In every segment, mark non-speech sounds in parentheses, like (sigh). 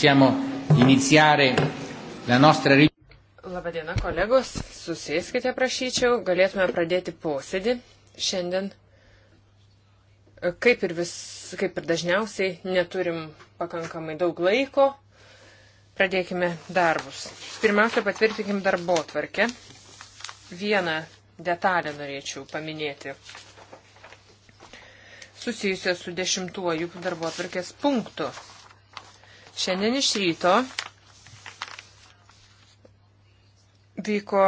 Possiamo iniziare la nostra riunione. Labadiena, kolegos, susėskite, prašyčiau, galėtume pradėti posėdį šiandien. E, kaip ir, vis, kaip ir dažniausiai, neturim pakankamai daug laiko. Pradėkime darbus. Pirmiausia, patvirtinkim darbo tvarkę. Vieną detalę norėčiau paminėti susijusią su dešimtuoju darbo atvarkės punktu. Šiandien iš ryto vyko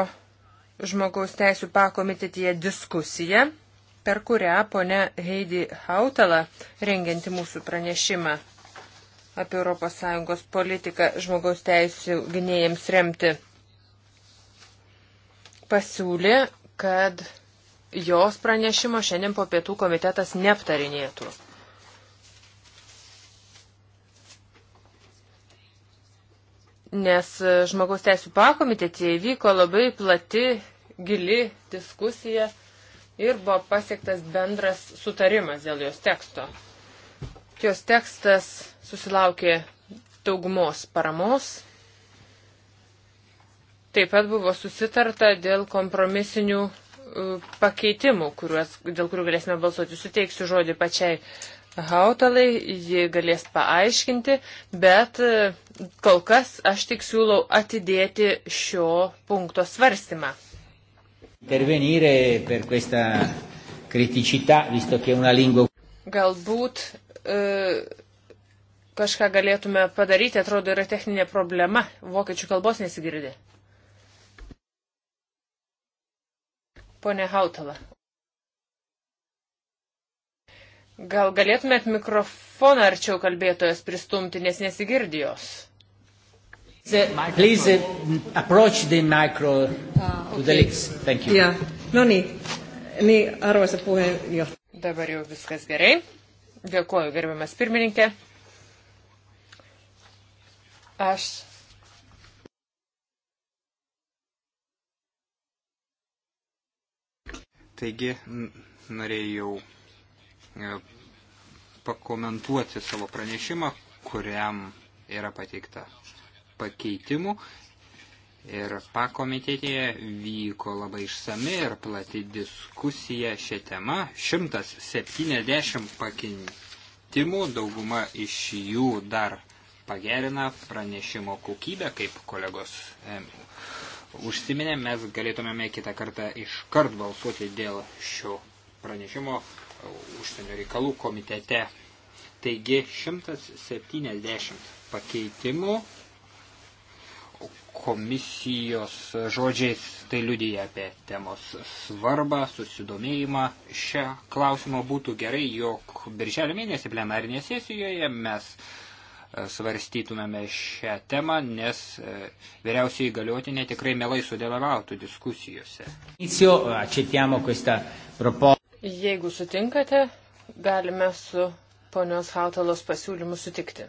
žmogaus teisų pakomitetyje diskusija, per kurią ponia Heidi Hautala, rengianti mūsų pranešimą apie ES politiką žmogaus teisų gynėjams remti, pasiūlė, kad jos pranešimo šiandien po pietų komitetas neaptarinėtų. nes e, žmogaus teisų pakomitėtėje vyko labai plati, gili diskusija ir buvo pasiektas bendras sutarimas dėl jos teksto. Jos tekstas susilaukė daugumos paramos. Taip pat buvo susitarta dėl kompromisinių e, pakeitimų, kuriuos, dėl kurių galėsime balsuoti. Suteiksiu žodį pačiai uh, Hautalai, ji galės paaiškinti, bet e, kol kas aš tik siūlau atidėti šio punkto svarstymą. Galbūt e, kažką galėtume padaryti, atrodo, yra techninė problema, vokiečių kalbos nesigirdi. Pone Hautala. Gal galėtumėt mikrofoną arčiau kalbėtojas pristumti, nes nesigirdi jos. Please uh, uh, approach the micro to ah, the lips. Thank you. Yeah. No niin. Niin, arvoisa puheenjohtaja. Dabar jau viskas gerai. Dėkuoju, gerbiamas pirmininkė. Aš Taigi norėjau E, pakomentuoti savo pranešimą, kuriam yra pateikta pakeitimų. Ir pakomitetėje vyko labai išsami ir plati diskusija šią temą. 170 pakeitimų, dauguma iš jų dar pagerina pranešimo kokybę, kaip kolegos e, užsiminė, mes galėtumėme kitą kartą iškart balsuoti dėl šio pranešimo užsienio reikalų komitete. Taigi 170 pakeitimų komisijos žodžiais tai liudyja apie temos svarbą, susidomėjimą. Šią klausimą būtų gerai, jog birželio mėnesį plenarinėje sesijoje mes e, svarstytumėme šią temą, nes e, vyriausiai įgaliotinė tikrai mielai sudalyvautų diskusijose. Inizio, accettiamo questa proposta. Jeigu sutinkate, galime su ponios Hautalos pasiūlymu sutikti.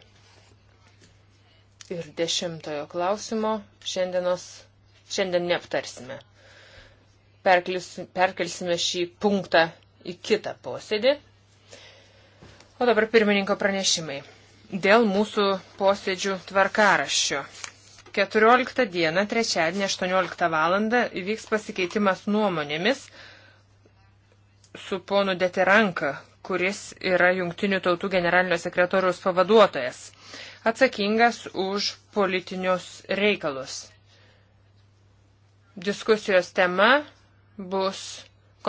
Ir dešimtojo klausimo šiandienos, šiandien neaptarsime. Perklis, perkelsime šį punktą į kitą posėdį. O dabar pirmininko pranešimai. Dėl mūsų posėdžių tvarkaraščio. 14 dieną, trečiadienį 18 val. įvyks pasikeitimas nuomonėmis su ponu Deteranka, kuris yra Junktinių tautų generalinio sekretoriaus pavaduotojas, atsakingas už politinius reikalus. Diskusijos tema bus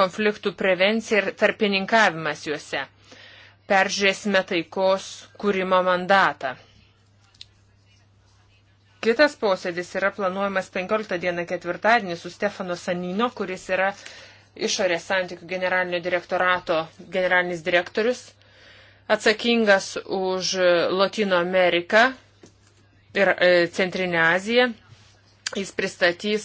konfliktų prevencija ir tarpininkavimas juose. Peržiūrėsime taikos kūrimo mandatą. Kitas posėdis yra planuojamas 15 dieną ketvirtadienį su Stefano Sanino, kuris yra išorės santykių generalinio direktorato generalinis direktorius, atsakingas už Latino Ameriką ir e, Centrinę Aziją. Jis pristatys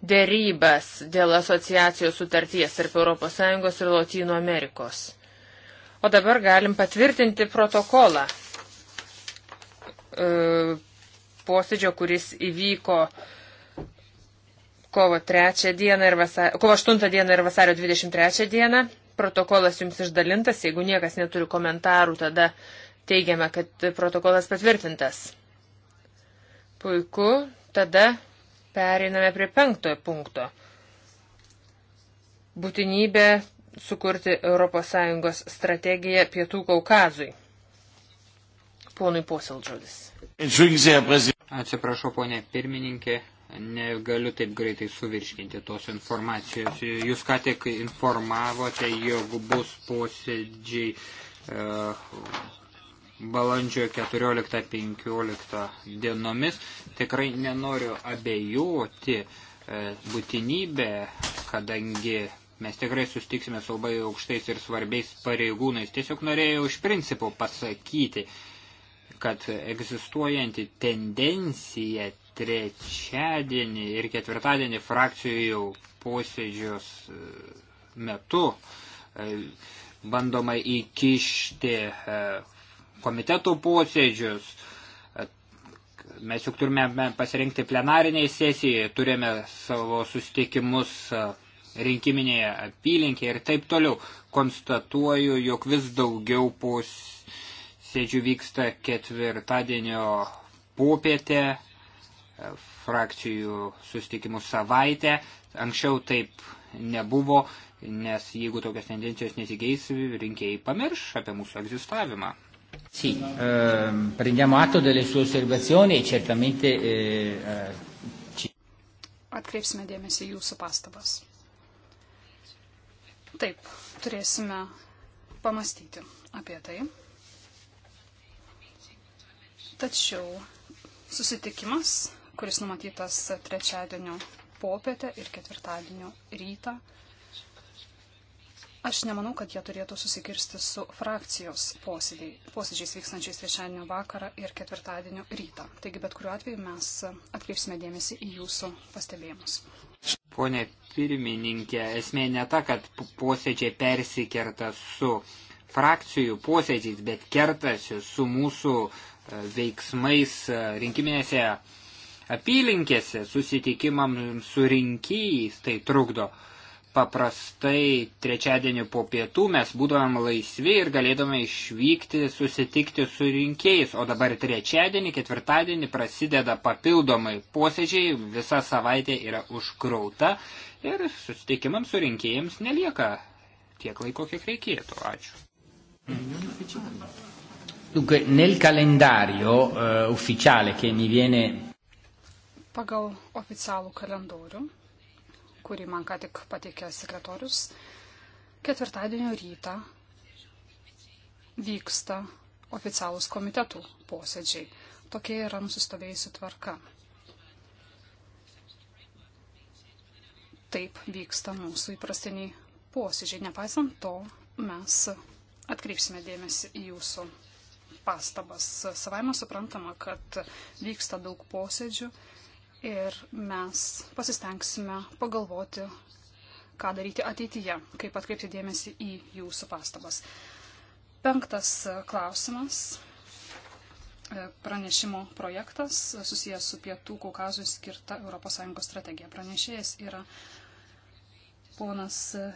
dėrybas dėl asociacijos sutarties tarp ES ir Latino Amerikos. O dabar galim patvirtinti protokolą e, posėdžio, kuris įvyko kovo, 3 dieną ir vasario, kovo 8 dieną ir vasario 23 dieną. Protokolas jums išdalintas, jeigu niekas neturi komentarų, tada teigiame, kad protokolas patvirtintas. Puiku, tada pereiname prie penktojo punkto. Būtinybė sukurti ES strategiją Pietų Kaukazui. Ponui posildžodis. Atsiprašau, ponė pirmininkė, negaliu taip greitai suvirškinti tos informacijos. Jūs ką tik informavote, jog bus posėdžiai e, balandžio 14-15 dienomis. Tikrai nenoriu abejoti e, būtinybę, kadangi mes tikrai sustiksime su labai aukštais ir svarbiais pareigūnais. Tiesiog norėjau iš principo pasakyti, kad egzistuojanti tendencija trečiadienį ir ketvirtadienį frakcijų posėdžios e, metu e, bandoma įkišti e, komitetų posėdžius. Mes juk turime pasirinkti plenariniai sesijai, turime savo sustikimus rinkiminėje apylinkėje ir taip toliau. Konstatuoju, jog vis daugiau posėdžių vyksta ketvirtadienio popietė frakcijų sustikimų savaitę. Anksčiau taip nebuvo, nes jeigu tokios tendencijos nesigeis, rinkėjai pamirš apie mūsų egzistavimą. Sì, eh, prendiamo atto delle sue osservazioni e certamente eh, eh ci... Atkreipsime dėmesį jūsų pastabas. Taip, turėsime pamastyti apie tai. Tačiau susitikimas kuris numatytas trečiadienio popietę ir ketvirtadienio rytą. Aš nemanau, kad jie turėtų susikirsti su frakcijos posėdžiai, posėdžiais vykstančiais trečiadienio vakarą ir ketvirtadienio rytą. Taigi bet kuriuo atveju mes atkreipsime dėmesį į jūsų pastebėjimus. Pone pirmininkė, esmė ne ta, kad posėdžiai persikerta su frakcijų posėdžiais, bet kertasi su mūsų e, veiksmais e, rinkiminėse apylinkėse susitikimams su rinkėjais tai trukdo. Paprastai trečiadienį po pietų mes būdavom laisvi ir galėdome išvykti susitikti su rinkėjais, o dabar trečiadienį, ketvirtadienį prasideda papildomai posėdžiai, visa savaitė yra užkrauta ir susitikimams su rinkėjams nelieka tiek laiko, kiek reikėtų. Ačiū. Dunque, nel calendario uh, ufficiale che mi viene Pagal oficialų kalendorių, kurį man ką tik pateikė sekretorius, ketvirtadienio rytą vyksta oficialūs komitetų posėdžiai. Tokia yra nusistovėjusi tvarka. Taip vyksta mūsų įprastiniai posėdžiai. Nepaisant to, mes atkreipsime dėmesį į jūsų pastabas. Savaime suprantama, kad vyksta daug posėdžių ir mes pasistengsime pagalvoti, ką daryti ateityje, kaip atkreipti dėmesį į jūsų pastabas. Penktas klausimas. E, pranešimo projektas susijęs su Pietų Kaukazui skirta ES strategija. Pranešėjas yra ponas e,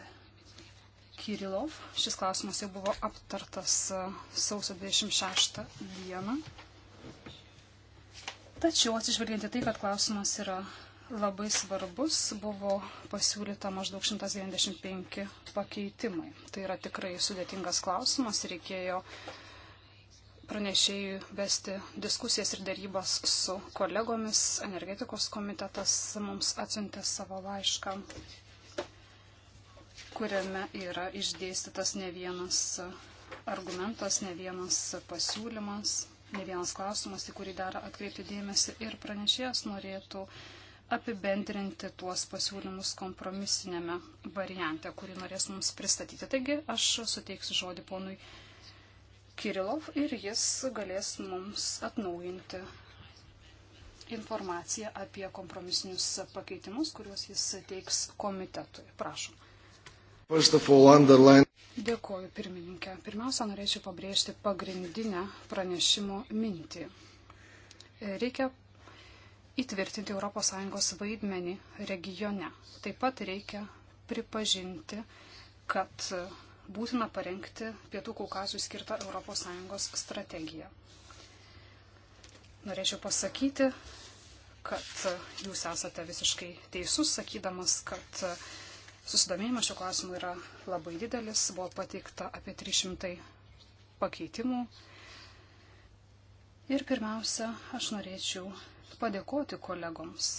Kirilov. Šis klausimas jau buvo aptartas e, sausio 26 dieną Tačiau atsižvelgiant į tai, kad klausimas yra labai svarbus, buvo pasiūlyta maždaug 195 pakeitimai. Tai yra tikrai sudėtingas klausimas, reikėjo pranešėjų vesti diskusijas ir darybas su kolegomis. Energetikos komitetas mums atsiuntė savo laišką, kuriame yra išdėstytas ne vienas argumentas, ne vienas pasiūlymas ne vienas klausimas, į kurį dar atkreipti dėmesį ir pranešėjas norėtų apibendrinti tuos pasiūlymus kompromisinėme variante, kurį norės mums pristatyti. Taigi aš suteiksiu žodį ponui Kirilov ir jis galės mums atnaujinti informaciją apie kompromisinius pakeitimus, kuriuos jis teiks komitetui. Prašom. All, underline... Dėkuoju, pirmininkė. Pirmiausia, norėčiau pabrėžti pagrindinę pranešimo mintį. Reikia įtvirtinti ES vaidmenį regione. Taip pat reikia pripažinti, kad būtina parengti Pietų Kaukazų skirtą ES strategiją. Norėčiau pasakyti, kad jūs esate visiškai teisus, sakydamas, kad Susidomėjimas šio klausimu yra labai didelis, buvo pateikta apie 300 pakeitimų. Ir pirmiausia, aš norėčiau padėkoti kolegoms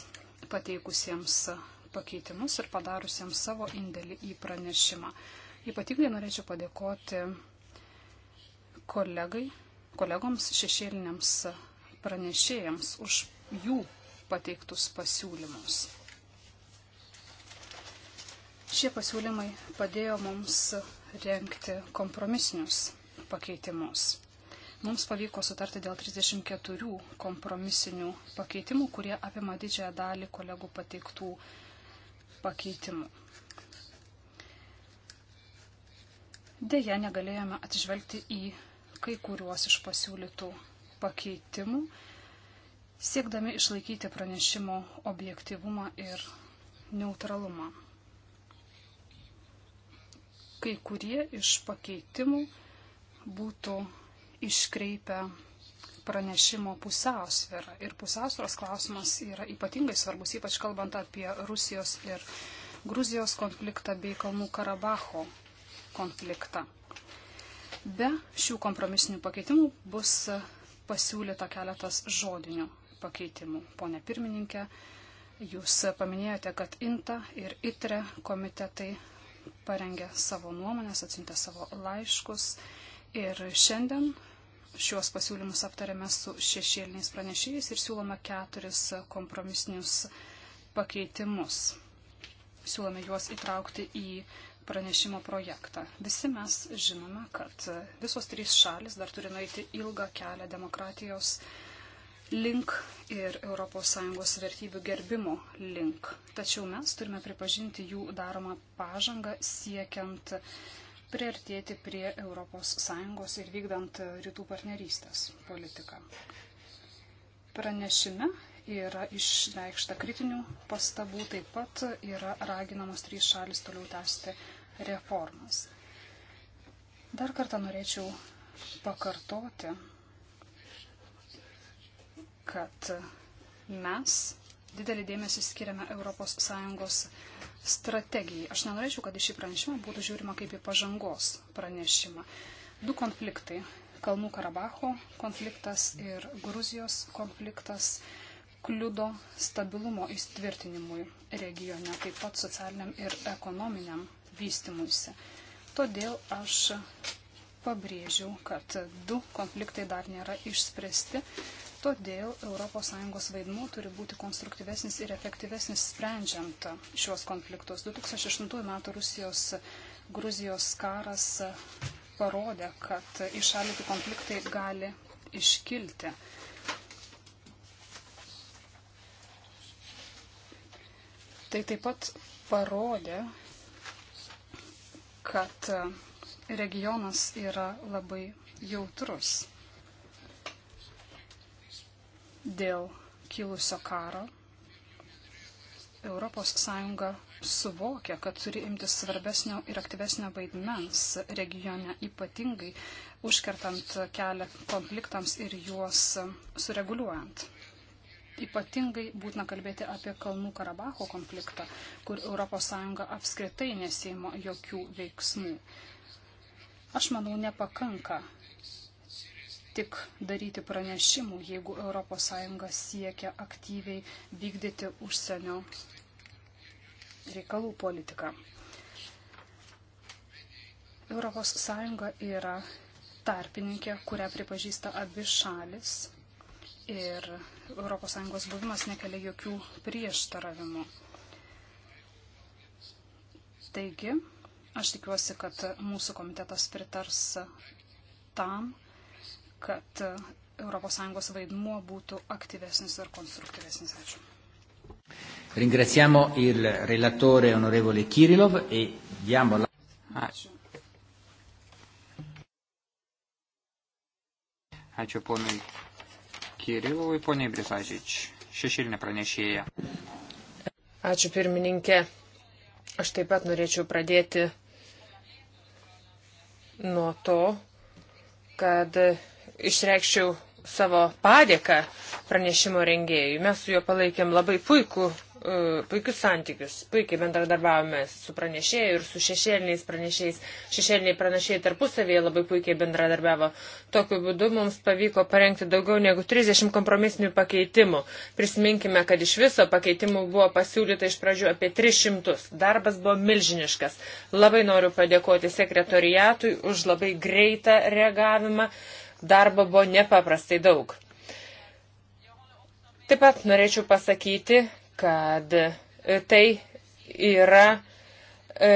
pateikusiems pakeitimus ir padarusiems savo indėlį į pranešimą. Ypatingai norėčiau padėkoti kolegai, kolegoms šešėliniams pranešėjams už jų pateiktus pasiūlymus. Šie pasiūlymai padėjo mums renkti kompromisinius pakeitimus. Mums pavyko sutarti dėl 34 kompromisinių pakeitimų, kurie apima didžiąją dalį kolegų pateiktų pakeitimų. Deja, negalėjome atsižvelgti į kai kuriuos iš pasiūlytų pakeitimų, siekdami išlaikyti pranešimo objektivumą ir neutralumą kai kurie iš pakeitimų būtų iškreipę pranešimo pusiausvyrą. Ir pusiausvėros klausimas yra ypatingai svarbus, ypač kalbant apie Rusijos ir Gruzijos konfliktą bei Kalnų Karabacho konfliktą. Be šių kompromisinių pakeitimų bus pasiūlyta keletas žodinių pakeitimų. Pone pirmininkė, jūs paminėjote, kad INTA ir ITRE komitetai parengė savo nuomonės, atsintė savo laiškus ir šiandien šiuos pasiūlymus aptarėme su šešėliniais pranešėjais ir siūlome keturis kompromisinius pakeitimus. Siūlome juos įtraukti į pranešimo projektą. Visi mes žinome, kad visos trys šalis dar turi nueiti ilgą kelią demokratijos uh, link ir ES vertybių gerbimo link. Tačiau mes turime pripažinti jų daromą pažangą siekiant priartėti prie ES ir vykdant rytų partnerystės politiką. Pranešime yra išreikšta kritinių pastabų, taip pat yra raginamos trys šalis toliau tęsti reformas. Dar kartą norėčiau pakartoti, kad mes didelį dėmesį skiriame ES strategijai. Aš nenorėčiau, kad į šį pranešimą būtų žiūrima kaip į pažangos pranešimą. Du konfliktai - Kalnų Karabacho konfliktas ir Gruzijos konfliktas kliudo stabilumo įtvirtinimui regione, taip pat socialiniam ir ekonominiam vystimuisi. Todėl aš pabrėžiau, kad du konfliktai dar nėra išspręsti Todėl ES vaidmuo turi būti konstruktyvesnis ir efektyvesnis sprendžiant šiuos konfliktus. 2008 m. Rusijos Gruzijos karas parodė, kad išalyti konfliktai gali iškilti. Tai taip pat parodė, kad regionas yra labai jautrus dėl kilusio karo. ES suvokia, kad turi imtis svarbesnio ir aktyvesnio vaidmens regione, ypatingai užkertant kelią konfliktams ir juos sureguliuojant. Ypatingai būtina kalbėti apie Kalnų Karabacho konfliktą, kur ES apskritai nesėmo jokių veiksmų. Aš manau, nepakanka tik daryti pranešimų, jeigu ES siekia aktyviai vykdyti užsienio reikalų politiką. ES yra tarpininkė, kurią pripažįsta abi šalis ir ES buvimas nekelia jokių prieštaravimų. Taigi, aš tikiuosi, kad mūsų komitetas pritars tam, kad ES vaidmuo būtų aktyvesnis ir konstruktyvesnis. Ačiū. Ringraziamo il relatore onorevole Kirilov e diamo la... Ačiū. Ačiū ponui Kirilovui, poniai Brisažič, šešilinė pranešėja. Ačiū pirmininkė. Aš taip pat norėčiau pradėti nuo to, kad išreikščiau savo padėką pranešimo rengėjui. Mes su juo palaikėm labai puikų, e, puikius santykius, puikiai bendradarbiavome su pranešėjai ir su šešėliniais pranešėjais. Šešėliniai pranešėjai tarpusavėje labai puikiai bendradarbiavo. Tokiu būdu mums pavyko parengti daugiau negu 30 kompromisinių pakeitimų. Prisiminkime, kad iš viso pakeitimų buvo pasiūlyta iš pradžių apie 300. Darbas buvo milžiniškas. Labai noriu padėkoti sekretoriatui už labai greitą reagavimą Darbo buvo nepaprastai daug. Taip pat norėčiau pasakyti, kad e, tai yra e,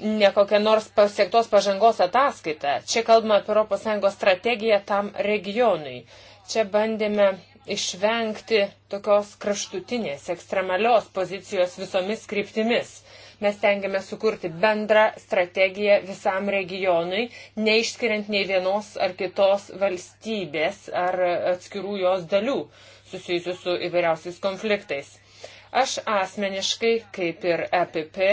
ne kokia nors pasiektos pažangos ataskaita. Čia kalbame apie ES strategiją tam regionui. Čia bandėme išvengti tokios kraštutinės, ekstremalios pozicijos visomis kryptimis. Mes tengiame sukurti bendrą strategiją visam regionui, neišskiriant nei vienos ar kitos valstybės ar atskirų jos dalių susijusių su įvairiausiais konfliktais. Aš asmeniškai, kaip ir EPP,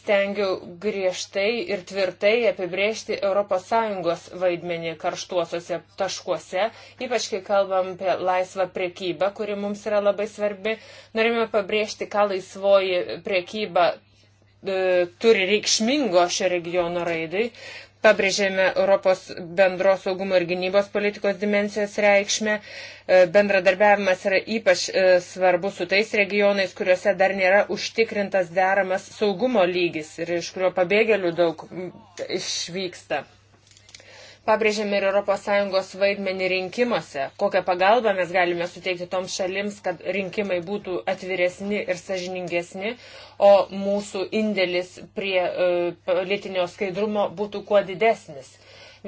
stengiau griežtai ir tvirtai apibrėžti ES vaidmenį karštuosiuose taškuose, ypač kai kalbam apie laisvą priekybą, kuri mums yra labai svarbi. Norime pabrėžti, ką laisvoji priekyba E, turi reikšmingo šio regiono raidai. Pabrėžėme Europos bendros saugumo ir gynybos politikos dimensijos reikšmę. E, bendradarbiavimas yra ypač e, svarbus su tais regionais, kuriuose dar nėra užtikrintas deramas saugumo lygis ir iš kurio pabėgėlių daug išvyksta. Pabrėžėme ir ES vaidmenį rinkimuose, kokią pagalbą mes galime suteikti toms šalims, kad rinkimai būtų atviresni ir sažiningesni, o mūsų indėlis prie e, politinio skaidrumo būtų kuo didesnis.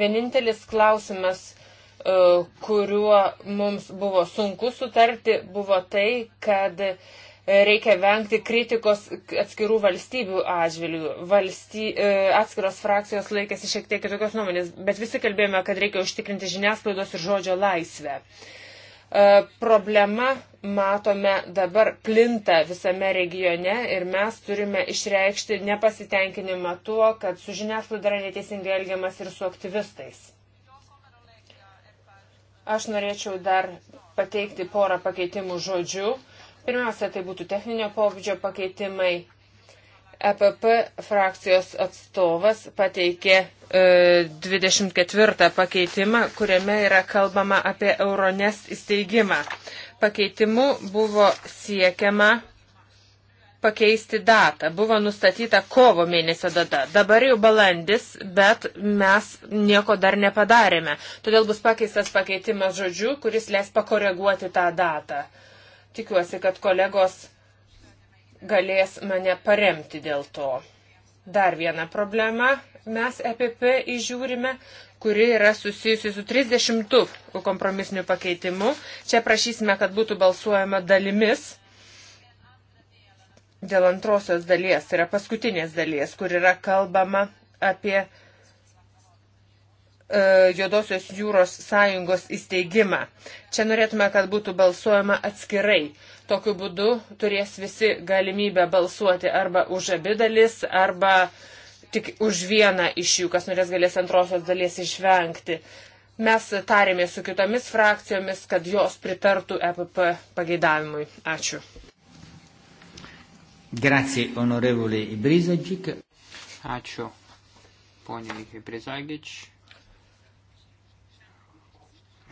Vienintelis klausimas, e, kuriuo mums buvo sunku sutarti, buvo tai, kad e, Reikia vengti kritikos atskirų valstybių atžvilgių. Valsty, e, atskiros frakcijos laikėsi šiek tiek kitokios nuomonės, bet visi kalbėjome, kad reikia užtikrinti žiniasklaidos ir žodžio laisvę e, problema, matome, dabar plinta visame regione ir mes turime išreikšti nepasitenkinimą tuo, kad su žiniasklaida yra neteisingai elgiamas ir su aktyvistais. Aš norėčiau dar pateikti porą pakeitimų žodžių. Pirmiausia, tai būtų techninio pobūdžio pakeitimai. EPP frakcijos atstovas pateikė e, 24 pakeitimą, kuriame yra kalbama apie Euronės įsteigimą. Pakeitimu buvo siekiama pakeisti datą. Buvo nustatyta kovo mėnesio data. Dabar jau balandis, bet mes nieko dar nepadarėme. Todėl bus pakeistas pakeitimas žodžiu, kuris leis pakoreguoti tą datą. E, Tikiuosi, kad kolegos galės mane paremti dėl to. Dar viena problema mes EPP įžiūrime, kuri yra susijusi su 30 kompromisiniu pakeitimu. Čia prašysime, kad būtų balsuojama dalimis dėl antrosios dalies, tai yra paskutinės dalies, kur yra kalbama apie E, Juodosios jūros sąjungos įsteigimą. Čia norėtume, kad būtų balsuojama atskirai. Tokiu būdu turės visi galimybę balsuoti arba už abi dalis, arba tik už vieną iš jų, kas norės galės antrosios dalies išvengti. Mes tarėmės su kitomis frakcijomis, kad jos pritartų EPP pageidavimui. Ačiū. Grazie, onorevole Ibrizagic. Ačiū, ponė Ibrizagic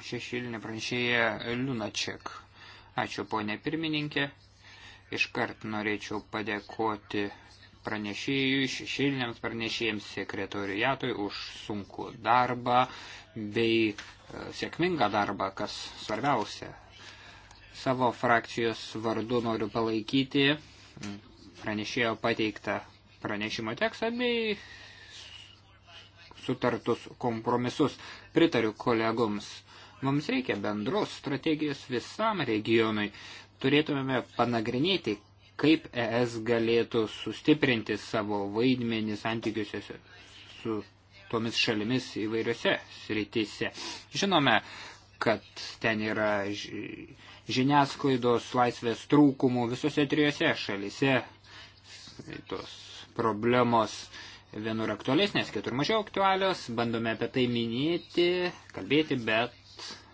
šešilinė pranešėja Liunaček. Ačiū ponė pirmininkė. Iškart norėčiau padėkoti pranešėjui, šešiliniams pranešėjams, sekretoriatui už sunku darbą bei e, sėkmingą darbą, kas svarbiausia. Savo frakcijos vardu noriu palaikyti pranešėjo pateiktą pranešimo tekstą bei sutartus kompromisus. Pritariu kolegoms Mums reikia bendros strategijos visam regionui. Turėtumėme panagrinėti, kaip ES galėtų sustiprinti savo vaidmenį santykiuose su tomis šalimis įvairiose srityse. Žinome, kad ten yra žiniasklaidos laisvės trūkumų visose trijose šalise. Tos problemos vienur aktualesnės, kitur mažiau aktualios. Bandome apie tai minėti, kalbėti, bet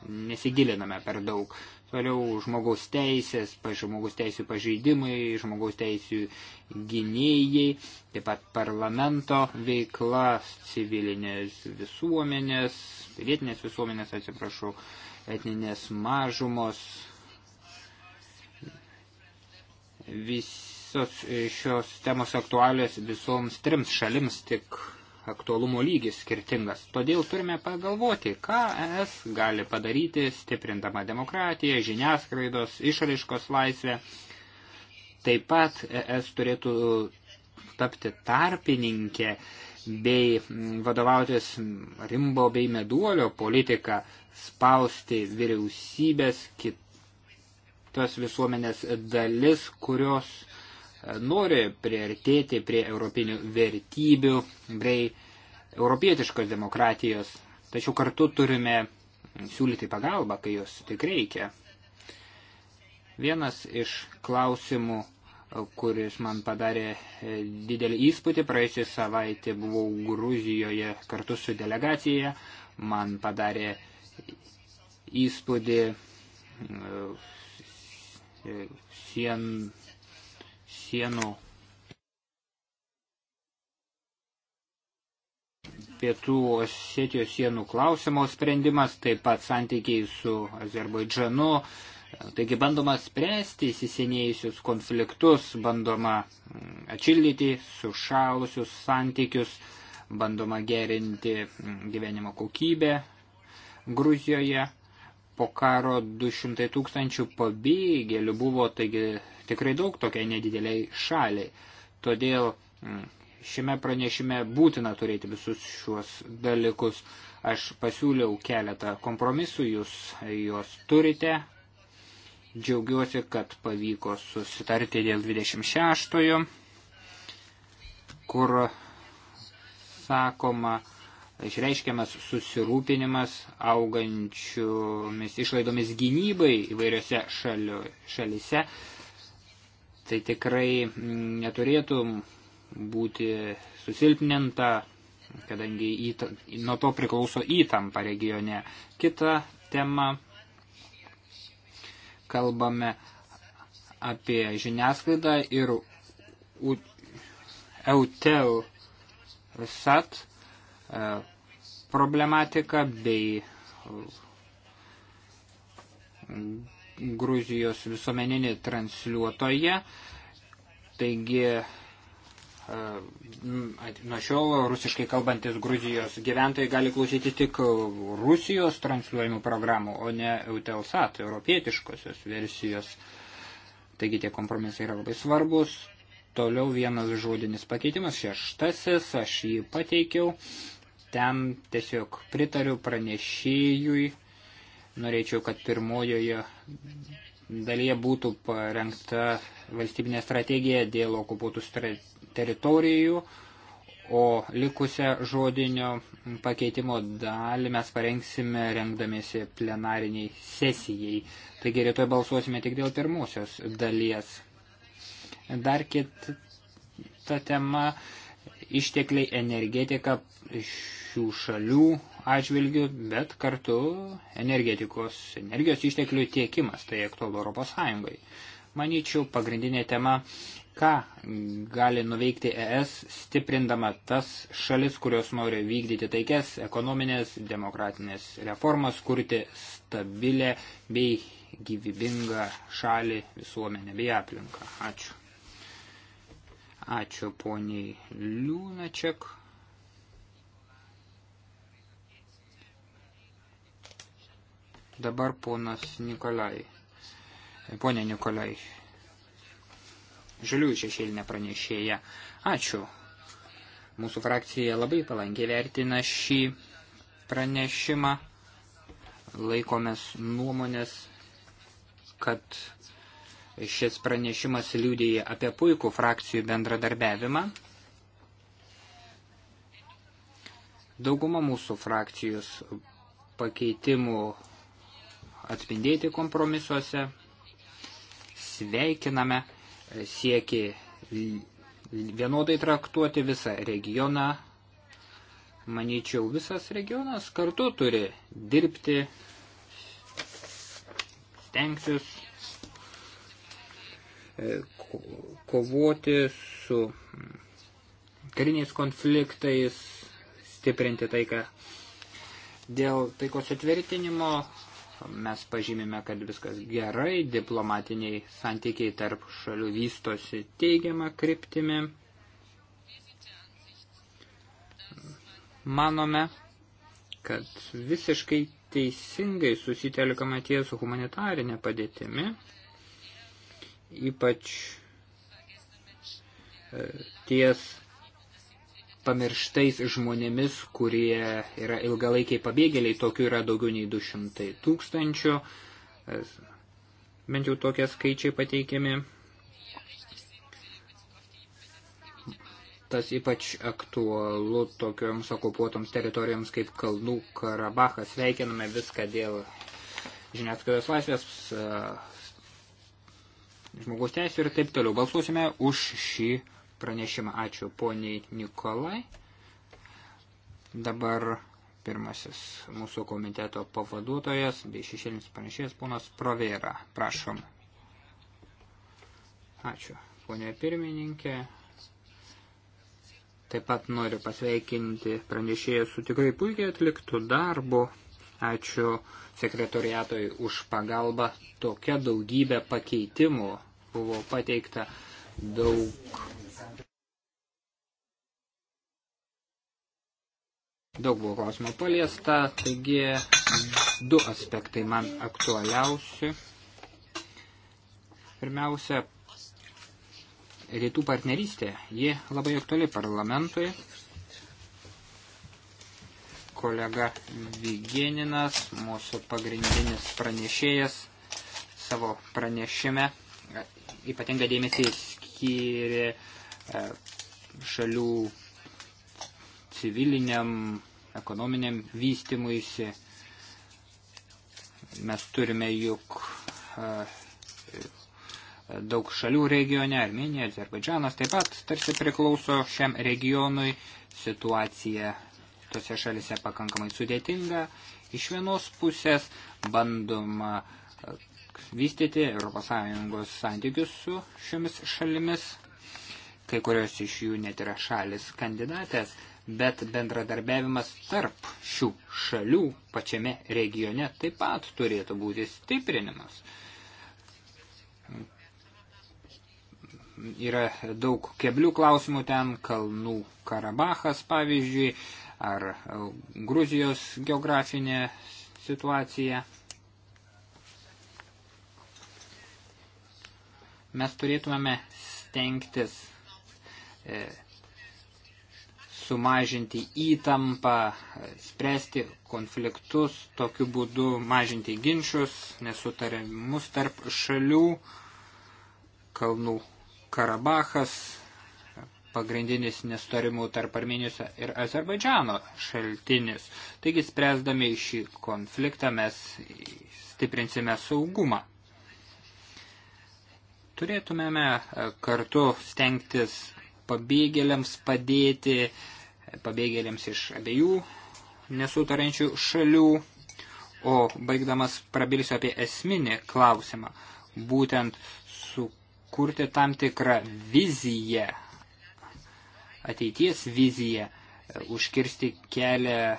nesigiliname per daug. Toliau žmogaus teisės, žmogaus teisų pažeidimai, žmogaus teisų gynėjai, taip pat parlamento veikla, civilinės visuomenės, vietinės visuomenės, atsiprašau, etninės mažumos. Visos šios temos aktualios visoms trims šalims tik aktualumo lygis skirtingas. Todėl turime pagalvoti, ką ES gali padaryti, stiprindama demokratiją, žiniasklaidos, išraiškos laisvę. Taip pat ES turėtų tapti tarpininkė bei vadovautis rimbo bei meduolio politiką, spausti vyriausybės kitas visuomenės dalis, kurios nori priartėti prie europinių vertybių bei europietiškos demokratijos, tačiau kartu turime siūlyti pagalbą, kai jos tik reikia. Vienas iš klausimų, kuris man padarė didelį įspūdį, praėjusią savaitę buvau Gruzijoje kartu su delegacija, man padarė įspūdį e, e, sien sienų pietų Osetijos sienų klausimo sprendimas, taip pat santykiai su Azerbaidžanu. Taigi bandoma spręsti įsisenėjusius konfliktus, bandoma mm, atšildyti sušalusius santykius, bandoma gerinti mm, gyvenimo kokybę Gruzijoje. Po karo 200 tūkstančių pabėgėlių buvo, taigi tikrai daug tokiai nedideliai šaliai. Todėl mm, šiame pranešime būtina turėti visus šiuos dalykus. Aš pasiūliau keletą kompromisų, jūs juos turite. Džiaugiuosi, kad pavyko susitarti dėl 26-ojo, kur sakoma, išreiškiamas susirūpinimas augančiomis išlaidomis gynybai įvairiose šaliu, šalise tai tikrai neturėtų būti susilpninta, kadangi įta, nuo to priklauso įtampa regione. Kita tema kalbame apie žiniasklaidą ir EUTEL SAT e, problematiką bei Gruzijos visuomeninį transliuotoją. Taigi e, nuo šiol rusiškai kalbantis Gruzijos gyventojai gali klausyti tik Rusijos transliuojamų programų, o ne Eutelsat, europietiškosios versijos. Taigi tie kompromisai yra labai svarbus. Toliau vienas žodinis pakeitimas, šeštasis, aš jį pateikiau. Ten tiesiog pritariu pranešėjui Norėčiau, kad pirmojoje dalyje būtų parengta valstybinė strategija dėl okupuotų teritorijų, o likusią žodinio pakeitimo dalį mes parengsime rengdamėsi plenariniai sesijai. Taigi rytoj balsuosime tik dėl pirmosios dalies. Dar kita tema - ištekliai energetika šių šalių atžvilgių, bet kartu energetikos, energijos išteklių tiekimas, tai aktualu Europos Sąjungai. Manyčiau, pagrindinė tema, ką gali nuveikti ES, stiprindama tas šalis, kurios nori vykdyti taikės, ekonominės, demokratinės reformas, kurti stabilę bei gyvybingą šalį, visuomenę bei aplinką. Ačiū. Ačiū poniai Liūnačiak. Dabar ponas Nikolai. Pone Nikolai. Žaliųjų šešėlinė pranešėja. Ačiū. Mūsų frakcija labai palankiai vertina šį pranešimą. Laikomės nuomonės, kad šis pranešimas liūdėja apie puikų frakcijų bendradarbiavimą. Dauguma mūsų frakcijos pakeitimų atspindėti kompromisuose. Sveikiname siekį vienodai traktuoti visą regioną. Manyčiau, visas regionas kartu turi dirbti, stengtis, e, kovoti su kariniais konfliktais, stiprinti taiką. Dėl taikos atvirtinimo mes pažymime, kad viskas gerai, diplomatiniai santykiai tarp šalių vystosi teigiamą kryptimį. Manome, kad visiškai teisingai susitelkama ties humanitarinė padėtimi, ypač e, ties pamirštais žmonėmis, kurie yra ilgalaikiai pabėgėliai, tokių yra daugiau nei 200 tūkstančių, bent jau tokie skaičiai pateikiami. Tas ypač aktualu tokioms okupuotoms teritorijoms kaip Kalnų Karabachas. Sveikiname viską dėl žiniasklaidos laisvės, e, žmogaus teisų ir taip toliau. Balsuosime už šį pranešimą. Ačiū poniai Nikolai. Dabar pirmasis mūsų komiteto pavaduotojas bei šešėlinis pranešėjas ponas Provera. Prašom. Ačiū, ponė pirmininkė. Taip pat noriu pasveikinti pranešėją su tikrai puikiai atliktų darbu. Ačiū sekretoriatoj už pagalbą. Tokia daugybė pakeitimų buvo pateikta daug Daug buvo klausimų paliesta, taigi du aspektai man aktualiausi. Pirmiausia, rytų partnerystė. Ji labai aktuali parlamentui. Kolega Vigeninas, mūsų pagrindinis pranešėjas, savo pranešime ypatingą dėmesį skyrė e, šalių civiliniam ekonominiam vystimuisi. Mes turime juk daug šalių regione, Armenija, Azerbaidžanas taip pat tarsi priklauso šiam regionui, situacija tose šalise pakankamai sudėtinga. Iš vienos pusės bandoma vystyti ES santykius su šiomis šalimis, kai kurios iš jų net yra šalis kandidatės, bet bendradarbiavimas tarp šių šalių pačiame regione taip pat turėtų būti stiprinimas. Yra daug keblių klausimų ten, Kalnų Karabachas pavyzdžiui, ar Gruzijos geografinė situacija. Mes turėtumėme stengtis e, sumažinti įtampą, spręsti konfliktus, tokiu būdu mažinti ginčius, nesutarimus tarp šalių, Kalnų Karabachas, pagrindinis nesutarimų tarp Armenijos ir Azerbaidžiano šaltinis. Taigi, spręsdami šį konfliktą mes stiprinsime saugumą. Turėtumėme kartu stengtis pabėgėliams padėti, pabėgėliams iš abiejų nesutarančių šalių. O baigdamas prabilsiu apie esminį klausimą, būtent sukurti tam tikrą viziją, ateities viziją, užkirsti kelią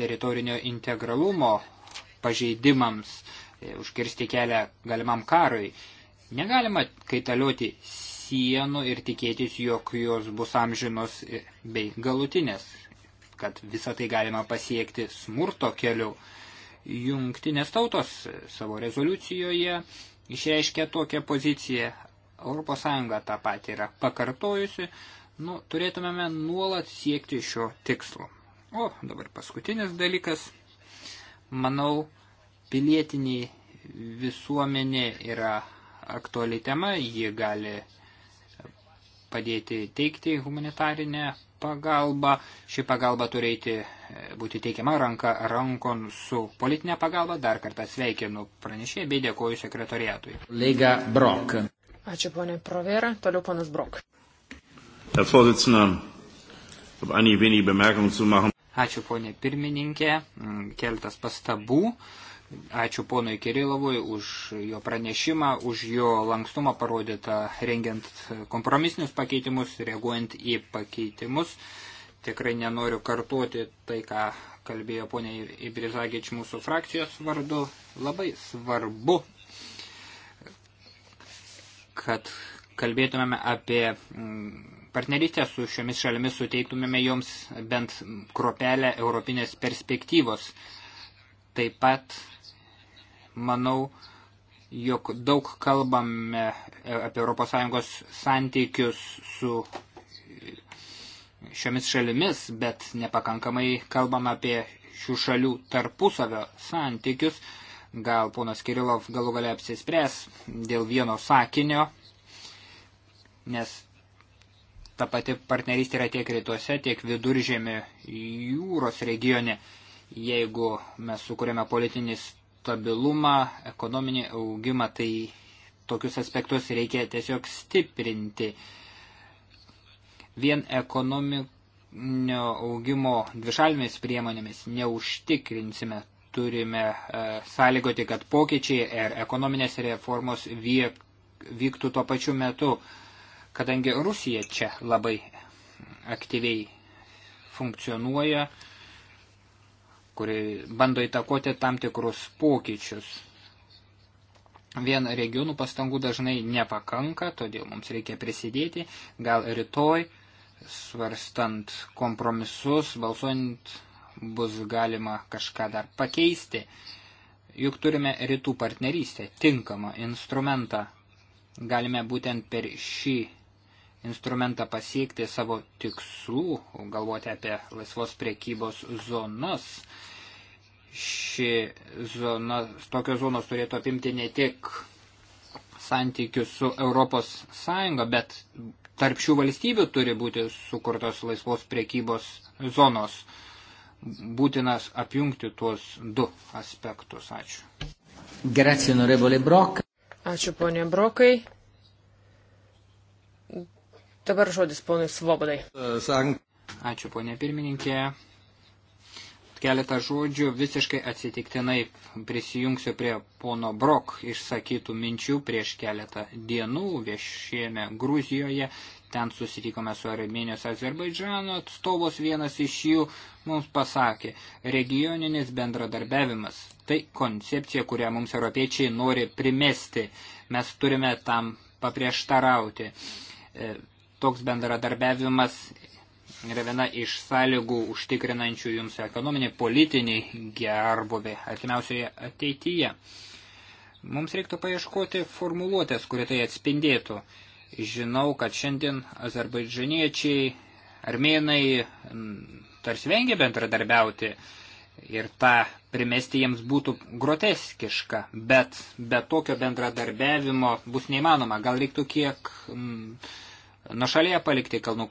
teritorinio integralumo pažeidimams, užkirsti kelią galimam karui. Negalima kaitalioti sienų ir tikėtis, jog jos bus amžinos bei galutinės, kad visą tai galima pasiekti smurto keliu. Jungtinės tautos savo rezoliucijoje išreiškė tokią poziciją, ES tą patį yra pakartojusi, nu, turėtumėme nuolat siekti šio tikslo. O dabar paskutinis dalykas, manau, pilietiniai visuomenė yra aktuali tema, ji gali padėti teikti humanitarinę pagalbą. Ši pagalba turėti e, būti teikiama ranka rankon su politinė pagalba. Dar kartą sveikinu pranešėjai bei dėkoju sekretoriatui. Leiga Brok. Ačiū ponė Provera, toliau ponas Brok. Ačiū ponė pirmininkė, mm, keltas pastabų. Ačiū ponui Kirilovui už jo pranešimą, už jo lankstumą parodytą rengiant kompromisinius pakeitimus, reaguojant į pakeitimus. Tikrai nenoriu kartuoti tai, ką kalbėjo ponė Ibrizagič mūsų frakcijos vardu. Labai svarbu, kad kalbėtumėme apie mm, partnerystę su šiomis šalimis, suteiktumėme joms bent kropelę europinės perspektyvos. Taip pat manau, jog daug kalbame apie ES santykius su šiomis šalimis, bet nepakankamai kalbam apie šių šalių tarpusavio santykius. Gal ponas Kirilov galų galia apsispręs dėl vieno sakinio, nes ta pati partnerystė yra tiek rytuose, tiek viduržėmė jūros regione. Jeigu mes sukūrėme politinį stabilumą, ekonominį augimą, tai tokius aspektus reikia tiesiog stiprinti. Vien ekonominio augimo dvišalmės priemonėmis neužtikrinsime. Turime e, sąlygoti, kad pokyčiai ir ekonominės reformos vyk, vyktų tuo pačiu metu, kadangi Rusija čia labai aktyviai funkcionuoja. E, kuri bando įtakoti tam tikrus pokyčius. Vien regionų pastangų dažnai nepakanka, todėl mums reikia prisidėti. Gal rytoj, svarstant kompromisus, balsuojant, bus galima kažką dar pakeisti. Juk turime rytų partnerystę, tinkamą instrumentą. Galime būtent per šį instrumentą pasiekti savo tikslų, galvoti apie laisvos priekybos zonas. Ši zona, tokios zonos turėtų apimti ne tik santykius su Europos Sąjunga, bet tarp šių valstybių turi būti sukurtos laisvos priekybos zonos. Būtinas apjungti tuos du aspektus. Ačiū. Grazie, Ačiū, ponė Brokai. Dabar žodis ponui Svobodai. Ačiū, ponė pirmininkė. Keletą žodžių visiškai atsitiktinai prisijungsiu prie pono Brok išsakytų minčių prieš keletą dienų viešėjame Gruzijoje. Ten susitikome su Armenijos Azerbaidžano atstovos vienas iš jų mums pasakė, regioninis bendradarbiavimas tai koncepcija, kurią mums europiečiai nori primesti. Mes turime tam paprieštarauti e, toks bendradarbiavimas yra viena iš sąlygų užtikrinančių jums ekonominį, politinį gerbuvį artimiausioje ateityje. Mums reiktų paieškoti formuluotės, kurie tai atspindėtų. Žinau, kad šiandien azerbaidžaniečiai, armėnai tarsi vengia bendradarbiauti ir tą primesti jiems būtų groteskiška, bet be tokio bendradarbiavimo bus neįmanoma. Gal reiktų kiek. Mm, nušalėje palikti Kalnų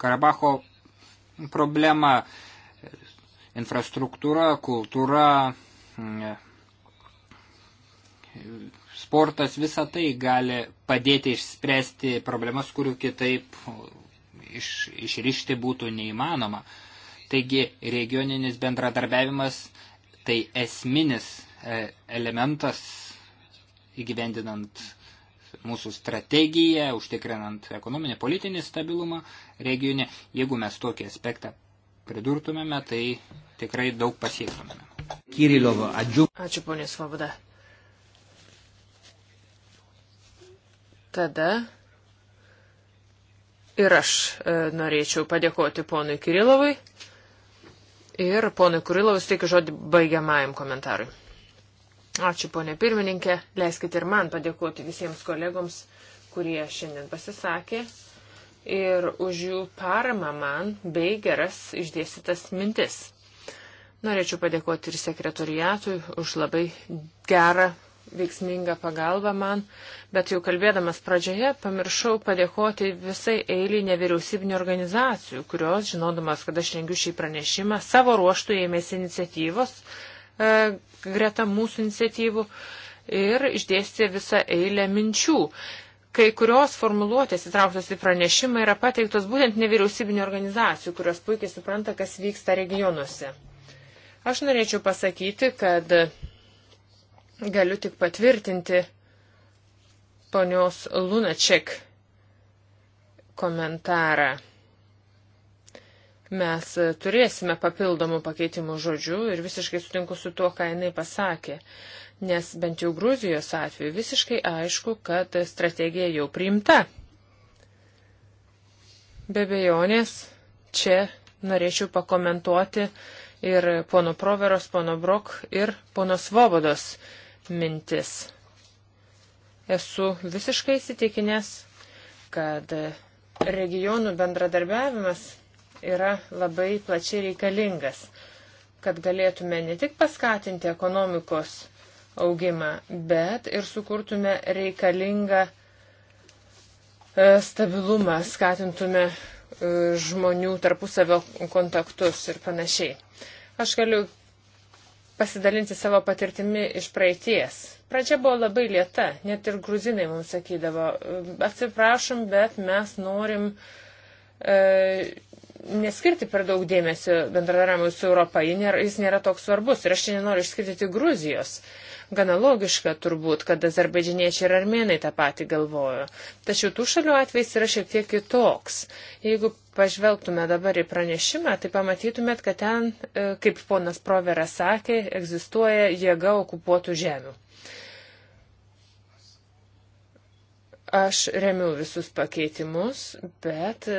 Karabacho problemą, infrastruktūra, kultūra, mm, sportas, visa tai gali padėti išspręsti problemas, kurių kitaip iš, išrišti būtų neįmanoma. Taigi regioninis bendradarbiavimas tai esminis e, elementas įgyvendinant mūsų strategiją, užtikrinant ekonominį, politinį stabilumą regione. Jeigu mes tokį aspektą pridurtumėme, tai tikrai daug pasiektumėme. Kirilovo, adžiu. Ačiū, ponė Svoboda. Tada ir aš e, norėčiau padėkoti ponui Kirilovui ir ponui Kirilovui suteikiu žodį baigiamajam komentarui. Ačiū, ponė pirmininkė. Leiskite ir man padėkoti visiems kolegoms, kurie šiandien pasisakė ir už jų paramą man bei geras išdėstytas mintis. Norėčiau padėkoti ir sekretoriatui už labai gerą, veiksmingą pagalbą man, bet jau kalbėdamas pradžioje pamiršau padėkoti visai eiliai nevyriausybinio organizacijų, kurios, žinodamas, kad aš rengiu šį pranešimą, savo ruoštų ėmėsi iniciatyvos E, greta mūsų iniciatyvų ir išdėstė visą eilę minčių. Kai kurios formuluotės įtrauktos į pranešimą yra pateiktos būtent nevyriausybinio organizacijų, kurios puikiai supranta, kas vyksta regionuose. Aš norėčiau pasakyti, kad galiu tik patvirtinti ponios Lunaček komentarą Mes turėsime papildomų pakeitimų žodžių ir visiškai sutinku su tuo, ką jinai pasakė, nes bent jau Gruzijos atveju visiškai aišku, kad strategija jau priimta. Be bejonės, čia norėčiau pakomentuoti ir pono Proveros, pono Brok ir pono Svobodos mintis. Esu visiškai įsitikinęs, kad regionų bendradarbiavimas yra labai plačiai reikalingas, kad galėtume ne tik paskatinti ekonomikos augimą, bet ir sukurtume reikalingą e, stabilumą, skatintume e, žmonių tarpusavio kontaktus ir panašiai. Aš galiu pasidalinti savo patirtimi iš praeities. Pradžia buvo labai lieta, net ir gruzinai mums sakydavo, atsiprašom, bet mes norim e, neskirti per daug dėmesio bendradarbiavimui su Europa, jis nėra, jis nėra toks svarbus. Ir aš čia nenoriu išskirti tik Gruzijos. Gana logiška turbūt, kad azerbaidžiniečiai ir armenai tą patį galvojo. Tačiau tų šalių atvejs yra šiek tiek kitoks. Jeigu pažvelgtume dabar į pranešimą, tai pamatytumėt, kad ten, e, kaip ponas Proveras sakė, egzistuoja jėga okupuotų žemių. Aš remiu visus pakeitimus, bet e,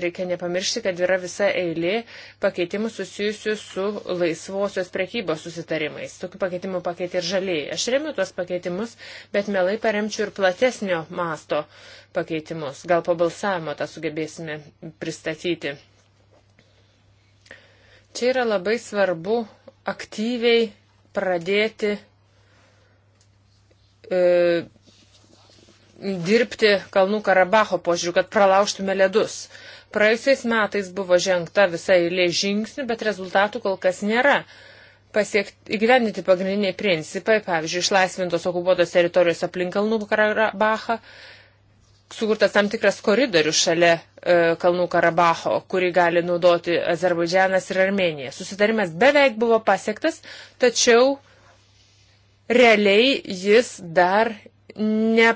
reikia nepamiršti, kad yra visa eilė pakeitimų susijusių su laisvosios prekybos susitarimais. Tokių pakeitimų pakeitė ir žaliai. Aš remiu tuos pakeitimus, bet mielai paremčiau ir platesnio masto pakeitimus. Gal po balsavimo tą sugebėsime pristatyti. Čia yra labai svarbu aktyviai pradėti. E, dirbti Kalnų Karabaho požiūriu, kad pralaužtume ledus. Praėjusiais metais buvo žengta visa eilė žingsnių, bet rezultatų kol kas nėra. Pasiekt, įgyvendinti pagrindiniai principai, pavyzdžiui, išlaisvintos okupuotos teritorijos aplink Kalnų Karabachą, sukurtas tam tikras koridorius šalia e, Kalnų Karabacho, kurį gali naudoti Azerbaidžianas ir Armenija. Susitarimas beveik buvo pasiektas, tačiau realiai jis dar ne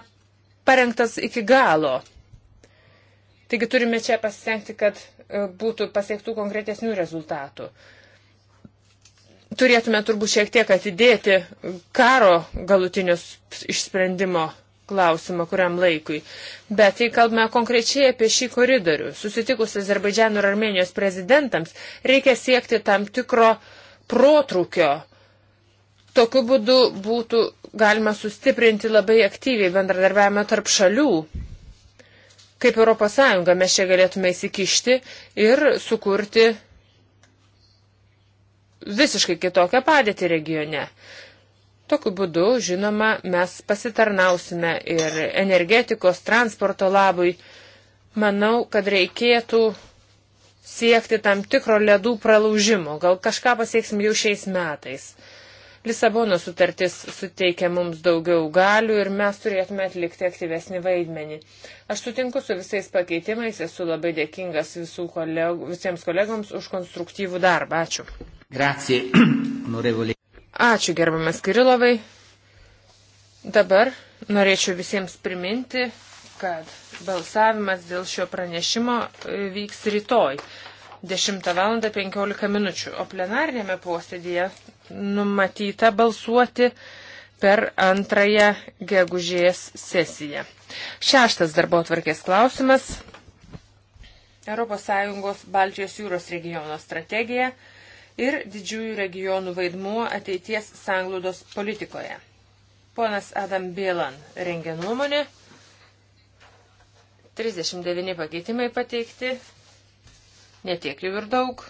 parengtas iki galo. Taigi turime čia pasistengti, kad e, būtų pasiektų konkretesnių rezultatų. Turėtume turbūt šiek tiek atidėti karo galutinius išsprendimo klausimą kuriam laikui. Bet jei kalbame konkrečiai apie šį koridorių, susitikus Azerbaidžiano ir Armenijos prezidentams, reikia siekti tam tikro protrukio. Tokiu būdu būtų galima sustiprinti labai aktyviai bendradarbiavimą tarp šalių. Kaip ES mes čia galėtume įsikišti ir sukurti visiškai kitokią padėtį regione. Tokiu būdu, žinoma, mes pasitarnausime ir energetikos, transporto labui. Manau, kad reikėtų siekti tam tikro ledų pralaužimo. Gal kažką pasieksim jau šiais metais. Lisabono sutartis suteikia mums daugiau galių ir mes turėtume atlikti aktyvesnį vaidmenį. Aš sutinku su visais pakeitimais, esu labai dėkingas koleg visiems kolegoms už konstruktyvų darbą. Ačiū. Grazie, (clears throat) onorevoli. Ačiū, gerbamas Kirilovai. Dabar norėčiau visiems priminti, kad balsavimas dėl šio pranešimo e, vyks rytoj 10 val. 15 min. O plenarinėme posėdėje numatyta balsuoti per antrąją gegužės sesiją. Šeštas darbo atvarkės klausimas. ES Baltijos jūros regiono strategija ir didžiųjų regionų vaidmuo ateities sanglūdos politikoje. Ponas Adam Bielan rengia nuomonę. 39 pakeitimai pateikti. Netiek jau ir daug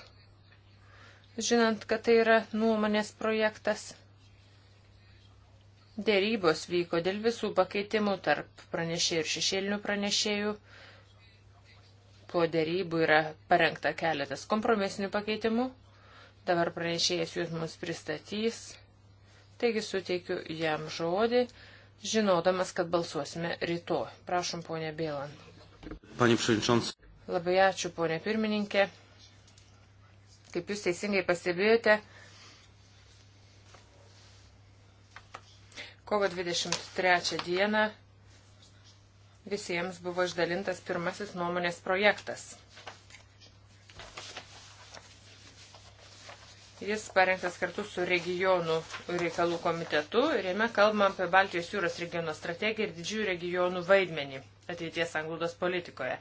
žinant, kad tai yra nuomonės projektas. Dėrybos vyko dėl visų pakeitimų tarp pranešėjų ir šešėlinių pranešėjų. Po dėrybų yra parengta keletas kompromisinių pakeitimų. Dabar pranešėjas jūs mums pristatys. Taigi suteikiu jam žodį, žinodamas, kad balsuosime rytoj. Prašom, ponė Bėlan. Labai ačiū, ponė pirmininkė. Kaip jūs teisingai pastebėjote, kovo 23 dieną visiems buvo išdalintas pirmasis nuomonės projektas. Jis parengtas kartu su regionų reikalų komitetu ir jame kalbama apie Baltijos jūros regiono strategiją ir didžiųjų regionų vaidmenį ateities sanglaudos politikoje.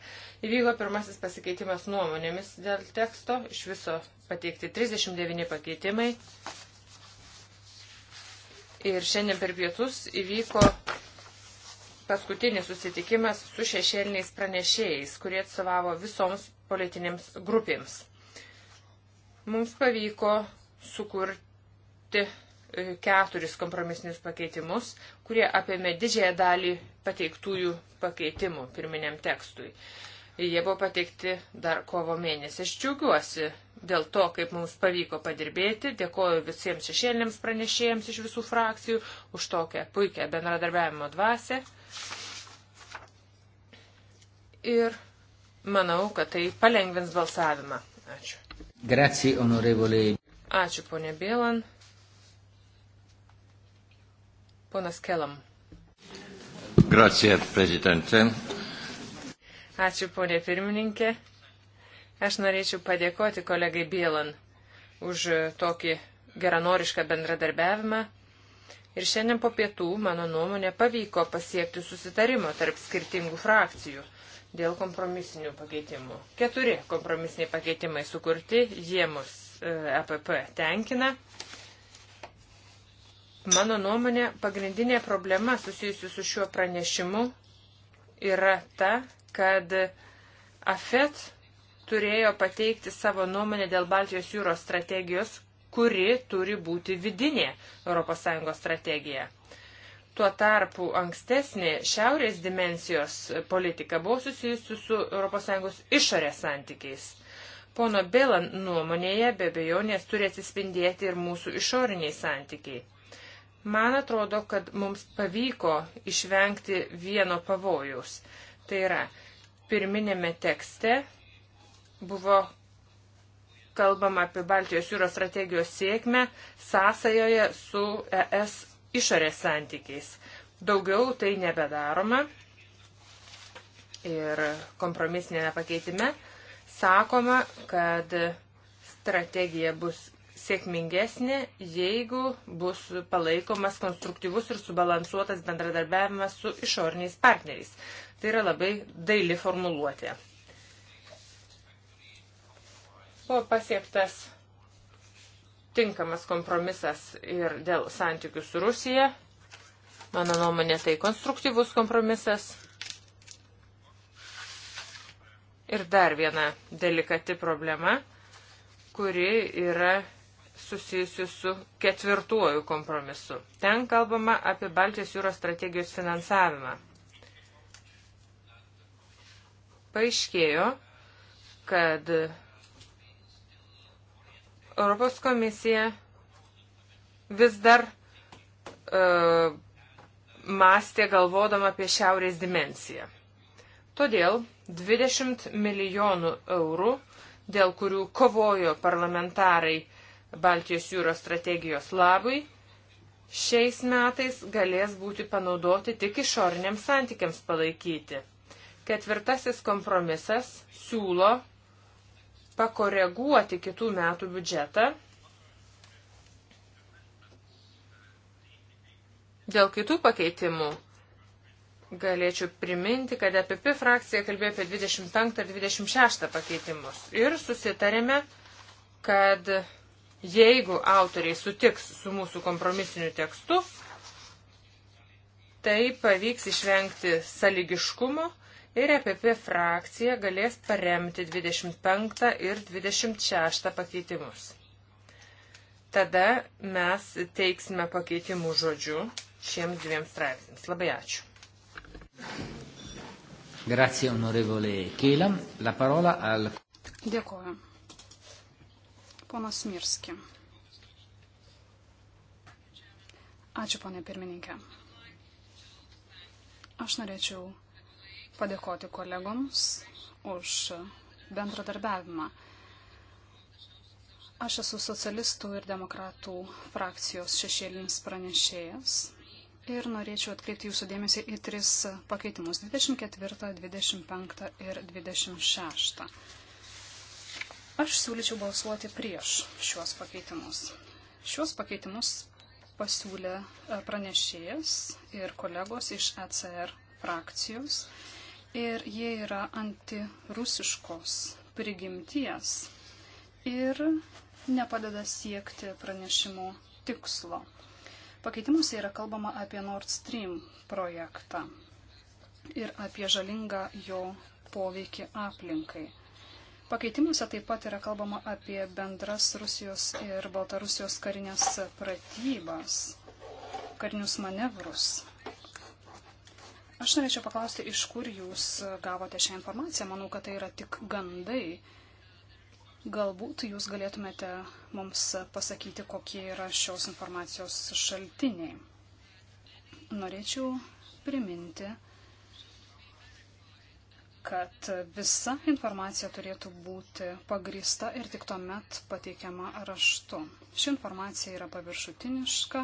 Įvyko pirmasis pasikeitimas nuomonėmis dėl teksto, iš viso pateikti 39 pakeitimai. Ir šiandien per pietus įvyko paskutinis susitikimas su šešėliniais pranešėjais, kurie atstovavo visoms politinėms grupėms. Mums pavyko sukurti keturis kompromisinius pakeitimus, kurie apėmė didžiąją dalį pateiktųjų pakeitimų pirminiam tekstui. Jie buvo pateikti dar kovo mėnesį. Aš džiaugiuosi dėl to, kaip mums pavyko padirbėti. Dėkoju visiems šešėlėms pranešėjams iš visų frakcijų už tokią puikią bendradarbiavimo dvasę. Ir manau, kad tai palengvins balsavimą. Ačiū. Grazie, onorevoliai. Ačiū, ponė Bėlan. Ponas Kelam. Grazie, prezidente. Ačiū, ponė pirmininkė. Aš norėčiau padėkoti kolegai Bielan už tokį geranorišką bendradarbiavimą. Ir šiandien po pietų, mano nuomonė, pavyko pasiekti susitarimo tarp skirtingų frakcijų dėl kompromisinių pakeitimų. Keturi kompromisiniai pakeitimai sukurti, jie mus EPP e tenkina. Mano nuomonė, pagrindinė problema susijusi su šiuo pranešimu yra ta, kad AFET turėjo pateikti savo nuomonę dėl Baltijos jūros strategijos, kuri turi būti vidinė ES strategija. Tuo tarpu ankstesnė šiaurės dimensijos politika buvo susijusi su ES išorės santykiais. Pono Bėlan nuomonėje be bejonės turi atsispindėti ir mūsų išoriniai santykiai. Man atrodo, kad mums pavyko išvengti vieno pavojaus. Tai yra, pirminėme tekste buvo kalbama apie Baltijos jūros strategijos sėkmę sąsajoje su ES išorės santykiais. Daugiau tai nebedaroma. Ir kompromisinėme pakeitime sakoma, kad strategija bus sėkmingesnė, jeigu bus palaikomas konstruktyvus ir subalansuotas bendradarbiavimas su išoriniais partneriais. Tai yra labai daili formuluotė. Buvo pasiektas tinkamas kompromisas ir dėl santykių su Rusija. Mano nuomonė tai konstruktyvus kompromisas. Ir dar viena delikati problema, kuri yra susijusių su ketvirtuoju kompromisu. Ten kalbama apie Baltijos jūros strategijos finansavimą. Paaiškėjo, kad Europos komisija vis dar uh, mąstė galvodama apie šiaurės dimensiją. Todėl 20 milijonų eurų, dėl kurių kovojo parlamentarai Baltijos jūros strategijos labui, šiais metais galės būti panaudoti tik išoriniams santykiams palaikyti. Ketvirtasis kompromisas siūlo pakoreguoti kitų metų biudžetą dėl kitų pakeitimų. Galėčiau priminti, kad APP frakcija kalbėjo apie 25 ir 26 pakeitimus. Ir susitarėme, kad Jeigu autoriai sutiks su mūsų kompromisiniu tekstu, tai pavyks išvengti saligiškumo ir EPP frakcija galės paremti 25 ir 26 pakeitimus. Tada mes teiksime pakeitimų žodžių šiems dviem straipsniams. Labai ačiū. Grazie, onorevole Kėlam. La parola al. Dėkuoju. Ponas Mirski. Ačiū, ponė pirmininkė. Aš norėčiau padėkoti kolegoms už bendradarbiavimą. Aš esu socialistų ir demokratų frakcijos šešėlinis pranešėjas ir norėčiau atkreipti jūsų dėmesį į tris pakeitimus - 24, 25 ir 26. Aš siūlyčiau balsuoti prieš šiuos pakeitimus. Šiuos pakeitimus pasiūlė e, pranešėjas ir kolegos iš ECR frakcijos ir jie yra antirusiškos prigimties ir nepadeda siekti pranešimo tikslo. Pakeitimuose yra kalbama apie Nord Stream projektą ir apie žalingą jo poveikį aplinkai. Pakeitimuose taip pat yra kalbama apie bendras Rusijos ir Baltarusijos karinės pratybas, karinius manevrus. Aš norėčiau paklausti, iš kur jūs gavote šią informaciją. Manau, kad tai yra tik gandai. Galbūt jūs galėtumėte mums pasakyti, kokie yra šios informacijos šaltiniai. Norėčiau priminti, kad visa informacija turėtų būti pagrįsta ir tik tuomet pateikiama raštu. Ši informacija yra paviršutiniška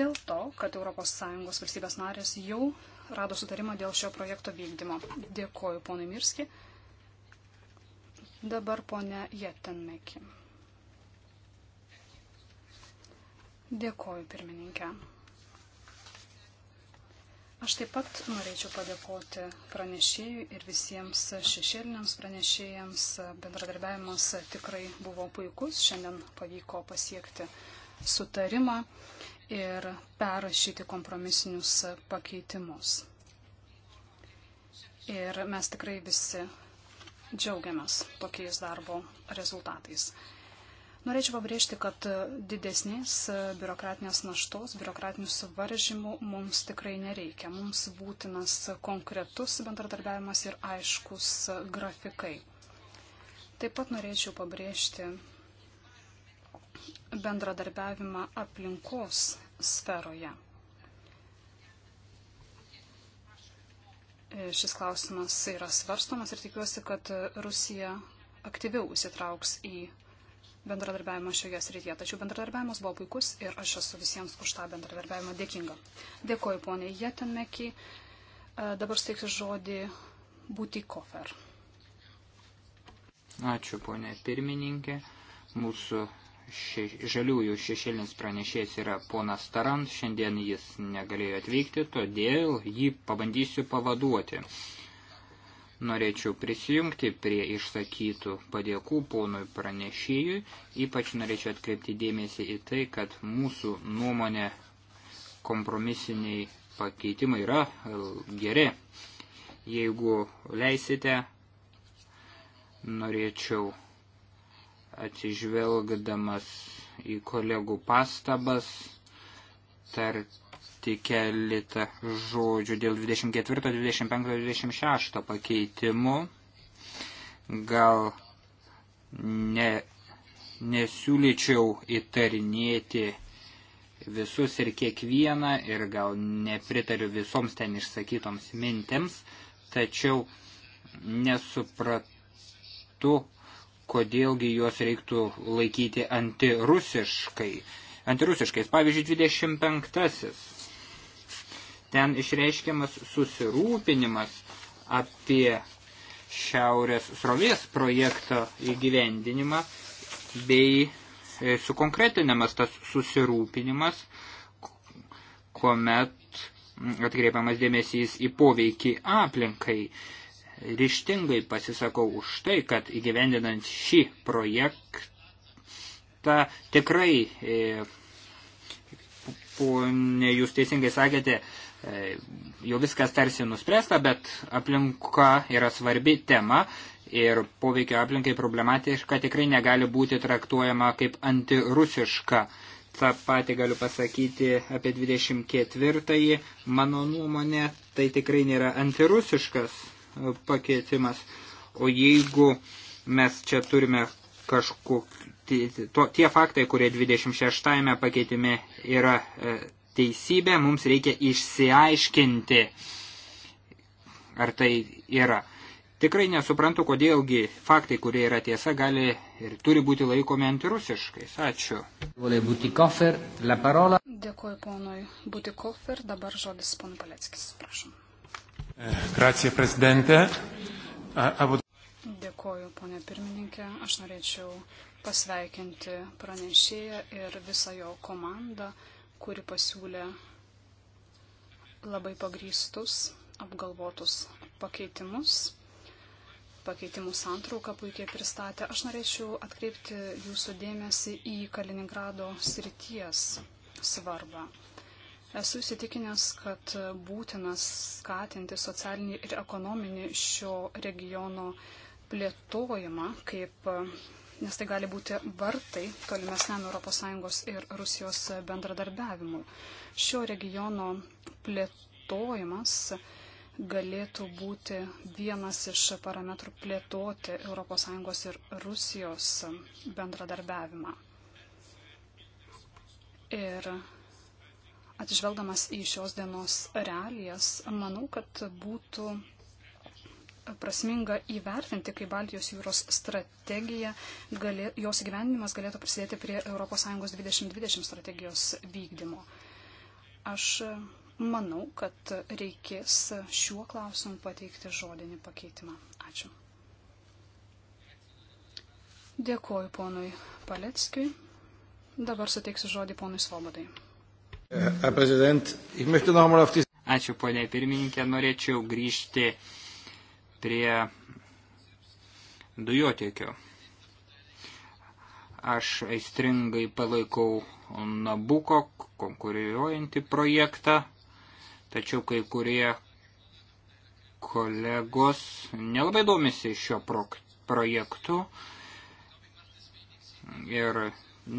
dėl to, kad ES valstybės narės jau rado sutarimą dėl šio projekto vykdymo. Dėkoju ponui Mirski. Dabar ponė Jetenmeki. Dėkoju pirmininkė. Aš taip pat norėčiau padėkoti pranešėjui ir visiems šešėliniams pranešėjams. Bendradarbiavimas tikrai buvo puikus. Šiandien pavyko pasiekti sutarimą ir perrašyti kompromisinius pakeitimus. Ir mes tikrai visi džiaugiamės tokiais darbo rezultatais. Norėčiau pabrėžti, kad didesnės biurokratinės naštos, biurokratinių suvaržymų mums tikrai nereikia. Mums būtinas konkretus bendradarbiavimas ir aiškus grafikai. Taip pat norėčiau pabrėžti bendradarbiavimą aplinkos sferoje. Šis klausimas yra svarstomas ir tikiuosi, kad Rusija aktyviau įsitrauks į bendradarbiavimą šioje srityje. Tačiau bendradarbiavimas buvo puikus ir aš esu visiems už tą bendradarbiavimą dėkinga. Dėkoju poniai Jetenmeki. E, dabar steiksiu žodį būti kofer. Ačiū ponė pirmininkė. Mūsų še žaliųjų šešėlinis pranešėjas yra ponas Tarant. Šiandien jis negalėjo atvykti, todėl jį pabandysiu pavaduoti. Norėčiau prisijungti prie išsakytų padėkų ponui pranešėjui, ypač norėčiau atkreipti dėmesį į tai, kad mūsų nuomonė kompromisiniai pakeitimai yra e, geri. Jeigu leisite, norėčiau atsižvelgdamas į kolegų pastabas tarti tarti keletą žodžių dėl 24, 25, 26 pakeitimų. Gal ne, nesiūlyčiau įtarinėti visus ir kiekvieną ir gal nepritariu visoms ten išsakytoms mintims, tačiau nesupratau, kodėlgi juos reiktų laikyti antirusiškai. Antirusiškais, pavyzdžiui, 25-asis. Ten išreiškiamas susirūpinimas apie šiaurės srovės projekto įgyvendinimą bei e, sukonkretinamas tas susirūpinimas, kuomet atkreipiamas dėmesys į poveikį aplinkai. Ryštingai pasisakau už tai, kad įgyvendinant šį projektą tikrai, e, ponė, jūs teisingai sakėte, e, E, jau viskas tarsi nuspręsta, bet aplinka yra svarbi tema ir poveikio aplinkai problematiška tikrai negali būti traktuojama kaip antirusiška. Ta pati galiu pasakyti apie 24-ąjį. Mano nuomonė, tai tikrai nėra antirusiškas e, pakeitimas. O jeigu mes čia turime kažkokį, tai tie faktai, kurie 26-ame pakeitime yra e, teisybė, mums reikia išsiaiškinti, ar tai yra. Tikrai nesuprantu, kodėlgi faktai, kurie yra tiesa, gali ir turi būti laikomi antirusiškais. Ačiū. Dėkuoju ponui Butikofer, dabar žodis ponui Paleckis, prašom. Gracija, prezidente. Abu... Dėkuoju, ponė pirmininkė. Aš norėčiau pasveikinti pranešėją ir visą jo komandą kuri pasiūlė labai pagrystus, apgalvotus pakeitimus. Pakeitimų santrauką puikiai pristatė. Aš norėčiau atkreipti jūsų dėmesį į Kaliningrado srities svarbą. Esu įsitikinęs, kad būtinas skatinti socialinį ir ekonominį šio regiono plėtojimą kaip nes tai gali būti vartai tolimesniam ES ir Rusijos bendradarbiavimui. Šio regiono plėtojimas galėtų būti vienas iš parametrų plėtoti ES ir Rusijos bendradarbiavimą. Ir atsižvelgdamas į šios dienos realijas, manau, kad būtų prasminga įvertinti, kaip Baltijos jūros strategija, galė, jos gyvenimas galėtų prisidėti prie ES 2020 strategijos vykdymo. Aš manau, kad reikės šiuo klausimu pateikti žodinį pakeitimą. Ačiū. Dėkuoju ponui Paleckiui. Dabar suteiksiu žodį ponui Svobodai. Ačiū, ponė pirmininkė. Norėčiau grįžti prie dujotiekio. Aš aistringai palaikau Nabuko konkuruojantį projektą, tačiau kai kurie kolegos nelabai domisi šio pro projektu ir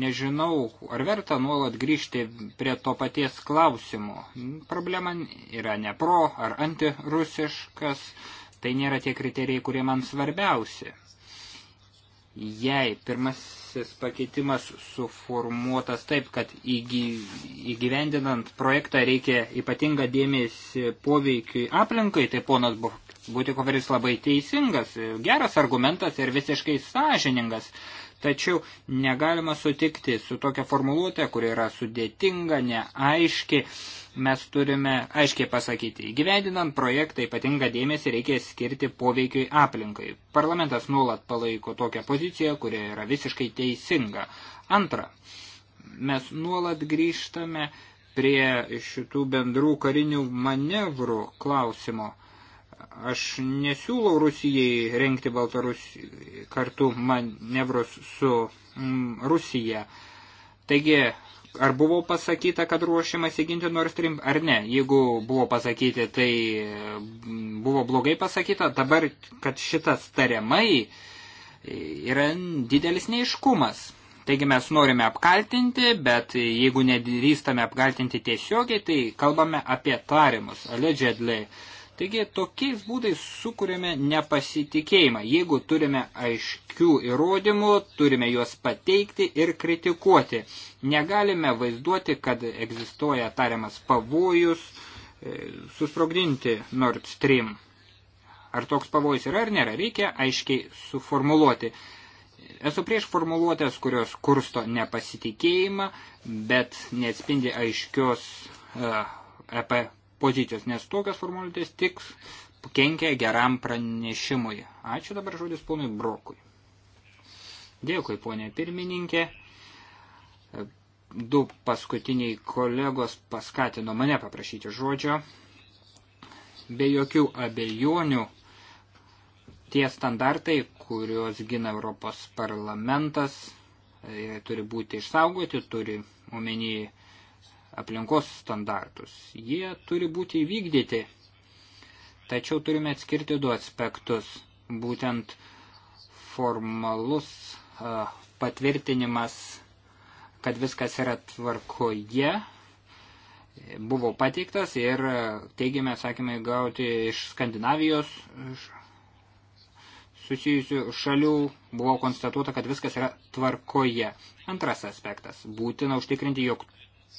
nežinau, ar verta nuolat grįžti prie to paties klausimo. Problema yra ne pro ar antirusiškas Tai nėra tie kriterijai, kurie man svarbiausi. Jei pirmasis pakeitimas suformuotas taip, kad įgyvendinant projektą reikia ypatingą dėmesį poveikiui aplinkai, tai ponas Butikoferis labai teisingas, geras argumentas ir visiškai sąžiningas. Tačiau negalima sutikti su tokia formuluotė, kuri yra sudėtinga, neaiški. Mes turime aiškiai pasakyti, įgyvendinant projektą ypatingą dėmesį reikia skirti poveikiai aplinkai. Parlamentas nuolat palaiko tokią poziciją, kuri yra visiškai teisinga. Antra, mes nuolat grįžtame prie šitų bendrų karinių manevrų klausimo Aš nesiūlau Rusijai renkti Baltarusiją kartu manevrus su mm, Rusija. Taigi, ar buvo pasakyta, kad ruošiamas įginti Nord Stream, ar ne? Jeigu buvo pasakyti, tai mm, buvo blogai pasakyta. Dabar, kad šitas tariamai yra didelis neiškumas. Taigi mes norime apkaltinti, bet jeigu nedrįstame apkaltinti tiesiogiai, tai kalbame apie tarimus, allegedly. Uh, Taigi tokiais būdais sukūrėme nepasitikėjimą. Jeigu turime aiškių įrodymų, turime juos pateikti ir kritikuoti. Negalime vaizduoti, kad egzistuoja tariamas pavojus e, susprogdinti Nord Stream. Ar toks pavojus yra ar nėra, reikia aiškiai suformuluoti. Esu prieš formuluotės, kurios kursto nepasitikėjimą, bet neatspindi aiškios uh, e, EP pozicijos, nes tokios formuluotės tik kenkia geram pranešimui. Ačiū dabar žodis ponui Brokui. Dėkui, ponė pirmininkė. Du paskutiniai kolegos paskatino mane paprašyti žodžio. Be jokių abejonių tie standartai, kuriuos gina Europos parlamentas, e, turi būti išsaugoti, turi omenyje aplinkos standartus. Jie turi būti įvykdyti. Tačiau turime atskirti du aspektus. Būtent formalus uh, patvirtinimas, kad viskas yra tvarkoje, buvo pateiktas ir teigiami atsakymai gauti iš Skandinavijos iš susijusių šalių buvo konstatuota, kad viskas yra tvarkoje. Antras aspektas – būtina užtikrinti, jog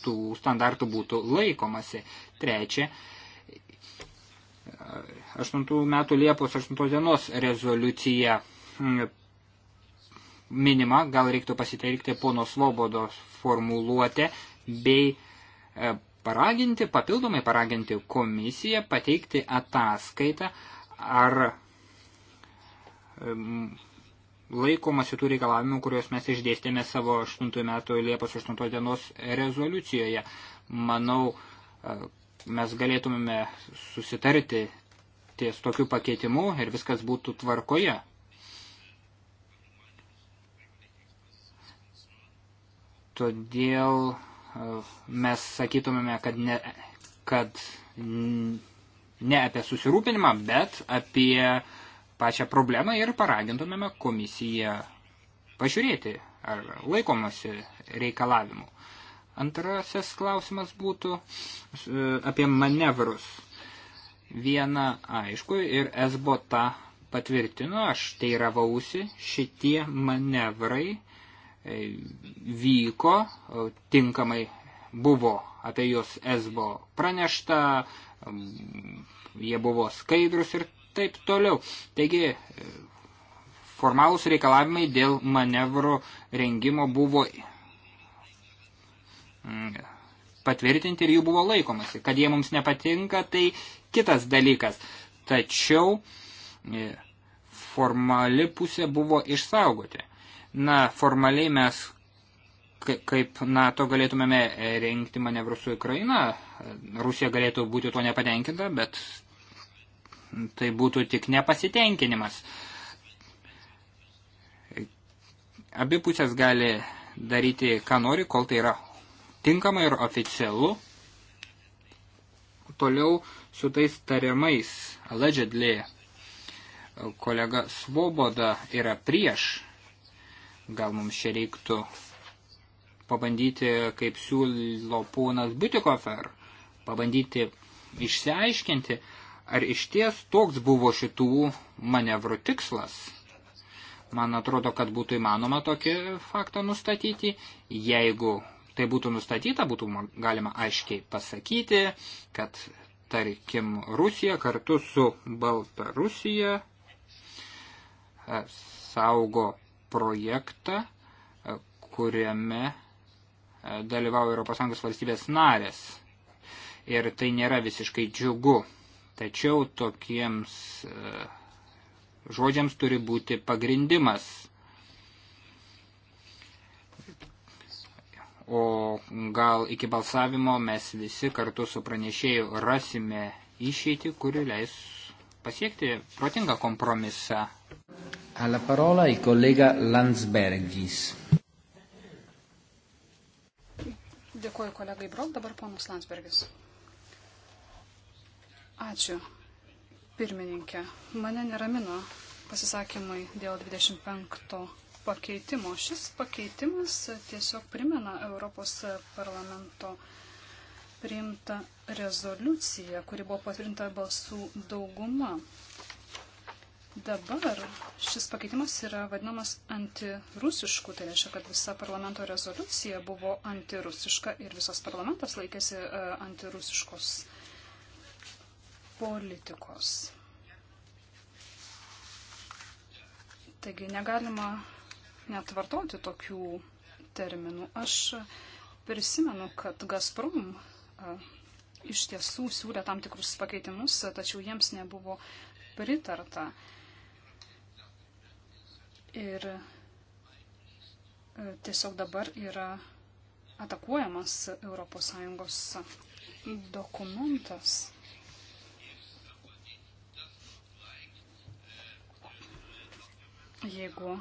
tų standartų būtų laikomasi. Trečia, 8 metų Liepos 8 dienos rezoliucija minima, gal reiktų pasitelkti pono Svobodos formuluotę bei e, paraginti, papildomai paraginti komisiją pateikti ataskaitą ar laikomasi tų reikalavimų, kuriuos mes išdėstėme savo 8 metų Liepos 8 dienos rezoliucijoje. Manau, e, mes galėtumėme susitarti ties tokiu pakeitimu ir viskas būtų tvarkoje. Todėl e, mes sakytumėme, kad ne, kad ne apie susirūpinimą, bet apie uh, pačią problemą ir paragintumėme komisiją pažiūrėti, ar laikomasi reikalavimų. Antrasis klausimas būtų e, apie manevrus. Viena aišku ir SBO tą patvirtino, aš teiravausi, šitie manevrai e, vyko e, tinkamai buvo apie juos esbo pranešta, jie buvo skaidrus ir taip toliau. Taigi, formalūs reikalavimai dėl manevro rengimo buvo mm, patvirtinti ir jų buvo laikomasi. Kad jie mums nepatinka, tai kitas dalykas. Tačiau e, formali pusė buvo išsaugoti. Na, formaliai mes kaip NATO galėtumėme rengti manevrus su Ukraina. Rusija galėtų būti tuo nepatenkinta, bet tai būtų tik nepasitenkinimas. Abi pusės gali daryti, ką nori, kol tai yra tinkama ir oficialu. Toliau su tais tariamais allegedly kolega Svoboda yra prieš. Gal mums čia reiktų pabandyti, kaip siūlo ponas Butikofer, pabandyti išsiaiškinti, Ar iš ties toks buvo šitų manevrų tikslas? Man atrodo, kad būtų įmanoma tokį faktą nustatyti. Jeigu tai būtų nustatyta, būtų galima aiškiai pasakyti, kad tarkim Rusija kartu su Baltarusija e, saugo projektą, e, kuriame e, dalyvauja ES valstybės narės. Ir tai nėra visiškai džiugu. Tačiau tokiems e, žodžiams turi būti pagrindimas. O gal iki balsavimo mes visi kartu su pranešėju rasime išeitį, kuri leis pasiekti protingą kompromisą. Alla parola il collega Landsbergis. Dėkuoju kolegai Brok, dabar ponas Landsbergis. Ačiū. Pirmininkė, mane neramino pasisakymai dėl 25 pakeitimo. Šis pakeitimas tiesiog primena Europos parlamento priimta rezoliucija, kuri buvo patvirtinta balsų dauguma. Dabar šis pakeitimas yra vadinamas antirusišku, tai reiškia, kad visa parlamento rezoliucija buvo antirusiška ir visas parlamentas laikėsi e, antirusiškos uh, politikos. Taigi negalima net vartoti tokių terminų. Aš prisimenu, kad Gazprom iš tiesų siūlė tam tikrus pakeitimus, tačiau jiems nebuvo pritarta. Ir tiesiog dabar yra atakuojamas ES dokumentas. jeigu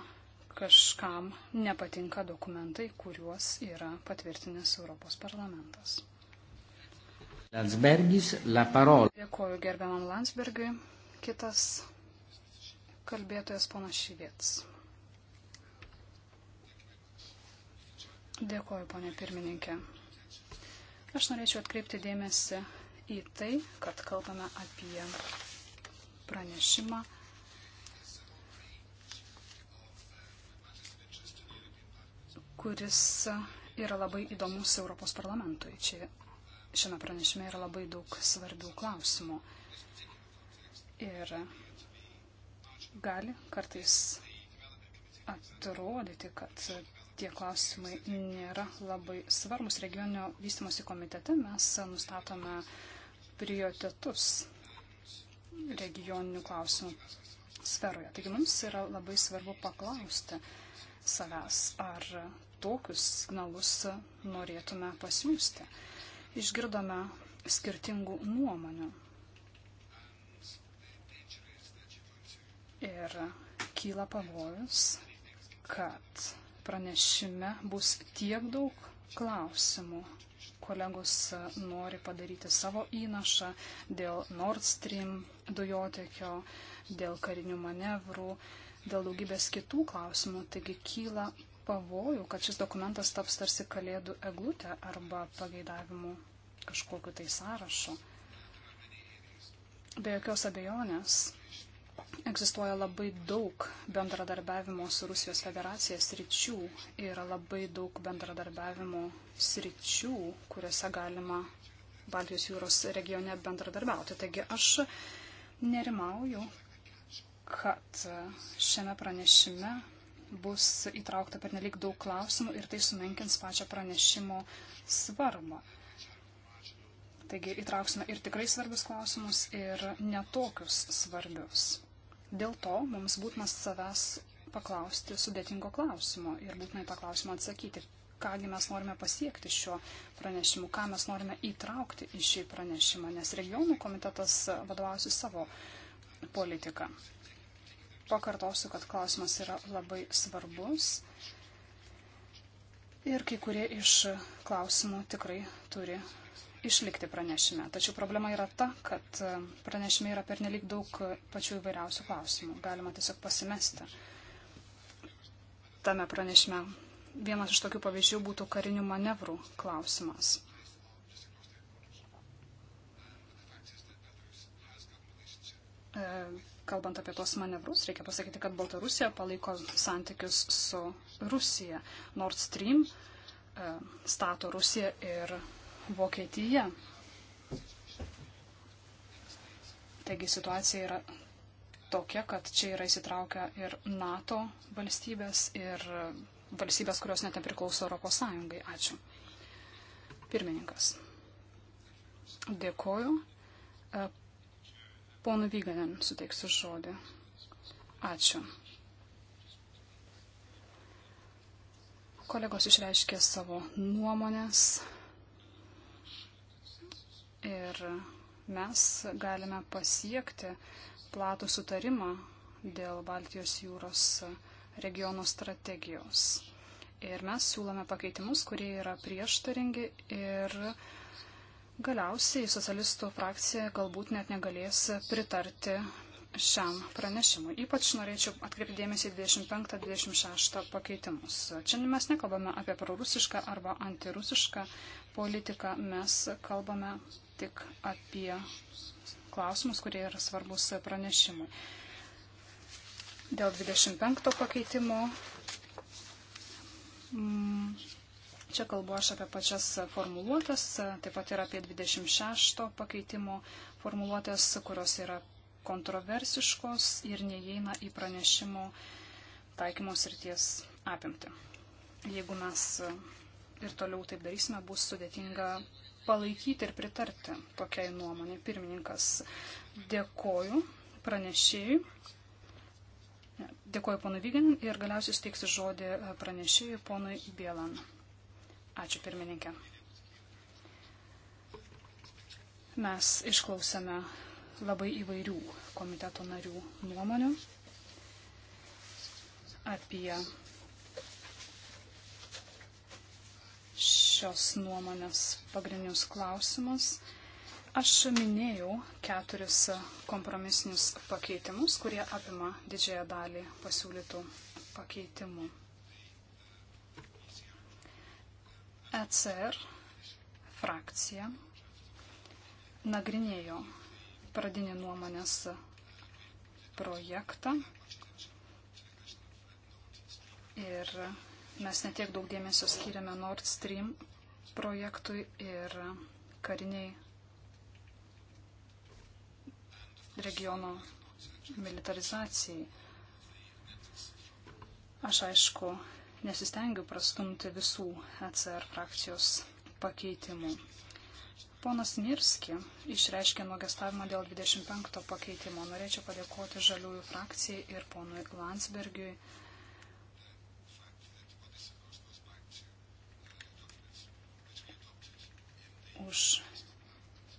kažkam nepatinka dokumentai, kuriuos yra patvirtinęs Europos parlamentas. Landsbergis, la parola. Dėkuoju gerbiamam Landsbergiui. Kitas kalbėtojas ponas Šyvėts. Dėkuoju, ponė pirmininkė. Aš norėčiau atkreipti dėmesį į tai, kad kalbame apie pranešimą kuris yra labai įdomus Europos parlamentui. Čia šiame pranešime yra labai daug svarbių klausimų. Ir gali kartais atrodyti, kad tie klausimai nėra labai svarbus. Regioninio vystimosi komitete mes nustatome prioritetus regioninių klausimų sferoje. Taigi mums yra labai svarbu paklausti savęs, ar tokius signalus norėtume pasiūsti. Išgirdome skirtingų nuomonių. Ir kyla pavojus, kad pranešime bus tiek daug klausimų. Kolegos nori padaryti savo įnašą dėl Nord Stream dujotekio, dėl karinių manevrų, dėl daugybės kitų klausimų, taigi kyla pavojų, kad šis dokumentas taps tarsi kalėdų eglutė arba pageidavimų kažkokiu tai sąrašu. Be jokios abejonės egzistuoja labai daug bendradarbiavimo su Rusijos federacija sričių, yra labai daug bendradarbiavimo sričių, kuriuose galima Baltijos jūros regione bendradarbiauti. Taigi aš nerimauju, kad šiame pranešime bus įtraukta per nelik daug klausimų ir tai sumenkins pačią pranešimo svarbą. Taigi įtrauksime ir tikrai svarbius klausimus, ir netokius svarbius. Dėl to mums būtinas savęs paklausti sudėtingo klausimo ir būtinai tą klausimą atsakyti, kągi mes norime pasiekti šiuo pranešimu, ką mes norime įtraukti į šį pranešimą, nes regionų komitetas vadovausi savo politiką pakartosiu, kad klausimas yra labai svarbus. Ir kai kurie iš klausimų tikrai turi išlikti pranešime. Tačiau problema yra ta, kad e, pranešime yra pernelik daug pačių įvairiausių klausimų. Galima tiesiog pasimesti tame pranešime. Vienas iš tokių pavyzdžių būtų karinių manevrų klausimas. E, kalbant apie tos manevrus, reikia pasakyti, kad Baltarusija palaiko santykius su Rusija. Nord Stream e, stato Rusija ir Vokietija. Taigi situacija yra tokia, kad čia yra įsitraukę ir NATO valstybės, ir valstybės, kurios net nepriklauso Europos Sąjungai. Ačiū. Pirmininkas. Dėkoju. E, Ponu Vyganam suteiksiu žodį. Ačiū. Kolegos išreiškė savo nuomonės ir mes galime pasiekti platų sutarimą dėl Baltijos jūros regiono strategijos. Ir mes siūlome pakeitimus, kurie yra prieštaringi ir uh, Galiausiai socialistų frakcija galbūt net negalės pritarti šiam pranešimui. Ypač norėčiau atkreipti dėmesį 25-26 pakeitimus. Čia mes nekalbame apie prorusišką arba antirusišką politiką, mes kalbame tik apie klausimus, kurie yra svarbus pranešimui. Dėl 25 pakeitimo. Mm, Čia kalbu aš apie pačias formuluotės, taip pat ir apie 26 pakeitimo formuluotės, kurios yra kontroversiškos ir neįeina į pranešimo taikymos ryties apimti. Jeigu mes ir toliau taip darysime, bus sudėtinga palaikyti ir pritarti tokiai nuomonė. Pirmininkas, dėkoju pranešėjui. Dėkoju ponui Vyganin ir galiausiai steiksiu žodį pranešėjui ponui Bielan. Ačiū pirmininkė. Mes išklausėme labai įvairių komiteto narių nuomonių apie šios nuomonės pagrindinius klausimus. Aš minėjau keturis kompromisinius pakeitimus, kurie apima didžiąją dalį pasiūlytų pakeitimų. ECR frakcija nagrinėjo pradinį nuomonės projektą ir mes netiek daug dėmesio skiriame Nord Stream projektui ir kariniai regiono militarizacijai. Aš aišku nesistengiu prastumti visų ECR frakcijos pakeitimų. Ponas Mirski išreiškė nuogestavimą dėl 25 pakeitimo. Norėčiau padėkoti Žaliųjų frakcijai ir ponui Landsbergiui. Už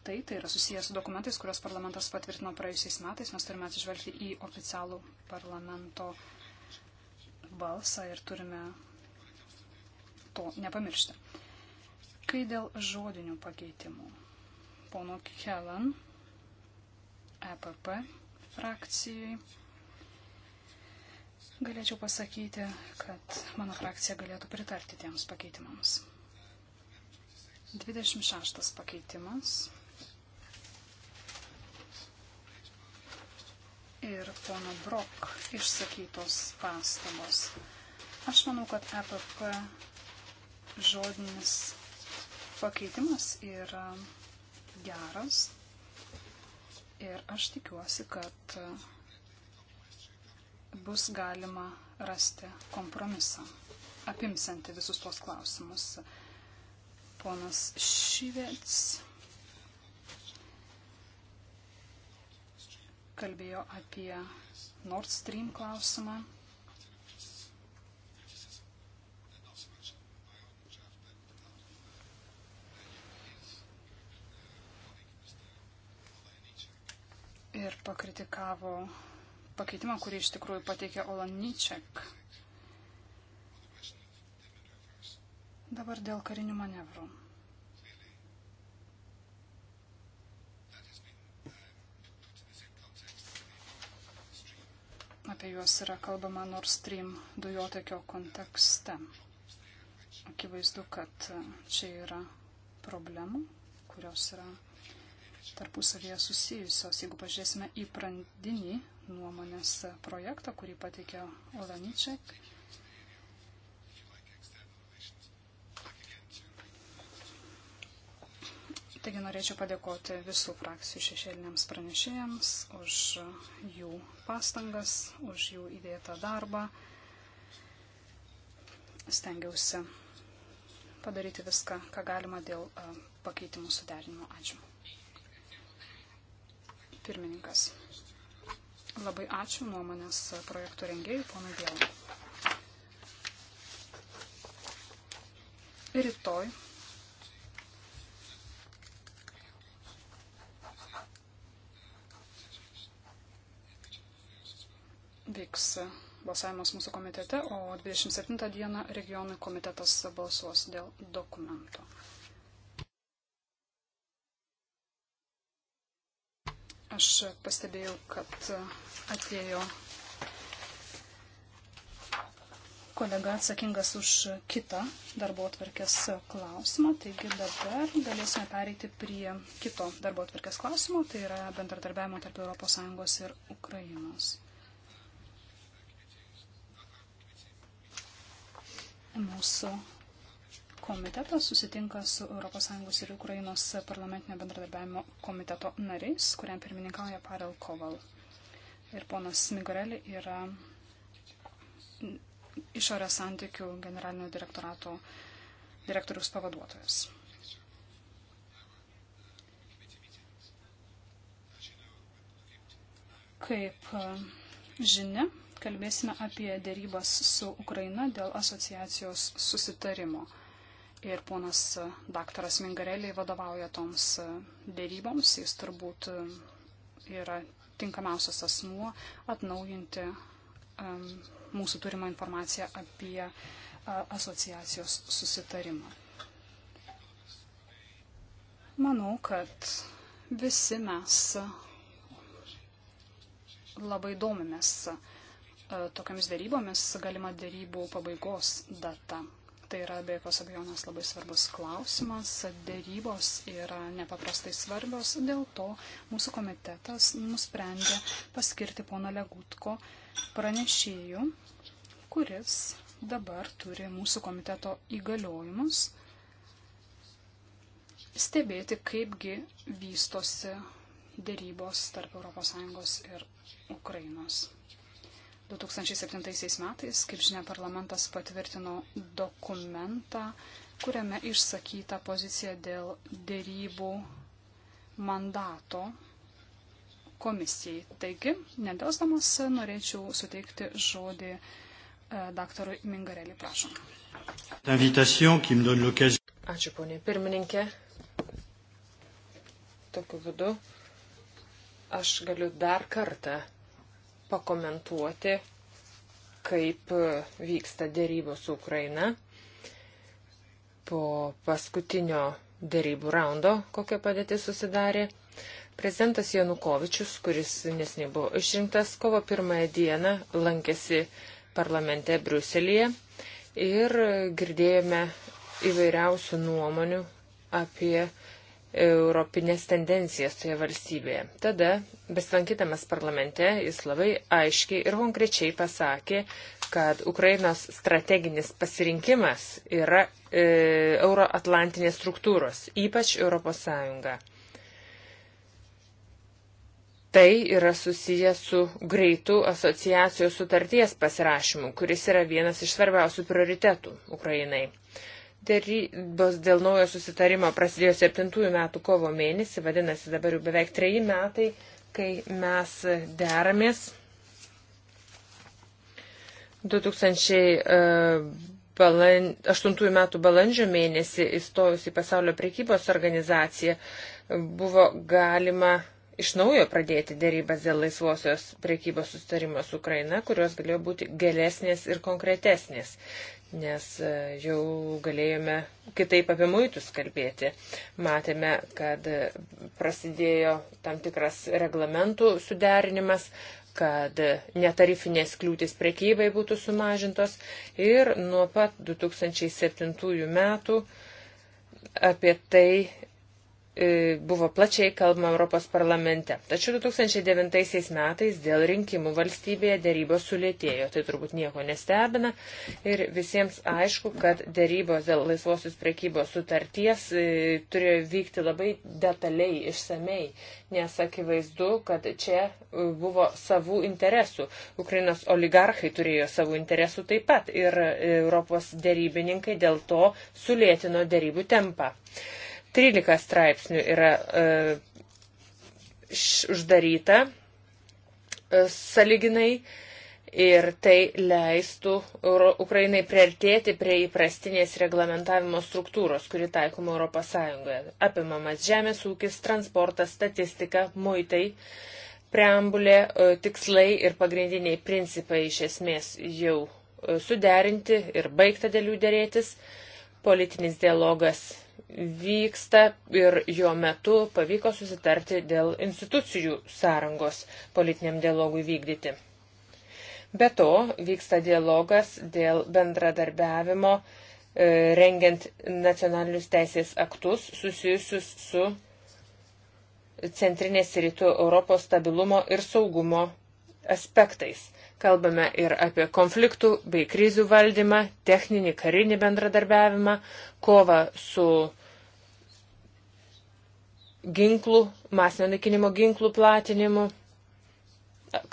tai, tai yra susijęs su dokumentais, kuriuos parlamentas patvirtino praėjusiais metais, mes turime atsižvelgti į oficialų parlamento balsą ir turime to nepamiršti. Kai dėl žodinių pakeitimų. Pono Kelan, EPP frakcijai. Galėčiau pasakyti, kad mano frakcija galėtų pritarti tiems pakeitimams. 26 pakeitimas ir pono Brok išsakytos pastabos. Aš manau, kad EPP žodinis pakeitimas yra geras ir aš tikiuosi, kad bus galima rasti kompromisą, apimsianti visus tuos klausimus. Ponas Šyvets kalbėjo apie Nord Stream klausimą. Ir pakritikavo pakeitimą, kurį iš tikrųjų pateikė Olaniček. Dabar dėl karinių manevrų. apie juos yra kalbama Nord Stream dujotekio kontekste. Akivaizdu, kad e, čia yra problemų, kurios yra tarpusavėje susijusios. Jeigu pažiūrėsime į prandinį nuomonės projektą, kurį pateikė Olaniček, Taigi norėčiau padėkoti visų frakcijų šešėliniams pranešėjams už jų pastangas, už jų įdėtą darbą. Stengiausi padaryti viską, ką galima dėl e, pakeitimų suderinimo. Ačiū. Pirmininkas. Labai ačiū nuomonės projektų rengėjai, ponui Dėlui. Rytoj vyks balsavimas mūsų komitete, o 27 dieną regionų komitetas balsuos dėl dokumento. Aš pastebėjau, kad atėjo kolega atsakingas už kitą darbo atvarkės klausimą. Taigi dabar galėsime pereiti prie kito darbo atvarkės klausimo, tai yra bendradarbiavimo tarp ES ir Ukrainos. mūsų komitetas susitinka su ES ir Ukrainos parlamentinio bendradarbiavimo komiteto nariais, kuriam pirmininkauja Parel Koval. Ir ponas Migorelli yra išorės santykių generalinio direktorato direktorius pavaduotojas. Kaip e, žinia, kalbėsime apie dėrybas su Ukraina dėl asociacijos susitarimo. Ir ponas e, daktaras Mingareliai vadovauja toms e, dėryboms. Jis turbūt e, yra tinkamiausias asmuo atnaujinti um, mūsų turimą informaciją apie uh, asociacijos susitarimą. Manau, kad visi mes labai domimės uh, E, tokiamis darybomis galima darybų pabaigos data. Tai yra be jokios abejonės labai svarbus klausimas. Darybos yra nepaprastai svarbios, dėl to mūsų komitetas nusprendė paskirti poną Legutko pranešėjų, kuris dabar turi mūsų komiteto įgaliojimus stebėti, kaipgi vystosi dėrybos tarp ES ir Ukrainos. 2007 metais, kaip žinia, parlamentas patvirtino dokumentą, kuriame išsakyta pozicija dėl dėrybų mandato komisijai. Taigi, nedelsdamas, norėčiau suteikti žodį e, daktarui Mingarelį, prašom. Ačiū, ponė pirmininkė. Tokiu būdu aš galiu dar kartą pakomentuoti, kaip vyksta dėrybos su Ukraina po paskutinio dėrybų raundo, kokia padėtis susidarė. Prezidentas Janukovičius, kuris nesnei buvo išrinktas, kovo pirmąją dieną lankėsi parlamente Briuselėje ir girdėjome įvairiausių nuomonių apie europinės tendencijas toje valstybėje. Tada, besilankydamas parlamente, jis labai aiškiai ir konkrečiai pasakė, kad Ukrainos strateginis pasirinkimas yra e, euroatlantinės struktūros, ypač Europos Sąjunga. Tai yra susiję su greitu asociacijos sutarties pasirašymu, kuris yra vienas iš svarbiausių prioritetų Ukrainai. Darybos dėl naujo susitarimo prasidėjo 7 metų kovo mėnesį, vadinasi dabar jau beveik 3 metai, kai mes deramės 2008 e, metų balandžio mėnesį įstojus į pasaulio prekybos organizaciją buvo galima iš naujo pradėti dėrybas dėl laisvosios priekybos sustarimo su Ukraina, kurios galėjo būti gelesnės ir konkretesnės nes e, jau galėjome kitaip apie muitus kalbėti. Matėme, kad e, prasidėjo tam tikras reglamentų suderinimas, kad e, netarifinės kliūtis prekybai būtų sumažintos ir nuo pat 2007 metų apie tai E, buvo plačiai kalbama Europos parlamente. Tačiau 2009 metais dėl rinkimų valstybėje dėrybos sulėtėjo, tai turbūt nieko nestebina ir visiems aišku, kad dėrybos dėl laisvosios prekybos sutarties e, turėjo vykti labai detaliai, išsamei, nes akivaizdu, kad čia e, buvo savų interesų. Ukrainos oligarchai turėjo savų interesų taip pat ir Europos dėrybininkai dėl to sulėtino dėrybų tempą. 13 straipsnių yra e, uždaryta e, saliginai ir tai leistų Ukrainai priartėti prie įprastinės reglamentavimo struktūros, kuri taikoma ES. Apimamas žemės ūkis, transportas, statistika, muitai, preambulė, e, tikslai ir pagrindiniai principai iš esmės jau suderinti ir baigta dėl jų dėrėtis. Politinis dialogas vyksta ir jo metu pavyko susitarti dėl institucijų sąrangos politiniam dialogui vykdyti. Be to vyksta dialogas dėl bendradarbiavimo e, rengiant nacionalinius teisės aktus susijusius su centrinės rytų Europos stabilumo ir saugumo aspektais. Kalbame ir apie konfliktų bei krizių valdymą, techninį karinį bendradarbiavimą, kovą su ginklų, masinio naikinimo ginklų platinimu.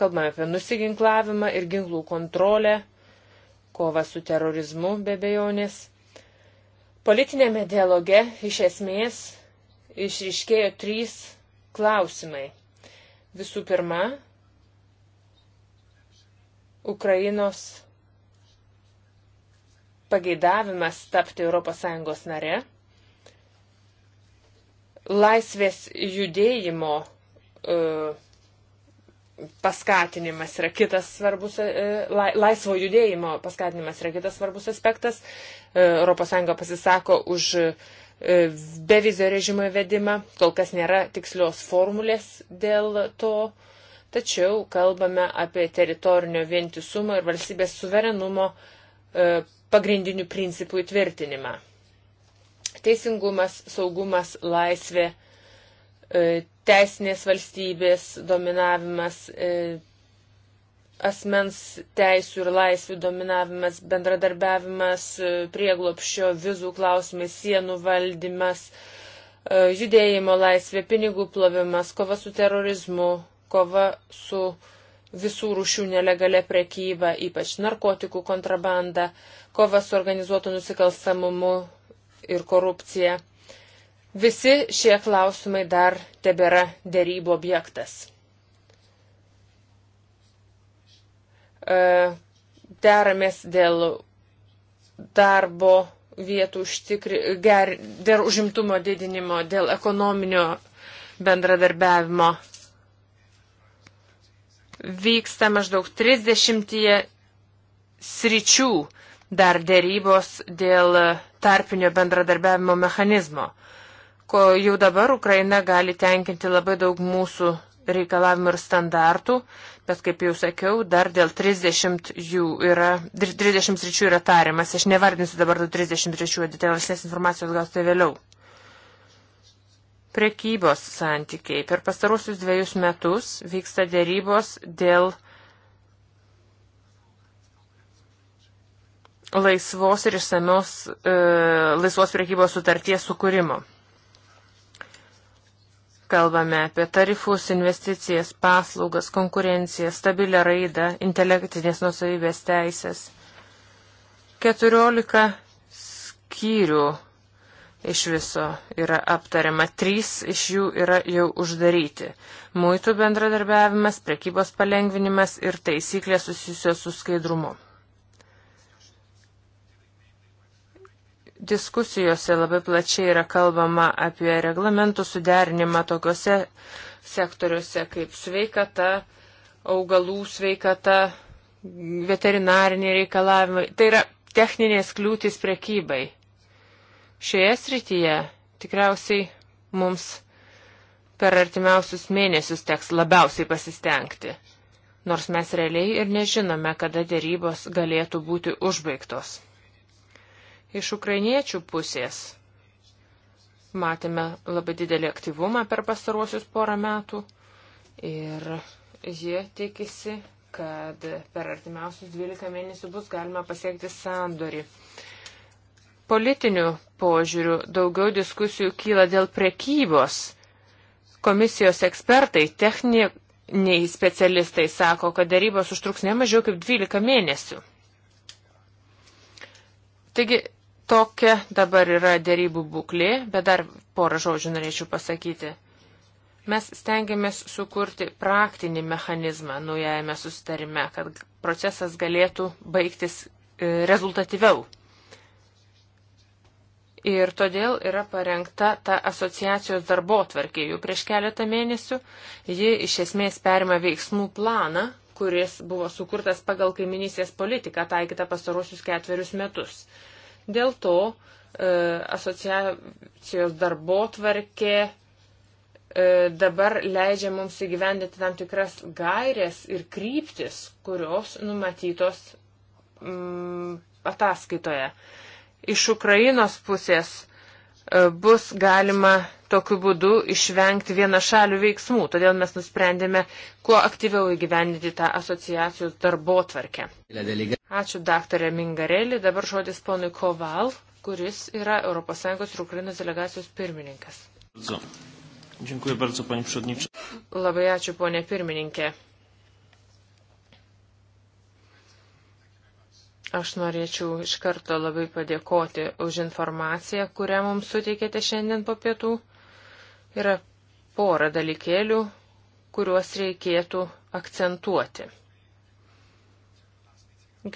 Kalbame apie nusiginklavimą ir ginklų kontrolę, kovą su terorizmu be bejonės. Politinėme dialoge iš esmės išriškėjo trys klausimai. Visų pirma, Ukrainos pageidavimas tapti ES nare, laisvės judėjimo uh, paskatinimas yra kitas svarbus, e, laisvo judėjimo paskatinimas yra kitas svarbus aspektas. ES pasisako už e, bevizio režimo įvedimą, kol kas nėra tikslios formulės dėl to, tačiau kalbame apie teritorinio vientisumo ir valstybės suverenumo e, pagrindinių principų įtvirtinimą. Teisingumas, saugumas, laisvė, e, teisinės valstybės dominavimas, e, asmens teisų ir laisvių dominavimas, bendradarbiavimas, prieglopščio, vizų klausimai, sienų valdymas, judėjimo laisvė, pinigų plovimas, kova su terorizmu, kova su visų rušių nelegalia prekyba, ypač narkotikų kontrabanda, kova su organizuotu nusikalstamumu ir korupcija. Visi šie klausimai dar tebėra dėrybų objektas. E, deramės dėl darbo vietų užtikri, ger, dėl užimtumo didinimo, dėl ekonominio bendradarbiavimo vyksta maždaug 30 sričių dar dėrybos dėl tarpinio bendradarbiavimo mechanizmo, ko jau dabar Ukraina gali tenkinti labai daug mūsų reikalavimų ir standartų, bet kaip jau sakiau, dar dėl 30 jų yra, 30 sričių yra tariamas. Aš nevardinsiu dabar tų 30 sričių, detailesnės informacijos gausite tai vėliau. Prekybos santykiai. Per pastarosius dviejus metus vyksta dėrybos dėl laisvos ir išsamios e, laisvos prekybos sutarties sukūrimo. Kalbame apie tarifus, investicijas, paslaugas, konkurenciją, stabilę raidą, intelektinės nusavybės teisės. 14 skyrių iš viso yra aptariama, trys iš jų yra jau uždaryti. Muitų bendradarbiavimas, prekybos palengvinimas ir taisyklės susijusios su skaidrumu. Diskusijose labai plačiai yra kalbama apie reglamentų suderinimą tokiuose sektoriuose kaip sveikata, augalų sveikata, veterinariniai reikalavimai. Tai yra techninės kliūtis prekybai Šioje srityje tikriausiai mums per artimiausius mėnesius teks labiausiai pasistengti, nors mes realiai ir nežinome, kada dėrybos galėtų būti užbaigtos. Iš ukrainiečių pusės matėme labai didelį aktyvumą per pastaruosius porą metų ir jie tikisi, kad per artimiausius 12 mėnesių bus galima pasiekti sandorį. Politinių požiūrių daugiau diskusijų kyla dėl prekybos. Komisijos ekspertai, techniniai specialistai sako, kad darybos užtruks ne mažiau kaip 12 mėnesių. Taigi, tokia dabar yra dėrybų būklė, bet dar porą žodžių norėčiau pasakyti. Mes stengiamės sukurti praktinį mechanizmą naujajame susitarime, kad procesas galėtų baigtis e, rezultatyviau. Ir todėl yra parengta ta asociacijos darbo tvarkė jau prieš keletą mėnesių. Ji iš esmės perima veiksmų planą, kuris buvo sukurtas pagal kaiminysės politiką taikytą pastarosius ketverius metus. Dėl to e, asociacijos darbo tvarkė e, dabar leidžia mums įgyvendinti tam tikras gairės ir kryptis, kurios numatytos mm, ataskaitoje iš Ukrainos pusės e, bus galima tokiu būdu išvengti vienašalių veiksmų. Todėl mes nusprendėme kuo aktyviau įgyvendinti tą asociacijos darbo tvarkę. Ačiū daktarė Mingarelį. Dabar žodis ponui Koval, kuris yra ES ir Ukrainos delegacijos pirmininkas. Dziękuję bardzo, panie przewodniczący. Labai ačiū, ponė pirmininkė. Aš norėčiau iš karto labai padėkoti už informaciją, kurią mums suteikėte šiandien po pietų. Yra pora dalykėlių, kuriuos reikėtų akcentuoti.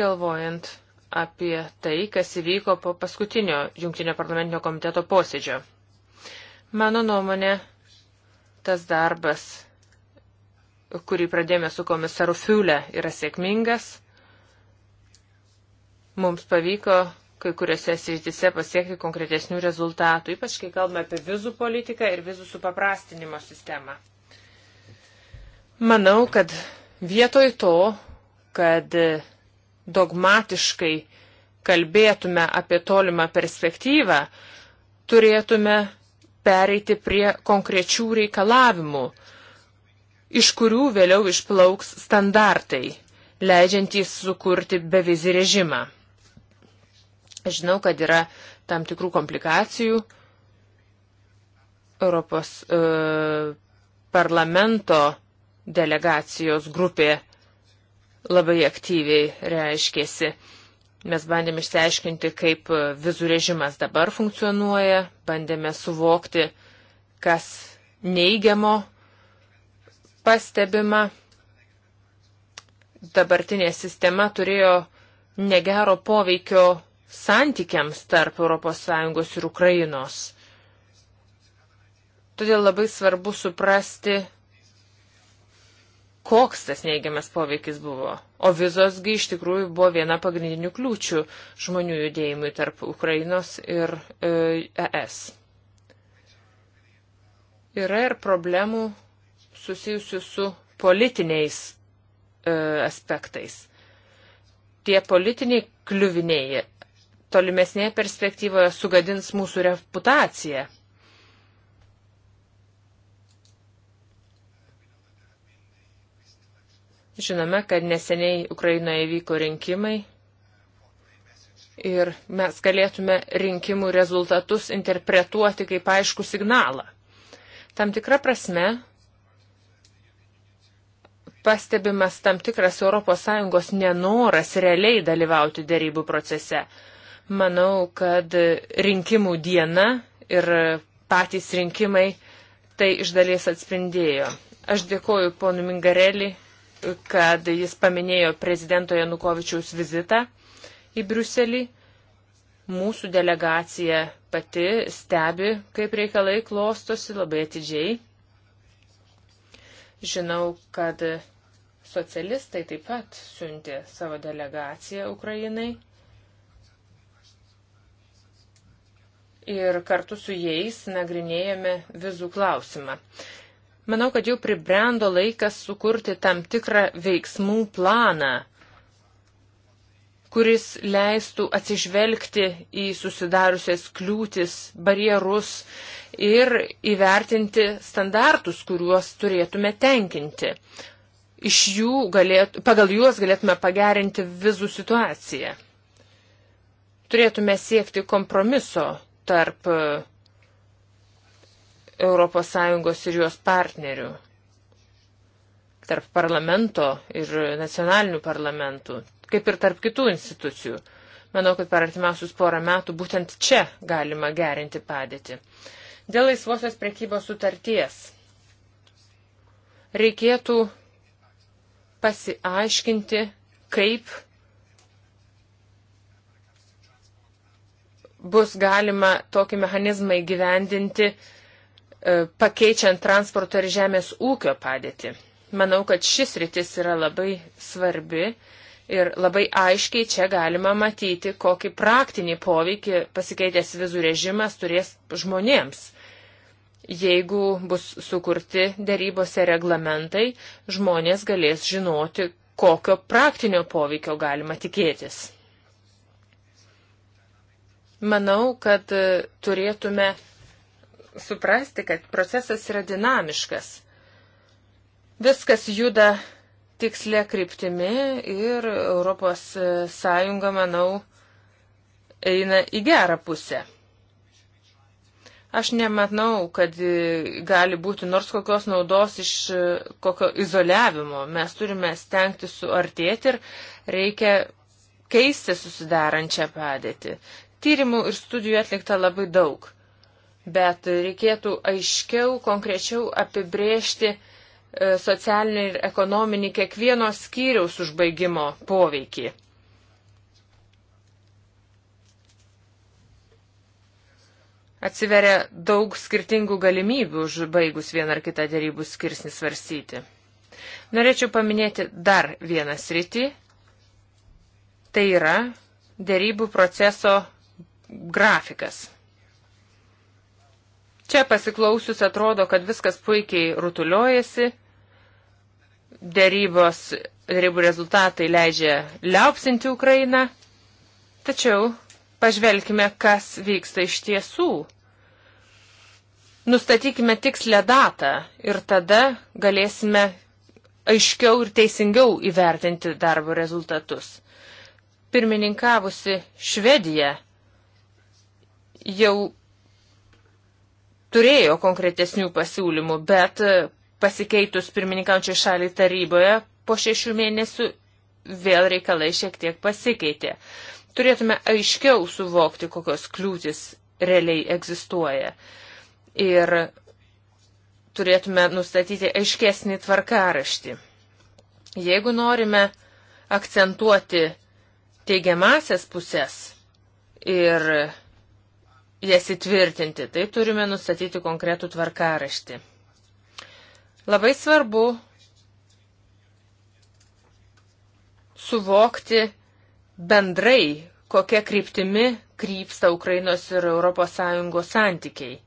Galvojant apie tai, kas įvyko po paskutinio Junktinio parlamentinio komiteto posėdžio. Mano nuomonė, tas darbas, kurį pradėjome su komisaru Fiule, yra sėkmingas. Mums pavyko kai kuriuose srityse pasiekti konkretesnių rezultatų, ypač kai kalbame apie vizų politiką ir vizų supaprastinimo sistemą. Manau, kad vietoj to, kad dogmatiškai kalbėtume apie tolimą perspektyvą, turėtume pereiti prie konkrečių reikalavimų, iš kurių vėliau išplauks standartai, leidžiantys sukurti bevizį režimą. Aš žinau, kad yra tam tikrų komplikacijų. Europos e, parlamento delegacijos grupė labai aktyviai reiškėsi. Mes bandėme išsiaiškinti, kaip e, vizų režimas dabar funkcionuoja, bandėme suvokti, kas neigiamo pastebima. Dabartinė sistema turėjo negero poveikio santykiams tarp ES ir Ukrainos. Todėl labai svarbu suprasti, koks tas neigiamas poveikis buvo. O vizosgi iš tikrųjų buvo viena pagrindinių kliūčių žmonių judėjimui tarp Ukrainos ir e, ES. Yra ir problemų susijusių su politiniais e, aspektais. Tie politiniai kliuviniai tolimesnėje perspektyvoje sugadins mūsų reputaciją. Žinome, kad neseniai Ukrainoje vyko rinkimai ir mes galėtume rinkimų rezultatus interpretuoti kaip aišku signalą. Tam tikra prasme pastebimas tam tikras ES nenoras realiai dalyvauti dėrybų procese. Manau, kad rinkimų diena ir patys rinkimai tai iš dalies atspindėjo. Aš dėkoju ponu Mingarelį, kad jis paminėjo prezidento Janukovičiaus vizitą į Briuselį. Mūsų delegacija pati stebi, kaip reikalai klostosi labai atidžiai. Žinau, kad socialistai taip pat siuntė savo delegaciją Ukrainai. ir kartu su jais nagrinėjame vizų klausimą. Manau, kad jau pribrendo laikas sukurti tam tikrą veiksmų planą, kuris leistų atsižvelgti į susidariusias kliūtis, barjerus ir įvertinti standartus, kuriuos turėtume tenkinti. Iš jų galėt, pagal juos galėtume pagerinti vizų situaciją. Turėtume siekti kompromiso tarp ES ir jos partnerių, tarp parlamento ir nacionalinių parlamentų, kaip ir tarp kitų institucijų. Manau, kad per artimiausius porą metų būtent čia galima gerinti padėtį. Dėl laisvosios prekybos sutarties reikėtų pasiaiškinti, kaip bus galima tokį mechanizmą įgyvendinti, e, pakeičiant transporto ir žemės ūkio padėtį. Manau, kad šis rytis yra labai svarbi ir labai aiškiai čia galima matyti, kokį praktinį poveikį pasikeitęs vizų režimas turės žmonėms. Jeigu bus sukurti dėrybose reglamentai, žmonės galės žinoti, kokio praktinio poveikio galima tikėtis. Manau, kad e, turėtume suprasti, kad procesas yra dinamiškas. Viskas juda tikslė kryptimi ir Europos e, Sąjunga, manau, eina į gerą pusę. Aš nematau, kad e, gali būti nors kokios naudos iš kokio izoliavimo. Mes turime stengti suartėti ir reikia keisti susidarančią padėtį. Tyrimų ir studijų atlikta labai daug, bet reikėtų aiškiau, konkrečiau apibrėžti e, socialinį ir ekonominį kiekvieno skyriaus užbaigimo poveikį. Atsiveria daug skirtingų galimybių užbaigus vieną ar kitą dėrybų skirsnį svarstyti. Norėčiau paminėti dar vieną sritį. Tai yra dėrybų proceso grafikas. Čia pasiklausius atrodo, kad viskas puikiai rutuliojasi, dėrybos, dėrybų rezultatai leidžia liaupsinti Ukrainą, tačiau pažvelkime, kas vyksta iš tiesų. Nustatykime tikslę datą ir tada galėsime aiškiau ir teisingiau įvertinti darbo rezultatus. Pirmininkavusi Švedija jau turėjo konkretesnių pasiūlymų, bet e, pasikeitus pirmininkaučiai šaliai taryboje po šešių mėnesių vėl reikalai šiek tiek pasikeitė. Turėtume aiškiau suvokti, kokios kliūtis realiai egzistuoja. Ir turėtume nustatyti aiškesnį tvarkaraštį. Jeigu norime akcentuoti teigiamasias pusės ir jas įtvirtinti. Tai turime nustatyti konkretų tvarkaraštį. Labai svarbu suvokti bendrai, kokia kryptimi krypsta Ukrainos ir ES santykiai.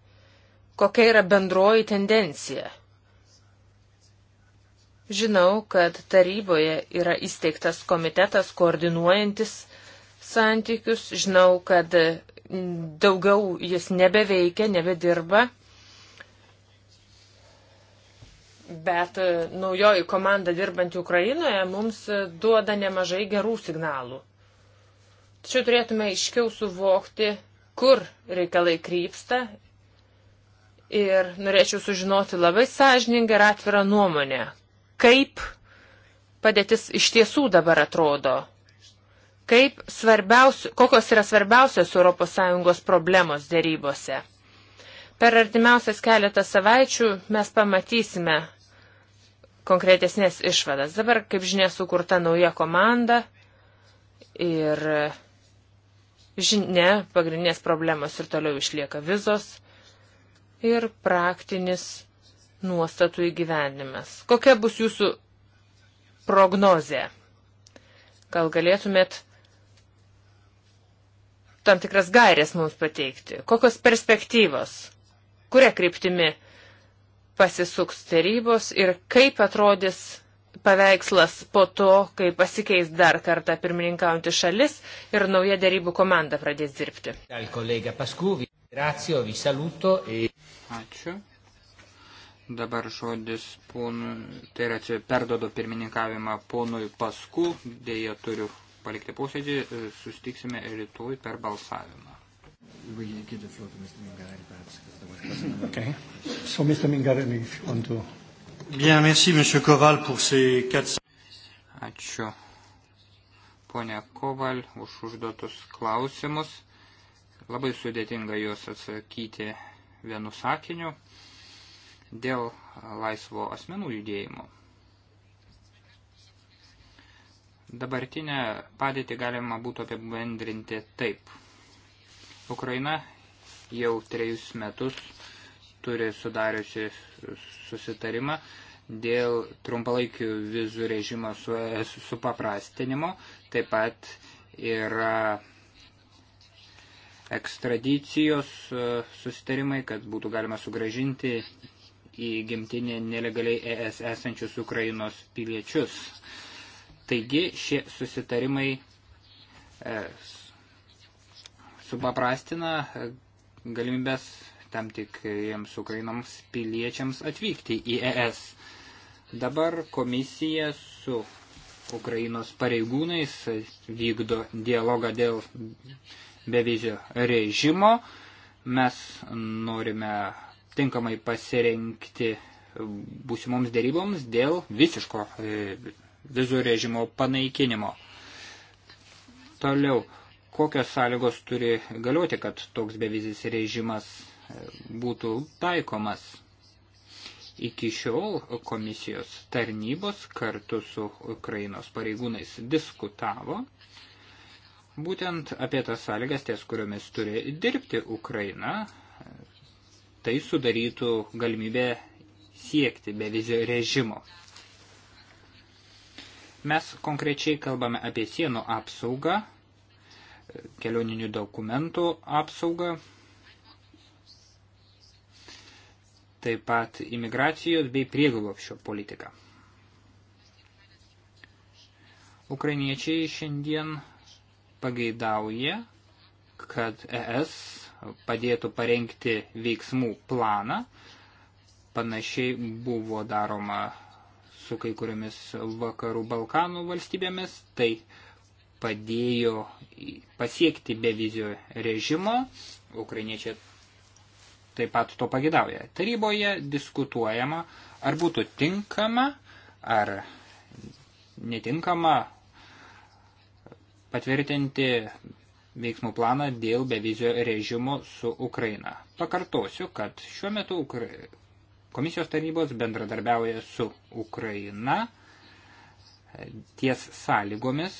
Kokia yra bendroji tendencija. Žinau, kad taryboje yra įsteigtas komitetas koordinuojantis santykius. Žinau, kad daugiau jis nebeveikia, nebedirba. Bet e, naujoji komanda dirbant Ukrainoje mums duoda nemažai gerų signalų. Tačiau turėtume iškiau suvokti, kur reikalai krypsta ir norėčiau sužinoti labai sąžiningą ir atvirą nuomonę, kaip padėtis iš tiesų dabar atrodo kaip kokios yra svarbiausios ES problemos dėrybose. Per artimiausias keletą savaičių mes pamatysime konkretesnės išvadas. Dabar, kaip žinia, sukurta nauja komanda ir žinia, pagrindinės problemos ir toliau išlieka vizos ir praktinis nuostatų įgyvendimas. Kokia bus jūsų prognozė? Gal galėtumėt tam tikras gairės mums pateikti? Kokios perspektyvos? Kuria kryptimi pasisuks tarybos ir kaip atrodys paveikslas po to, kai pasikeis dar kartą pirmininkaujantį šalis ir nauja darybų komanda pradės dirbti? E- Ačiū. Dabar žodis ponui, tai yra, perdodu pirmininkavimą ponui Pasku, dėja turiu palikti posėdį, e, sustiksime rytoj per balsavimą. (laughs) Okay. So, Mr. Mingarelli, if you want to... Bien, merci, Monsieur Koval, pour ces 400... Ačiū, ponia Koval, už užduotus klausimus. Labai sudėtinga juos atsakyti vienu sakiniu dėl laisvo asmenų judėjimo. Dabartinę padėtį galima būtų apibendrinti taip. Ukraina jau trejus metus turi sudariusi susitarimą dėl trumpalaikių vizų režimo su, su paprastinimo, taip pat yra ekstradicijos e, susitarimai, kad būtų galima sugražinti į gimtinę nelegaliai ES esančius Ukrainos piliečius. Taigi šie susitarimai e, supaprastina e, galimybės tam tikriems Ukrainams piliečiams atvykti į ES. Dabar komisija su Ukrainos pareigūnais vykdo dialogą dėl bevizio režimo. Mes norime tinkamai pasirenkti būsimoms dėryboms dėl visiško e, vizų režimo panaikinimo. Toliau, kokios sąlygos turi galioti, kad toks bevizis režimas e, būtų taikomas? Iki šiol komisijos tarnybos kartu su Ukrainos pareigūnais diskutavo būtent apie tas sąlygas, ties kuriomis turi dirbti Ukraina. Tai sudarytų galimybę siekti bevizio režimo. Mes konkrečiai kalbame apie sienų apsaugą, kelioninių dokumentų apsaugą, taip pat imigracijos bei prieglobščio politiką. Ukrainiečiai šiandien pageidauja, kad ES padėtų parengti veiksmų planą. Panašiai buvo daroma su kai kuriomis vakarų Balkanų valstybėmis, tai padėjo pasiekti bevizio režimo, ukrainiečiai taip pat to pagidauja. Taryboje diskutuojama, ar būtų tinkama ar netinkama patvirtinti veiksmų planą dėl bevizio režimo su Ukraina. Pakartosiu, kad šiuo metu Ukra komisijos tarybos bendradarbiauja su Ukraina ties sąlygomis,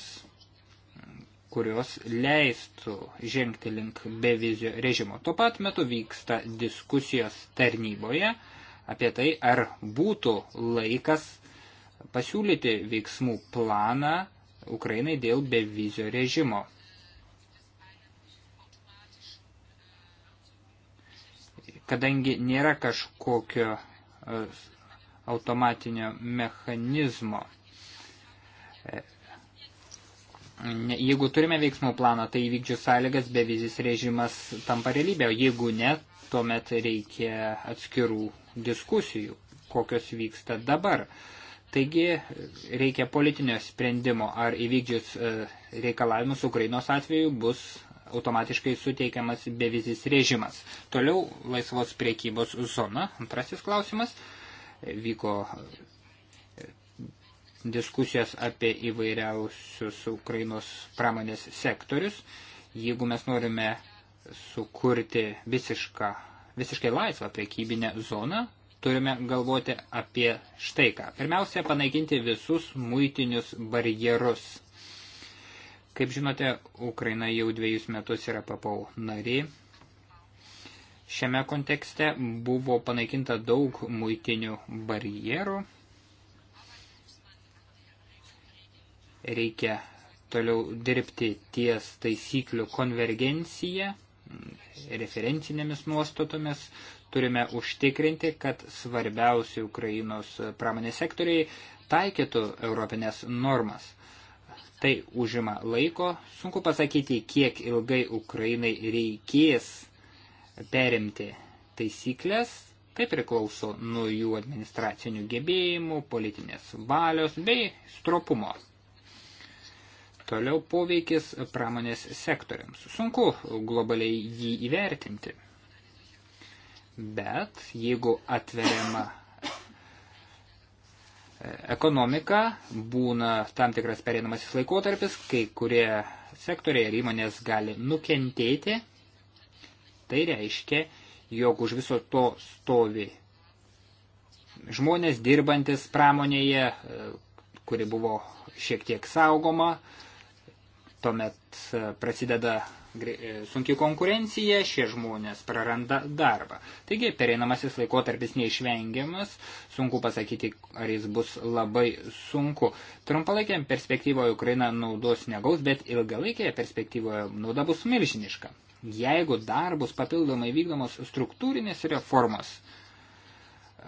kurios leistų žengti link bevizio režimo. Tuo pat metu vyksta diskusijos tarnyboje apie tai, ar būtų laikas pasiūlyti veiksmų planą Ukrainai dėl bevizio režimo. kadangi nėra kažkokio e, automatinio mechanizmo. E, jeigu turime veiksmų planą, tai įvykdžių sąlygas bevizis režimas tampa realybė, o jeigu ne, tuomet reikia atskirų diskusijų, kokios vyksta dabar. Taigi reikia politinio sprendimo, ar įvykdžius e, reikalavimus Ukrainos atveju bus automatiškai suteikiamas bevizis režimas. Toliau laisvos priekybos zona. Antrasis klausimas. Vyko diskusijos apie įvairiausius Ukrainos pramonės sektorius. Jeigu mes norime sukurti visišką, visiškai laisvą priekybinę zoną, turime galvoti apie štai ką. Pirmiausia, panaikinti visus muitinius barjerus Kaip žinote, Ukraina jau dviejus metus yra papau nari. Šiame kontekste buvo panaikinta daug muitinių barjerų. Reikia toliau dirbti ties taisyklių konvergencija, referencinėmis nuostatomis. Turime užtikrinti, kad svarbiausi Ukrainos pramonės sektoriai taikytų europinės normas. Tai užima laiko. Sunku pasakyti, kiek ilgai Ukrainai reikės perimti taisyklės. Tai priklauso nuo jų administracinių gebėjimų, politinės valios bei stropumo. Toliau poveikis pramonės sektoriams. Sunku globaliai jį įvertinti. Bet jeigu atveriama ekonomika, būna tam tikras pereinamasis laikotarpis, kai kurie sektoriai ir įmonės gali nukentėti. Tai reiškia, jog už viso to stovi žmonės dirbantis pramonėje, kuri buvo šiek tiek saugoma, tuomet e, prasideda E, sunki konkurencija, šie žmonės praranda darbą. Taigi, pereinamasis laikotarpis neišvengiamas, sunku pasakyti, ar jis bus labai sunku. Trumpalaikiam perspektyvoje Ukraina naudos negaus, bet ilgalaikėje perspektyvoje nauda bus milžiniška. Jeigu dar bus papildomai vykdomos struktūrinės reformos,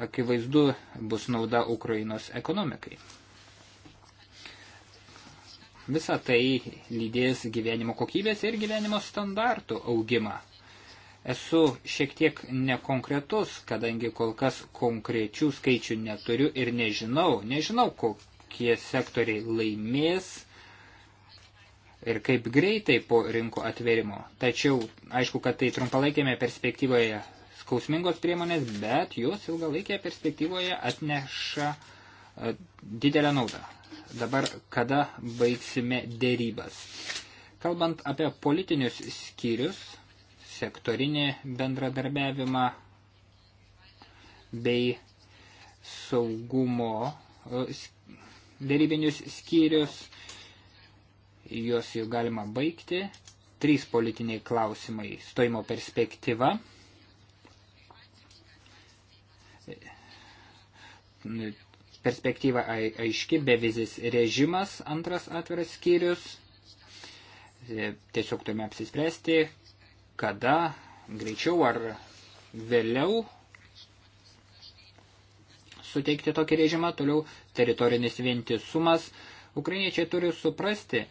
akivaizdu bus nauda Ukrainos ekonomikai. Visa tai lydės gyvenimo kokybės ir gyvenimo standartų augimą. Esu šiek tiek nekonkretus, kadangi kol kas konkrečių skaičių neturiu ir nežinau, nežinau, kokie sektoriai laimės ir kaip greitai po rinkų atverimo. Tačiau, aišku, kad tai trumpalaikėme perspektyvoje skausmingos priemonės, bet jos ilgalaikėje perspektyvoje atneša e, didelę naudą dabar kada baigsime dėrybas. Kalbant apie politinius skyrius, sektorinį bendradarbiavimą bei saugumo e, dėrybinius skyrius, juos jau galima baigti. Trys politiniai klausimai – stojimo perspektyva, perspektyva aiški, bevizis režimas, antras atviras skyrius. E, tiesiog turime apsispręsti, kada, greičiau ar vėliau suteikti tokį režimą, toliau teritorinis vientisumas. Ukrainiečiai turi suprasti,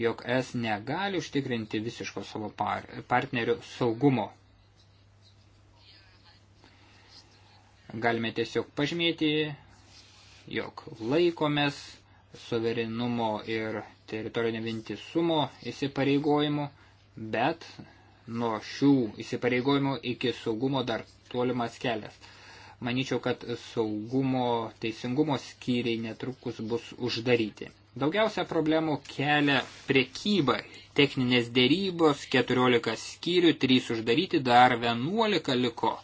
jog es negali užtikrinti visiško savo par partnerių saugumo. Galime tiesiog pažymėti jog laikomės suverenumo ir teritorinio vientisumo įsipareigojimų, bet nuo šių įsipareigojimų iki saugumo dar tolimas kelias. Manyčiau, kad saugumo teisingumo skyriai netrukus bus uždaryti. Daugiausia problemų kelia prekyba, techninės dėrybos, 14 skyrių, 3 uždaryti, dar 11 liko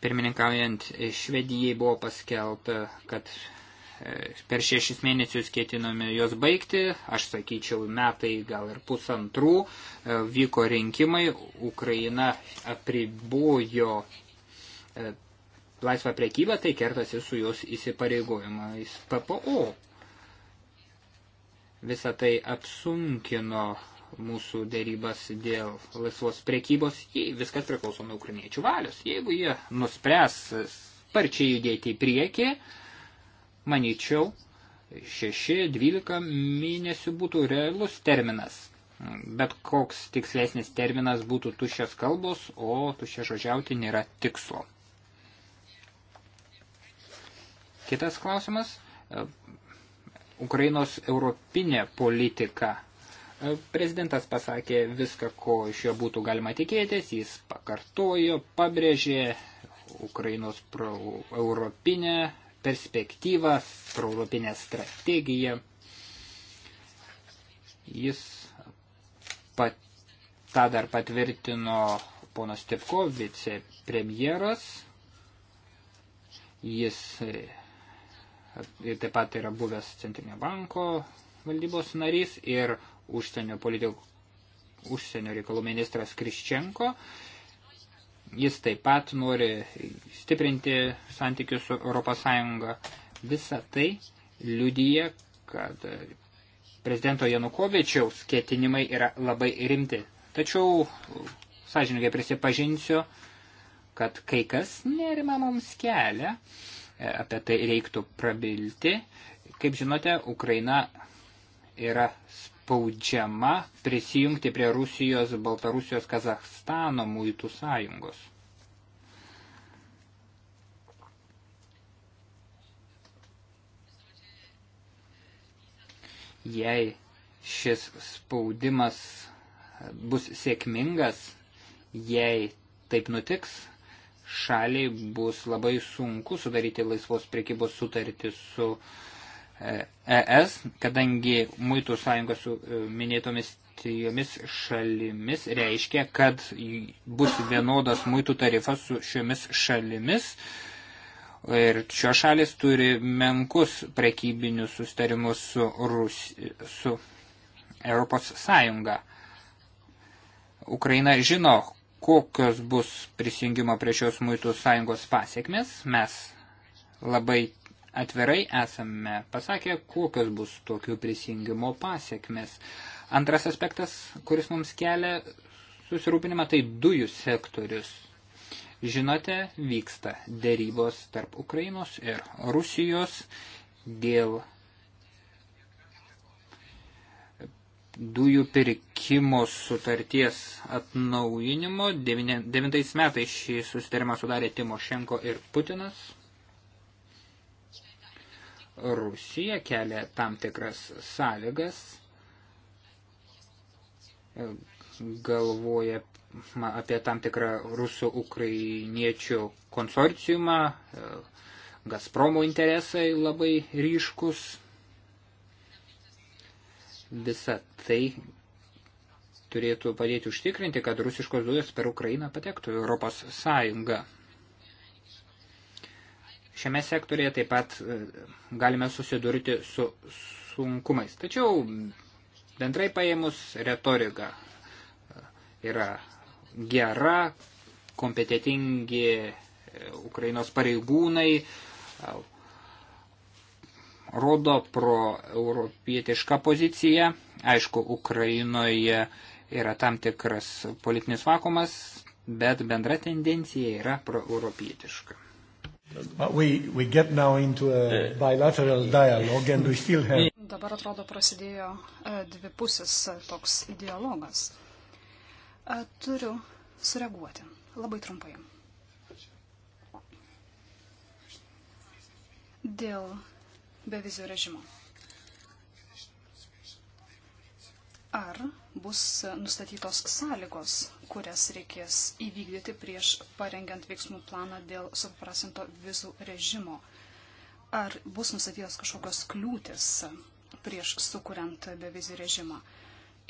pirmininkaujant Švedijai buvo paskelbta, kad e, per šešis mėnesius ketinome juos baigti, aš sakyčiau, metai gal ir pusantrų, e, vyko rinkimai, Ukraina apribojo e, laisvą priekybą, tai kertasi su jos įsipareigojimais PPO. Visą tai apsunkino mūsų dėrybas dėl laisvos priekybos, viskas priklauso nuo ukrainiečių valios. Jeigu jie nuspręs sparčiai judėti į priekį, manyčiau, 6-12 mėnesių būtų realus terminas. Bet koks tikslesnis terminas būtų tušės kalbos, o tušė žodžiauti nėra tikslo. Kitas klausimas. Ukrainos europinė politika – Prezidentas pasakė viską, ko iš jo būtų galima tikėtis, jis pakartojo, pabrėžė Ukrainos europinę perspektyvą, europinę strategiją. Jis pat, tą dar patvirtino ponas Tepko, vicepremjeras. Jis e, taip pat yra buvęs Centrinio banko valdybos narys ir užsienio, politikų, užsienio reikalų ministras Kriščenko. Jis taip pat nori stiprinti santykius su ES. Visa tai liudyje, kad prezidento Janukovičiaus ketinimai yra labai rimti. Tačiau, sąžininkai prisipažinsiu, kad kai kas nerima mums kelia, e, apie tai reiktų prabilti. Kaip žinote, Ukraina yra spaudžiama prisijungti prie Rusijos, Baltarusijos, Kazahstano muitų sąjungos. Jei šis spaudimas bus sėkmingas, jei taip nutiks, šaliai bus labai sunku sudaryti laisvos priekybos sutartį su uh, ES, kadangi muitų sąjunga su e, minėtomis trijomis šalimis reiškia, kad bus vienodas muitų tarifas su šiomis šalimis. Ir šios šalis turi menkus prekybinius sustarimus su, Rus, su Europos Sąjunga. Ukraina žino, kokios bus prisijungimo prie šios muitų sąjungos pasiekmes. Mes labai atvirai esame pasakę, kokios bus tokių prisijungimo pasiekmes. Antras aspektas, kuris mums kelia susirūpinimą, tai dujų sektorius. Žinote, vyksta dėrybos tarp Ukrainos ir Rusijos dėl dujų pirkimo sutarties atnaujinimo. 9 metais šį susitarimą sudarė Timošenko ir Putinas Rusija kelia tam tikras sąlygas, galvoja apie tam tikrą rusų-ukrainiečių konsorciumą, Gazpromo interesai labai ryškus. Visa tai turėtų padėti užtikrinti, kad rusiškos dujos per Ukrainą patektų Europos Sąjungą. Šiame sektorėje taip pat e, galime susidurti su sunkumais. Tačiau bendrai paėmus retorika e, yra gera, kompetitingi e, Ukrainos pareigūnai rodo pro europietišką poziciją. Aišku, Ukrainoje yra tam tikras politinis vakumas, bet bendra tendencija yra pro europietiška. We, we get now into a bilateral dialogue and we still have. Dabar atrodo prasidėjo e, dvipusis e, toks dialogas. E, turiu sureaguoti labai trumpai. Dėl bevizio režimo. Ar bus nustatytos sąlygos, kurias reikės įvykdyti prieš parengiant veiksmų planą dėl supaprasinto vizų režimo. Ar bus nustatytos kažkokios kliūtis prieš sukuriant bevizį režimą?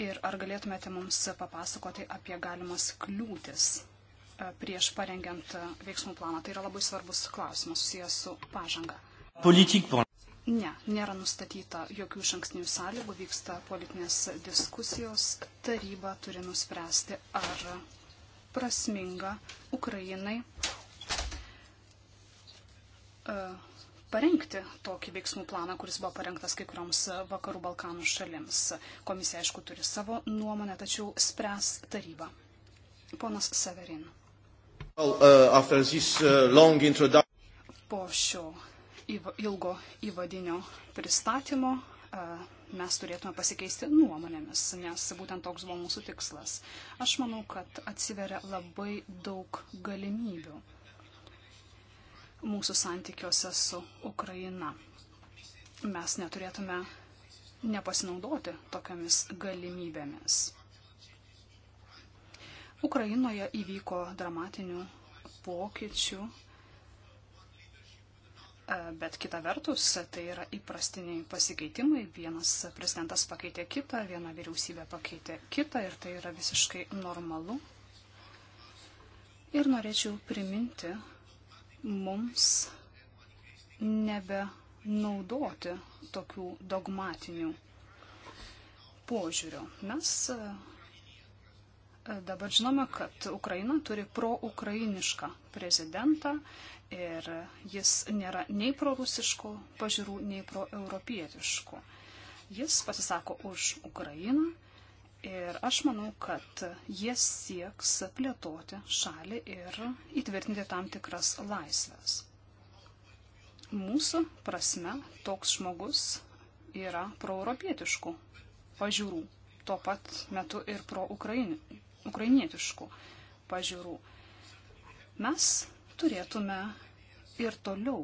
Ir ar galėtumėte mums papasakoti apie galimas kliūtis e, prieš parengiant veiksmų planą? Tai yra labai svarbus klausimas susijęs su pažanga. Politik, Ne, nėra nustatyta jokių šankstinių sąlygų, vyksta politinės diskusijos, taryba turi nuspręsti, ar prasminga Ukrainai e, parengti tokį veiksmų planą, kuris buvo parengtas kai kurioms vakarų Balkanų šalims. Komisija, aišku, turi savo nuomonę, tačiau spręs taryba. Ponas Severin. Well, uh, this, uh, po šio ilgo įvadinio pristatymo e, mes turėtume pasikeisti nuomonėmis, nes būtent toks buvo mūsų tikslas. Aš manau, kad atsiveria labai daug galimybių mūsų santykiuose su Ukraina. Mes neturėtume nepasinaudoti tokiamis galimybėmis. Ukrainoje įvyko dramatinių pokyčių Bet kita vertus, tai yra įprastiniai pasikeitimai. Vienas prezidentas pakeitė kitą, viena vyriausybė pakeitė kitą ir tai yra visiškai normalu. Ir norėčiau priminti mums nebe naudoti tokių dogmatinių požiūrių. Mes e, dabar žinome, kad Ukraina turi proukrainišką prezidentą ir jis nėra nei prorusiškų pažiūrų, nei proeuropietiškų. Jis pasisako už Ukrainą ir aš manau, kad jie sieks plėtoti šalį ir įtvirtinti tam tikras laisvės. Mūsų prasme toks žmogus yra proeuropietiškų pažiūrų, tuo pat metu ir pro ukrainietiškų pažiūrų. Mes turėtume ir toliau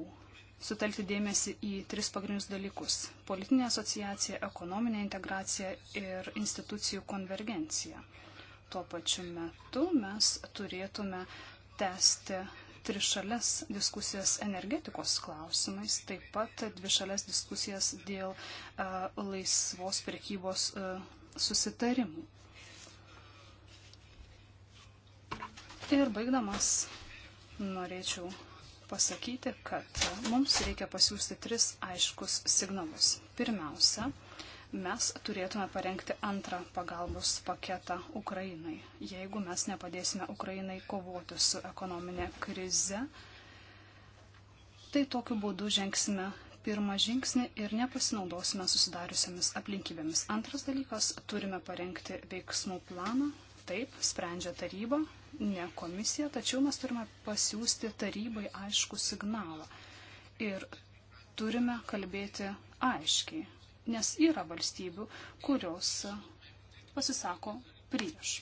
sutelkti dėmesį į tris pagrindinius dalykus - politinė asociacija, ekonominė integracija ir institucijų konvergencija. Tuo pačiu metu mes turėtume tęsti trišalės diskusijas energetikos klausimais, taip pat dvišalės diskusijas dėl a, laisvos priekybos a, susitarimų. Ir baigdamas norėčiau pasakyti, kad mums reikia pasiūsti tris aiškus signalus. Pirmiausia, mes turėtume parengti antrą pagalbos paketą Ukrainai. Jeigu mes nepadėsime Ukrainai kovoti su ekonominė krize, tai tokiu būdu žengsime pirmą žingsnį ir nepasinaudosime susidariusiamis aplinkybėmis. Antras dalykas, turime parengti veiksmų planą. Taip, sprendžia taryba, ne komisija, tačiau mes turime pasiūsti tarybai aišku signalą. Ir turime kalbėti aiškiai, nes yra valstybių, kurios pasisako prieš.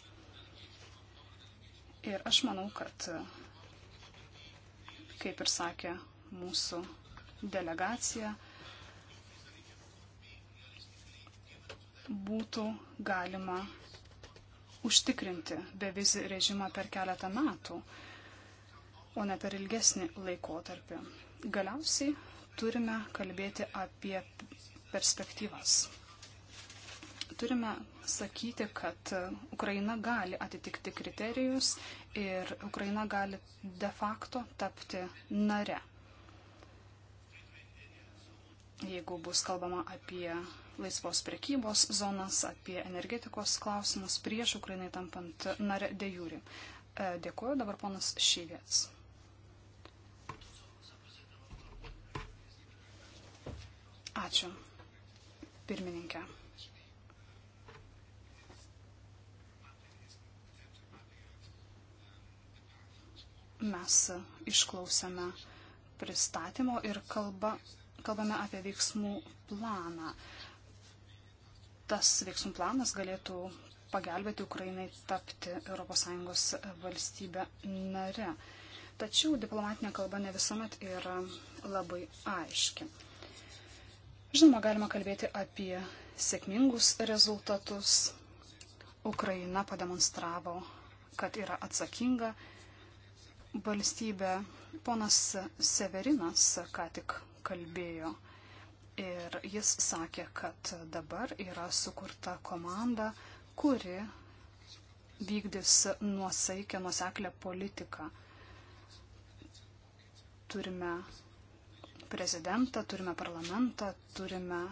Ir aš manau, kad, kaip ir sakė mūsų delegacija, būtų galima užtikrinti bevizį režimą per keletą metų, o ne per ilgesnį laikotarpį. Galiausiai turime kalbėti apie perspektyvas. Turime sakyti, kad Ukraina gali atitikti kriterijus ir Ukraina gali de facto tapti nare jeigu bus kalbama apie laisvos prekybos zonas, apie energetikos klausimus prieš Ukrainai tampant nare de jūri. E, dėkuoju dabar ponas Šyvės. Ačiū, pirmininkė. Mes išklausėme pristatymo ir kalba kalbame apie veiksmų planą. Tas veiksmų planas galėtų pagelbėti Ukrainai tapti ES valstybę nare. Tačiau diplomatinė kalba ne visuomet yra labai aiški. Žinoma, galima kalbėti apie sėkmingus rezultatus. Ukraina pademonstravo, kad yra atsakinga valstybę. Ponas Severinas ką tik kalbėjo ir jis sakė, kad dabar yra sukurta komanda, kuri vykdys nuosaikę, nuoseklę politiką. Turime prezidentą, turime parlamentą, turime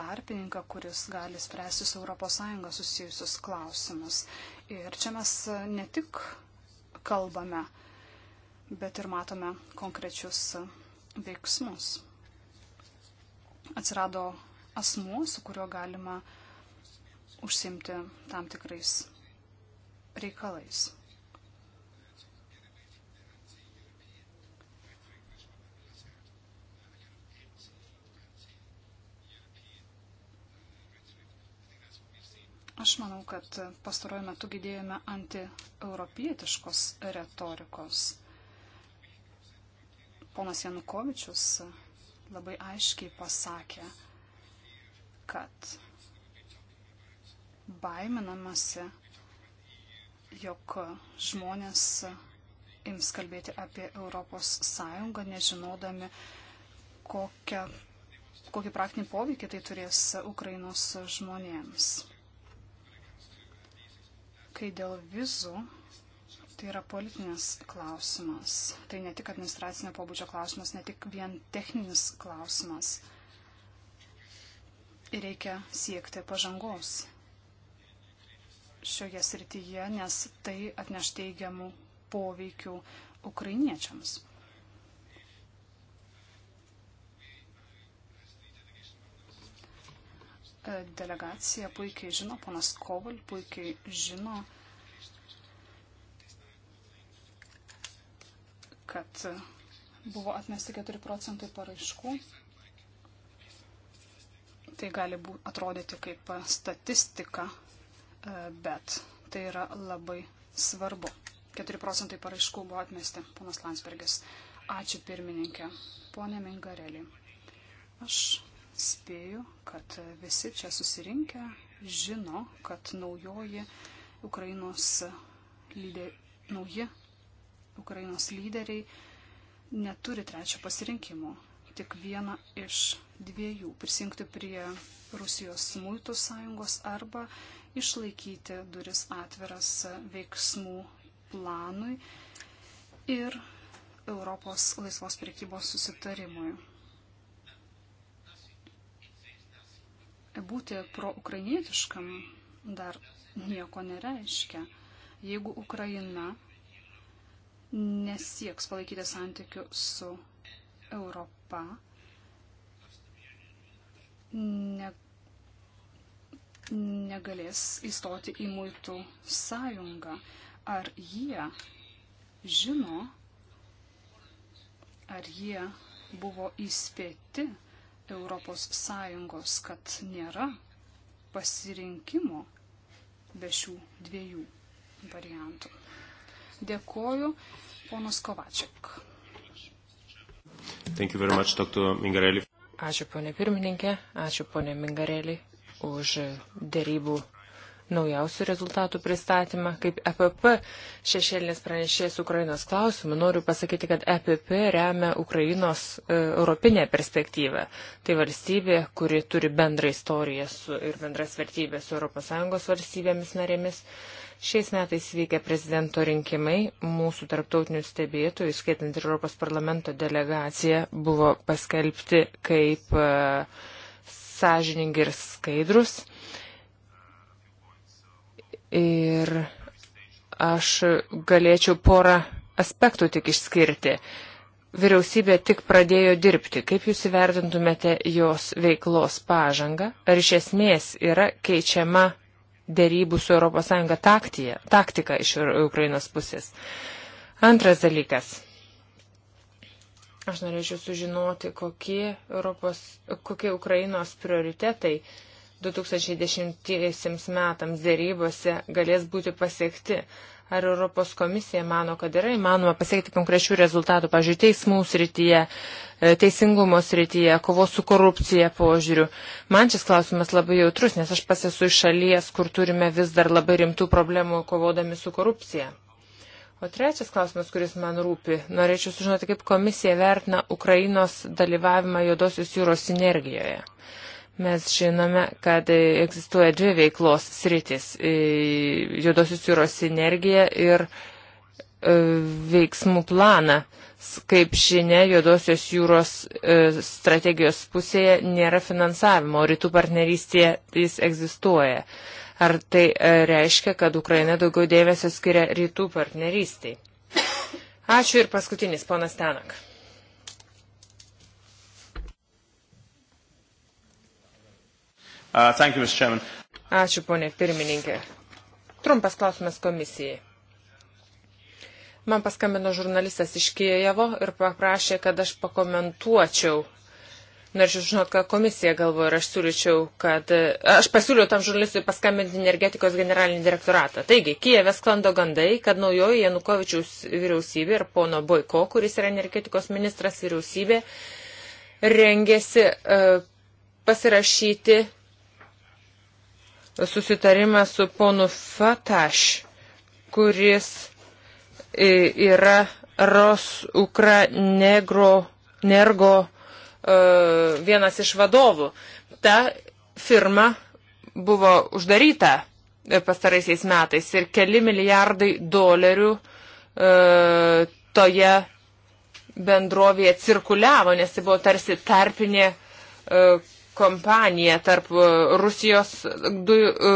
tarpininką, kuris gali spręsti su ES susijusius klausimus. Ir čia mes ne tik kalbame, bet ir matome konkrečius veiksmus. Atsirado asmuo, su kuriuo galima užsimti tam tikrais reikalais. Aš manau, kad pastaruoju metu gydėjome antieuropietiškos retorikos. Ponas Janukovičius labai aiškiai pasakė, kad baiminamasi, jog žmonės ims kalbėti apie Europos Sąjungą, nežinodami, kokią, kokį praktinį poveikį tai turės Ukrainos žmonėms. Kai dėl vizų, tai yra politinis klausimas. Tai ne tik administracinio pobūdžio klausimas, ne tik vien techninis klausimas. Ir reikia siekti pažangos šioje srityje, nes tai atneš teigiamų poveikių ukrainiečiams. delegacija puikiai žino, ponas Koval puikiai žino, kad buvo atmesti 4 procentai paraiškų. Tai gali būt, atrodyti kaip statistika, e, bet tai yra labai svarbu. 4 procentai paraiškų buvo atmesti, ponas Landsbergis. Ačiū pirmininkė, ponė Mingarelį. Aš Spėju, kad visi čia susirinkę žino, kad naujoji Ukrainos lyder, nauji Ukrainos lyderiai neturi trečio pasirinkimo, tik vieną iš dviejų - prisijungti prie Rusijos muitų sąjungos arba išlaikyti duris atviras veiksmų planui ir Europos laisvos priekybos susitarimui. būti proukrainietiškam dar nieko nereiškia. Jeigu Ukraina nesieks palaikyti santykių su Europa, ne, negalės įstoti į muitų sąjungą. Ar jie žino, ar jie buvo įspėti Europos Sąjungos, kad nėra pasirinkimo be šių dviejų variantų. Dėkoju, ponas Kovačiuk. Much, Ačiū, ponė pirmininkė, ačiū, ponė Mingarelį, už dėrybų naujausių rezultatų pristatymą. Kaip EPP šešėlinės pranešėjas Ukrainos klausimų, noriu pasakyti, kad EPP remia Ukrainos e, europinę perspektyvą. Tai valstybė, kuri turi bendrą istoriją su, ir bendras vertybės su ES valstybėmis narėmis. Šiais metais vykę prezidento rinkimai, mūsų tarptautinių stebėtojų, skaitant ir Europos parlamento delegaciją, buvo paskelbti kaip e, sąžiningi ir skaidrus. E, Ir aš galėčiau porą aspektų tik išskirti. Vyriausybė tik pradėjo dirbti. Kaip jūs įvertintumėte jos veiklos pažangą? Ar iš esmės yra keičiama dėrybų su ES taktija, taktika iš Ukrainos pusės? Antras dalykas. Aš norėčiau sužinoti, kokie, Europos, kokie Ukrainos prioritetai uh, 2010 metams dėrybose galės būti pasiekti? Ar Europos komisija mano, kad yra įmanoma pasiekti konkrečių rezultatų, pažiūrėjau, teismų srityje, e, teisingumo srityje, kovos su korupcija požiūriu? Man šis klausimas labai jautrus, nes aš pasiesu iš šalies, kur turime vis dar labai rimtų problemų kovodami su korupcija. O trečias klausimas, kuris man rūpi, norėčiau sužinoti, kaip komisija vertina Ukrainos dalyvavimą Jodosios jūros sinergijoje. Mes žinome, kad egzistuoja dvi veiklos sritis - juodosios jūros sinergija ir e, veiksmų planą. Kaip žinia, juodosios jūros e, strategijos pusėje nėra finansavimo, o rytų partnerystėje jis egzistuoja. Ar tai e, reiškia, kad Ukraina daugiau dėmesio skiria rytų partnerystiai? Ačiū ir paskutinis, ponas Tenak. Uh, thank you, Mr. Chairman. Ačiū, ponė pirmininkė. Trumpas klausimas komisijai. Man paskambino žurnalistas iš Kijevo ir paprašė, kad aš pakomentuočiau. Norėčiau žinot, ką komisija galvoja ir aš siūlyčiau, kad... Aš pasiūliau tam žurnalistui paskambinti energetikos generalinį direktoratą. Taigi, Kijeve sklando gandai, kad naujoji Janukovičiaus vyriausybė ir pono Boiko, kuris yra energetikos ministras vyriausybė, rengėsi uh, pasirašyti susitarimą su ponu Fataš, kuris e, yra Ros Ukra Negro, Nergo e, vienas iš vadovų. Ta firma buvo uždaryta e, pastaraisiais metais ir keli milijardai dolerių toje bendrovėje cirkuliavo, nes tai buvo tarsi tarpinė kompanija tarp e, Rusijos dujų, e,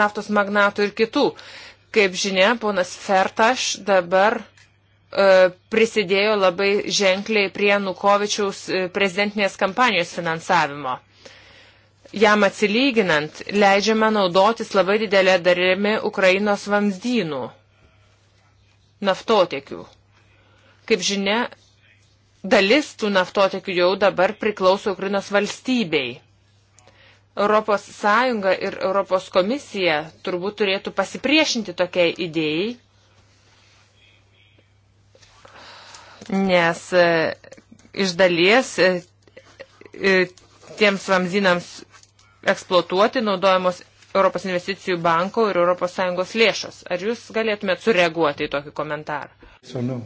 naftos magnatų ir kitų. Kaip žinia, ponas Fertaš dabar e, prisidėjo labai ženkliai prie Nukovičiaus prezidentinės kampanijos finansavimo. Jam atsilyginant leidžiama naudotis labai didelė darimi Ukrainos vamzdynų naftotiekių. Kaip žinia, Dalis tų naftotekių jau dabar priklauso Ukrainos valstybei. Europos Sąjunga ir Europos komisija turbūt turėtų pasipriešinti tokiai idėjai, nes e, iš dalies e, e, tiems vamzinams eksploatuoti naudojamos Europos investicijų banko ir ES lėšos. Ar jūs galėtumėte sureaguoti į tokį komentarą? So, no.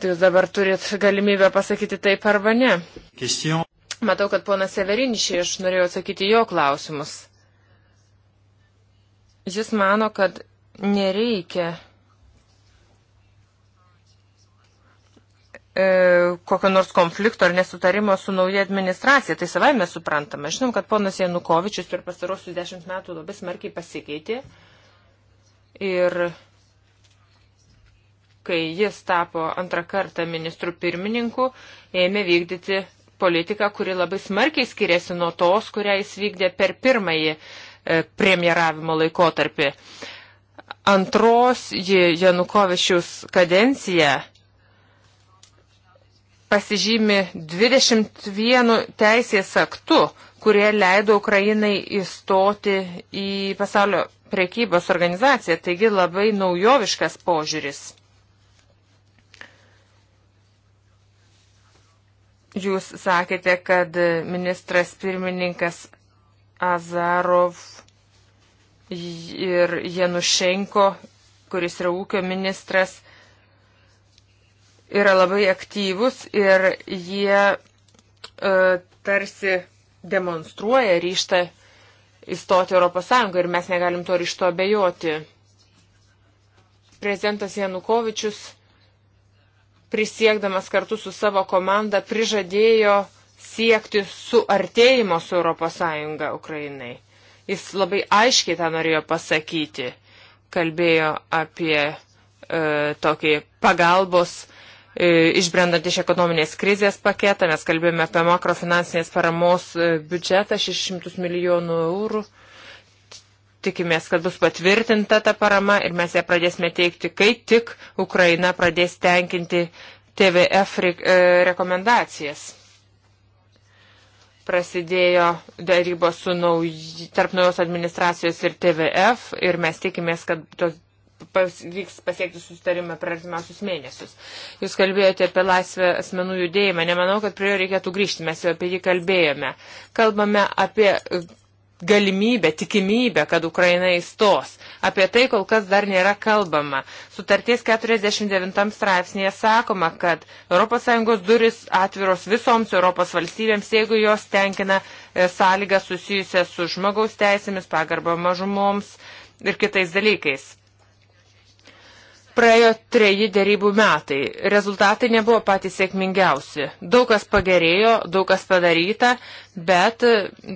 Tai jūs dabar turit galimybę pasakyti taip arba ne. Question. Matau, kad ponas Severinčiai, aš norėjau atsakyti jo klausimus. Jis mano, kad nereikia e, kokio nors konflikto ar nesutarimo su nauja administracija. Tai savai mes suprantame. Žinom, kad ponas Janukovičius per pastarosius dešimt metų labai smarkiai pasikeitė ir kai jis tapo antrą kartą ministrų pirmininku, ėmė vykdyti politiką, kuri labai smarkiai skiriasi nuo tos, kurią jis vykdė per pirmąjį e, premjeravimo laikotarpį. Antros Janukovičius kadencija pasižymi 21 teisės aktu, kurie leido Ukrainai įstoti į pasaulio priekybos organizaciją, taigi labai naujoviškas požiūris. Jūs sakėte, kad ministras pirmininkas Azarov ir Janušenko, kuris yra ūkio ministras, yra labai aktyvus ir jie e, tarsi demonstruoja ryštą įstoti Europos Sąjungą ir mes negalim to ryšto abejoti. Prezidentas Janukovičius prisiekdamas kartu su savo komanda prižadėjo siekti suartėjimo su ES Ukrainai. Jis labai aiškiai tą norėjo pasakyti. Kalbėjo apie e, tokį pagalbos e, išbrendant iš ekonominės krizės paketą. Mes kalbėjome apie makrofinansinės paramos e, biudžetą 600 milijonų eurų. E, Tikimės, kad bus patvirtinta ta parama ir mes ją pradėsime teikti, kai tik Ukraina pradės tenkinti TVF re e, rekomendacijas prasidėjo darybos su nauj, tarp naujos administracijos ir TVF ir mes tikimės, kad tos pas, vyks pasiekti sustarimą per artimiausius mėnesius. Jūs kalbėjote apie laisvę asmenų judėjimą. Nemanau, kad prie jo reikėtų grįžti. Mes jau apie jį kalbėjome. Kalbame apie galimybę, tikimybę, kad Ukraina įstos. Apie tai kol kas dar nėra kalbama. Sutarties 49 straipsnėje sakoma, kad ES duris atviros visoms Europos valstybėms, jeigu jos tenkina e, sąlygą susijusią su žmogaus teisėmis, pagarba mažumoms ir kitais dalykais praėjo treji dėrybų metai. Rezultatai nebuvo patys sėkmingiausi. Daug kas pagerėjo, daug kas padaryta, bet e,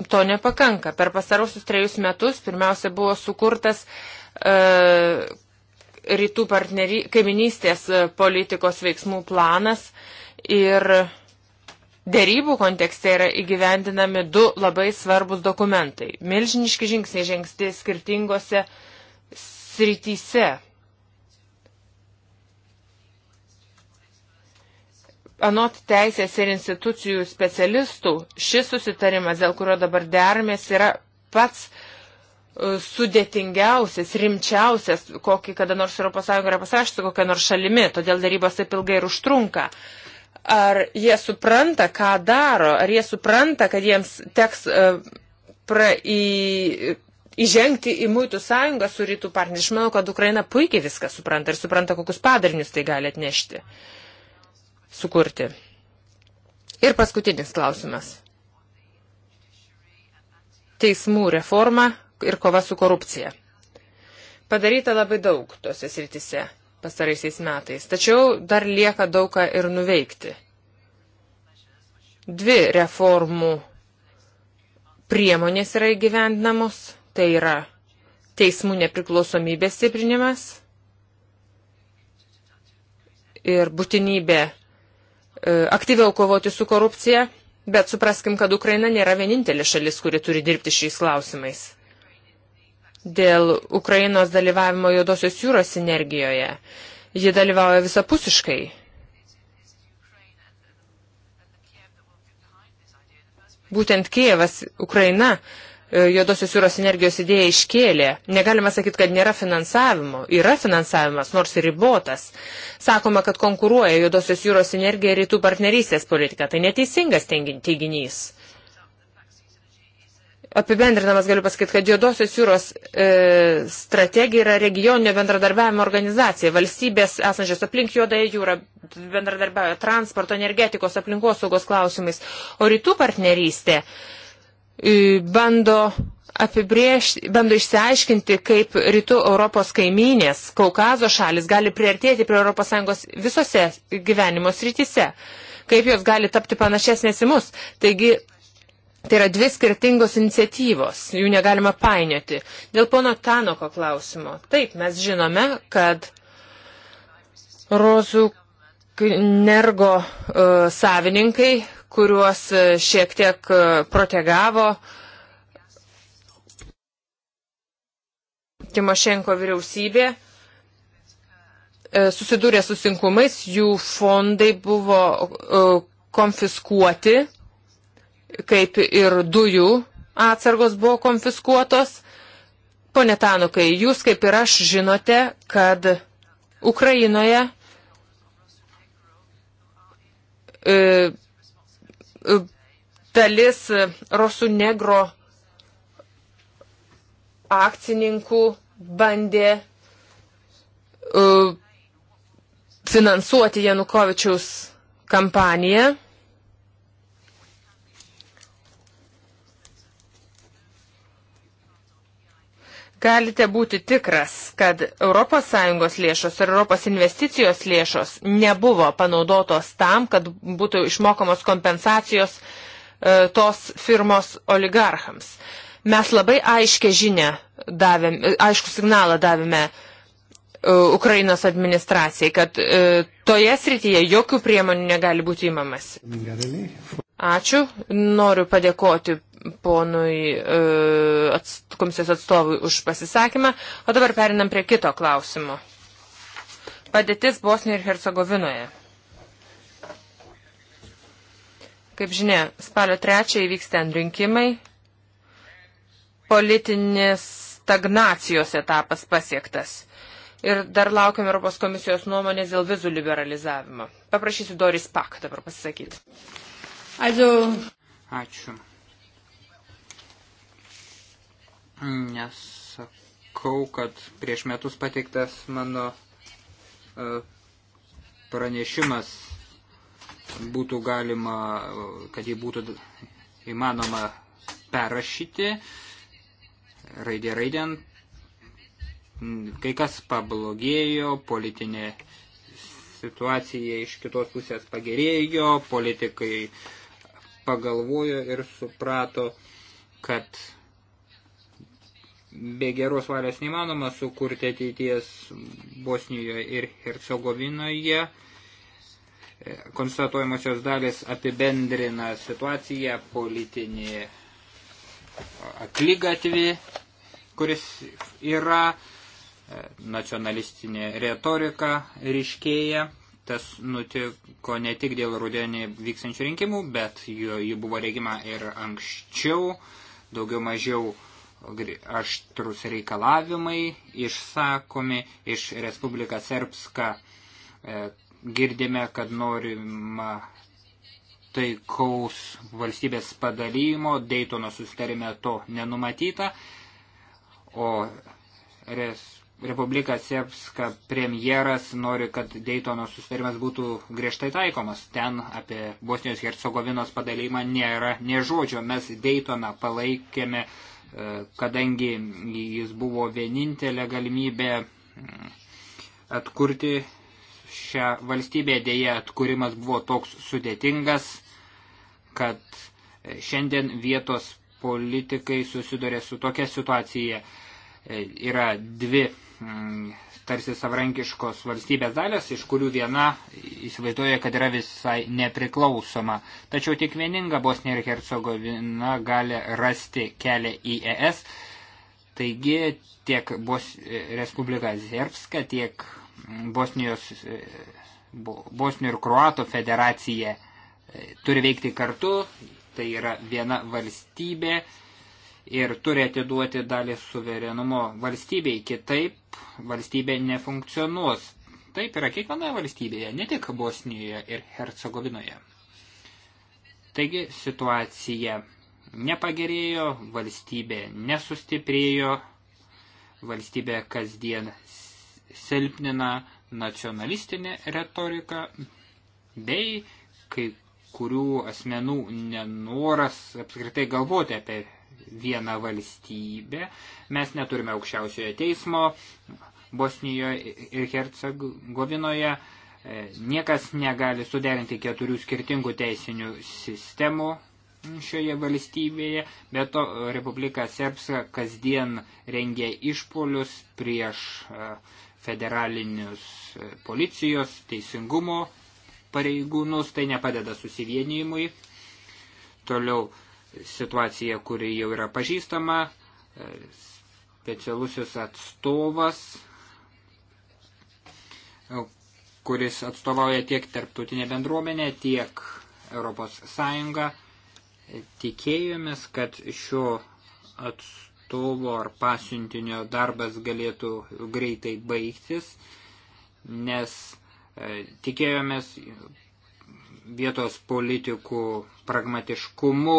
to nepakanka. Per pasarausius trejus metus pirmiausia buvo sukurtas e, rytų partnery, kaiminystės e, politikos veiksmų planas ir dėrybų kontekste yra įgyvendinami du labai svarbus dokumentai. Milžiniški žingsniai žengsti skirtingose srityse Anot teisės ir institucijų specialistų, šis susitarimas, dėl kurio dabar dermės, yra pats e, sudėtingiausias, rimčiausias, kokį kada nors ES yra pasirašyta kokia nors šalimi, todėl darybos taip ilgai ir užtrunka. Ar jie supranta, ką daro, ar jie supranta, kad jiems teks e, pra, į, įžengti į muitų sąjungą su rytų partneriais. Aš manau, kad Ukraina puikiai viską supranta ir supranta, kokius padarinius tai gali atnešti. Uh, sukurti. Ir paskutinis klausimas. Teismų reforma ir kova su korupcija. Padaryta labai daug tose sritise pastaraisiais metais, tačiau dar lieka daug ką ir nuveikti. Dvi reformų priemonės yra įgyvendinamos, tai yra teismų nepriklausomybės stiprinimas ir būtinybė E, aktyviau kovoti su korupcija, bet supraskim, kad Ukraina nėra vienintelė šalis, kuri turi dirbti šiais klausimais. Dėl Ukrainos dalyvavimo Juodosios jūros sinergijoje ji dalyvauja visapusiškai. Būtent Kievas, Ukraina E, Jodosios jūros energijos idėja iškėlė. Negalima sakyti, kad nėra finansavimo. Yra finansavimas, nors ir ribotas. Sakoma, kad konkuruoja Jodosios jūros energija ir rytų partnerystės politika. Tai neteisingas teiginys. Apibendrinamas galiu pasakyti, kad Jodosios jūros e, strategija yra regioninio bendradarbiavimo organizacija. Valstybės esančios aplink Jodąją jūrą bendradarbiavo transporto, energetikos, aplinkosaugos klausimais. O rytų partnerystė. E, E, bando apibriežti, bando išsiaiškinti, kaip rytų Europos kaimynės, Kaukazo šalis gali priartėti prie ES visose gyvenimo srityse, kaip jos gali tapti panašesnės į mus. Taigi, tai yra dvi skirtingos iniciatyvos, jų negalima painioti. Dėl pono Tanoko klausimo. Taip, mes žinome, kad Rozų Nergo uh, e, savininkai kuriuos e, šiek tiek e, protegavo Timošenko vyriausybė, e, susidūrė su sunkumais, jų fondai buvo konfiskuoti, kaip ir dujų atsargos buvo konfiskuotos. Pone Tanukai, jūs kaip ir aš žinote, kad Ukrainoje dalis Rosų Negro akcininkų bandė e, finansuoti Janukovičiaus kampaniją. Galite būti tikras, kad ES lėšos ir ES investicijos lėšos nebuvo panaudotos tam, kad būtų išmokamos kompensacijos e, tos firmos oligarchams. Mes labai aiškę žinę davėme, aišku signalą davėme e, Ukrainos administracijai, kad e, toje srityje jokių priemonių negali būti įmamas. Ačiū. Noriu padėkoti ponui e, komisijos atstovui už pasisakymą, o dabar perinam prie kito klausimo. Padėtis Bosnijoje ir Hercegovinoje. Kaip žinia, spalio 3 įvyks ten rinkimai. Politinės stagnacijos etapas pasiektas. Ir dar laukiam Europos komisijos nuomonės dėl vizų liberalizavimo. Paprašysiu Doris Pak dabar pasisakyti. Ačiū. Ačiū. nesakau, kad prieš metus pateiktas mano e, pranešimas būtų galima, e, kad jį būtų įmanoma perrašyti raidė raidėn. Kai kas pablogėjo, politinė situacija iš kitos pusės pagerėjo, politikai pagalvojo ir suprato, kad be geros valios neįmanoma sukurti ateities Bosnijoje ir Hercegovinoje. Konstatuojamosios dalis apibendrina situaciją politinį aklygatvį, kuris yra nacionalistinė retorika ryškėja. Tas nutiko ne tik dėl rudenį vykstančių rinkimų, bet jų, jų buvo regima ir anksčiau, daugiau mažiau uh, aštrus reikalavimai išsakomi iš Respublika Serbska. E, girdime, kad norima taikaus valstybės padalymo, Daytono susitarime to nenumatyta, o res, Republika Sepska premjeras nori, kad Daytono susitarimas būtų griežtai taikomas. Ten apie Bosnijos Hercegovinos padalymą nėra nežodžio. Mes Daytoną palaikėme uh, kadangi jis buvo vienintelė galimybė mm, atkurti šią valstybę, dėja atkūrimas buvo toks sudėtingas, kad šiandien vietos politikai susiduria su tokia situacija. E, yra dvi mm, tarsi savrankiškos valstybės dalės, iš kurių viena įsivaizduoja, kad yra visai nepriklausoma. Tačiau tik vieninga Bosnija ir Hercegovina gali rasti kelią į ES. Taigi tiek Bos e, Respublika Zerbska, tiek Bosnijos, e, Bosnijų ir Kroato federacija turi veikti kartu. Tai yra viena valstybė ir turi atiduoti dalį suverenumo valstybei, kitaip valstybė nefunkcionuos. Taip yra kiekvienoje valstybėje, ne tik Bosnijoje ir Hercegovinoje. Taigi situacija nepagerėjo, valstybė nesustiprėjo, valstybė kasdien silpnina nacionalistinė retorika bei kai kurių asmenų nenoras apskritai galvoti apie viena valstybė. Mes neturime aukščiausiojo teismo Bosnijoje ir Hercegovinoje. E, niekas negali suderinti keturių skirtingų teisinių sistemų šioje valstybėje, bet to Republika Serbska kasdien rengia išpolius prieš e, federalinius e, policijos, teisingumo pareigūnus, tai nepadeda susivienijimui. Toliau situacija, kuri jau yra pažįstama, e, specialusis atstovas, e, kuris atstovauja tiek tarptautinė bendruomenė, tiek Europos Sąjunga. Tikėjomės, kad šio atstovo ar pasiuntinio darbas galėtų greitai baigtis, nes e, tikėjomės vietos politikų pragmatiškumu,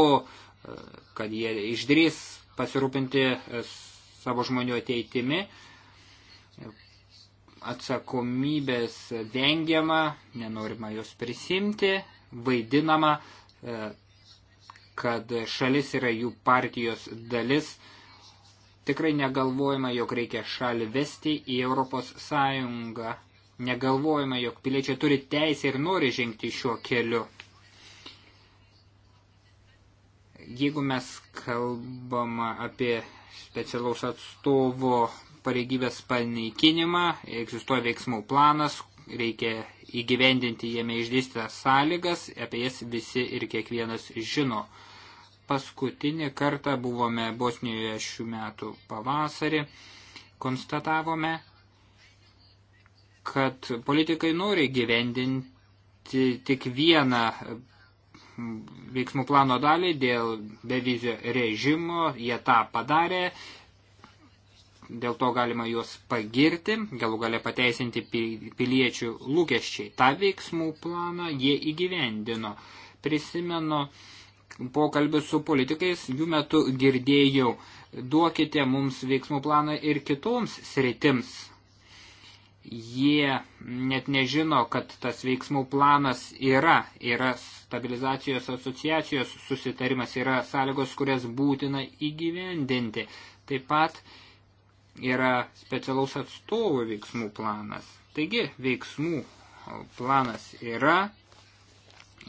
kad jie išdrys pasirūpinti e, savo žmonių ateitimi. Atsakomybės vengiama, nenorima jos prisimti, vaidinama, e, kad šalis yra jų partijos dalis. Tikrai negalvojama, jog reikia šalį vesti į Europos Sąjungą. Negalvojama, jog piliečiai turi teisę ir nori žengti šiuo keliu. Jeigu mes kalbama apie specialaus atstovo pareigybės panaikinimą, egzistuoja veiksmų planas, reikia įgyvendinti jame išdėstytas sąlygas, apie jas visi ir kiekvienas žino. Paskutinį kartą buvome Bosnijoje šių metų pavasarį, konstatavome, kad politikai nori gyvendinti tik vieną veiksmų plano dalį dėl bevizio režimo, jie tą padarė, dėl to galima juos pagirti, galų gale pateisinti piliečių lūkesčiai. Ta veiksmų planą jie įgyvendino. Prisimenu pokalbį su politikais, jų metu girdėjau, duokite mums veiksmų planą ir kitoms sritims. Jie net nežino, kad tas veiksmų planas yra, yra stabilizacijos asociacijos susitarimas yra sąlygos, kurias būtina įgyvendinti. Taip pat yra specialaus atstovų veiksmų planas. Taigi, veiksmų planas yra,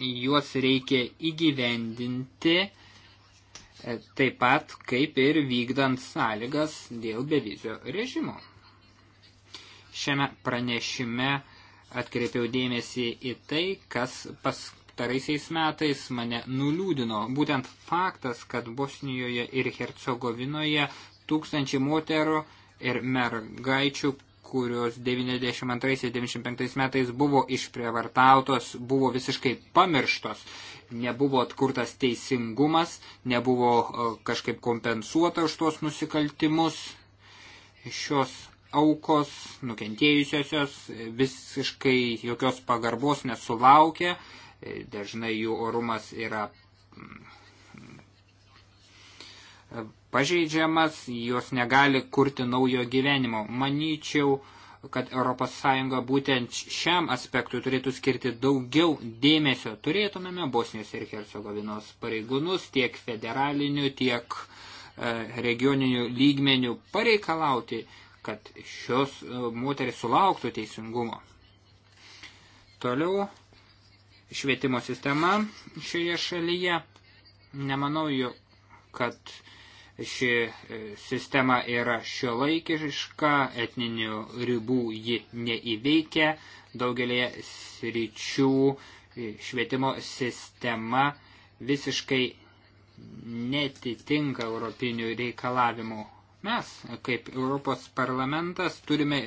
juos reikia įgyvendinti e, taip pat kaip ir vykdant sąlygas dėl bevizio režimo. Šiame pranešime atkreipiau dėmesį į tai, kas pas, pastaraisiais metais mane nuliūdino būtent faktas, kad Bosnijoje ir Hercegovinoje tūkstančiai moterų ir mergaičių, kurios 92-95 metais buvo išprievartautos, buvo visiškai pamirštos. Nebuvo atkurtas teisingumas, nebuvo e, kažkaip kompensuota už tuos nusikaltimus. Šios aukos, nukentėjusiosios e, visiškai jokios pagarbos nesulaukė dažnai jų orumas yra mm, pažeidžiamas, jos negali kurti naujo gyvenimo. Manyčiau, kad ES būtent šiam aspektui turėtų skirti daugiau dėmesio. Turėtumėme Bosnijos ir Hercegovinos pareigūnus tiek federaliniu, tiek e, regioniniu lygmeniu pareikalauti, kad šios e, moteris sulauktų teisingumo. Toliau švietimo sistema šioje šalyje. Nemanau, kad ši e, sistema yra šio laikiška, etninių ribų ji neįveikia, daugelėje sričių e, švietimo sistema visiškai netitinka europinių reikalavimų. Mes, kaip Europos parlamentas, turime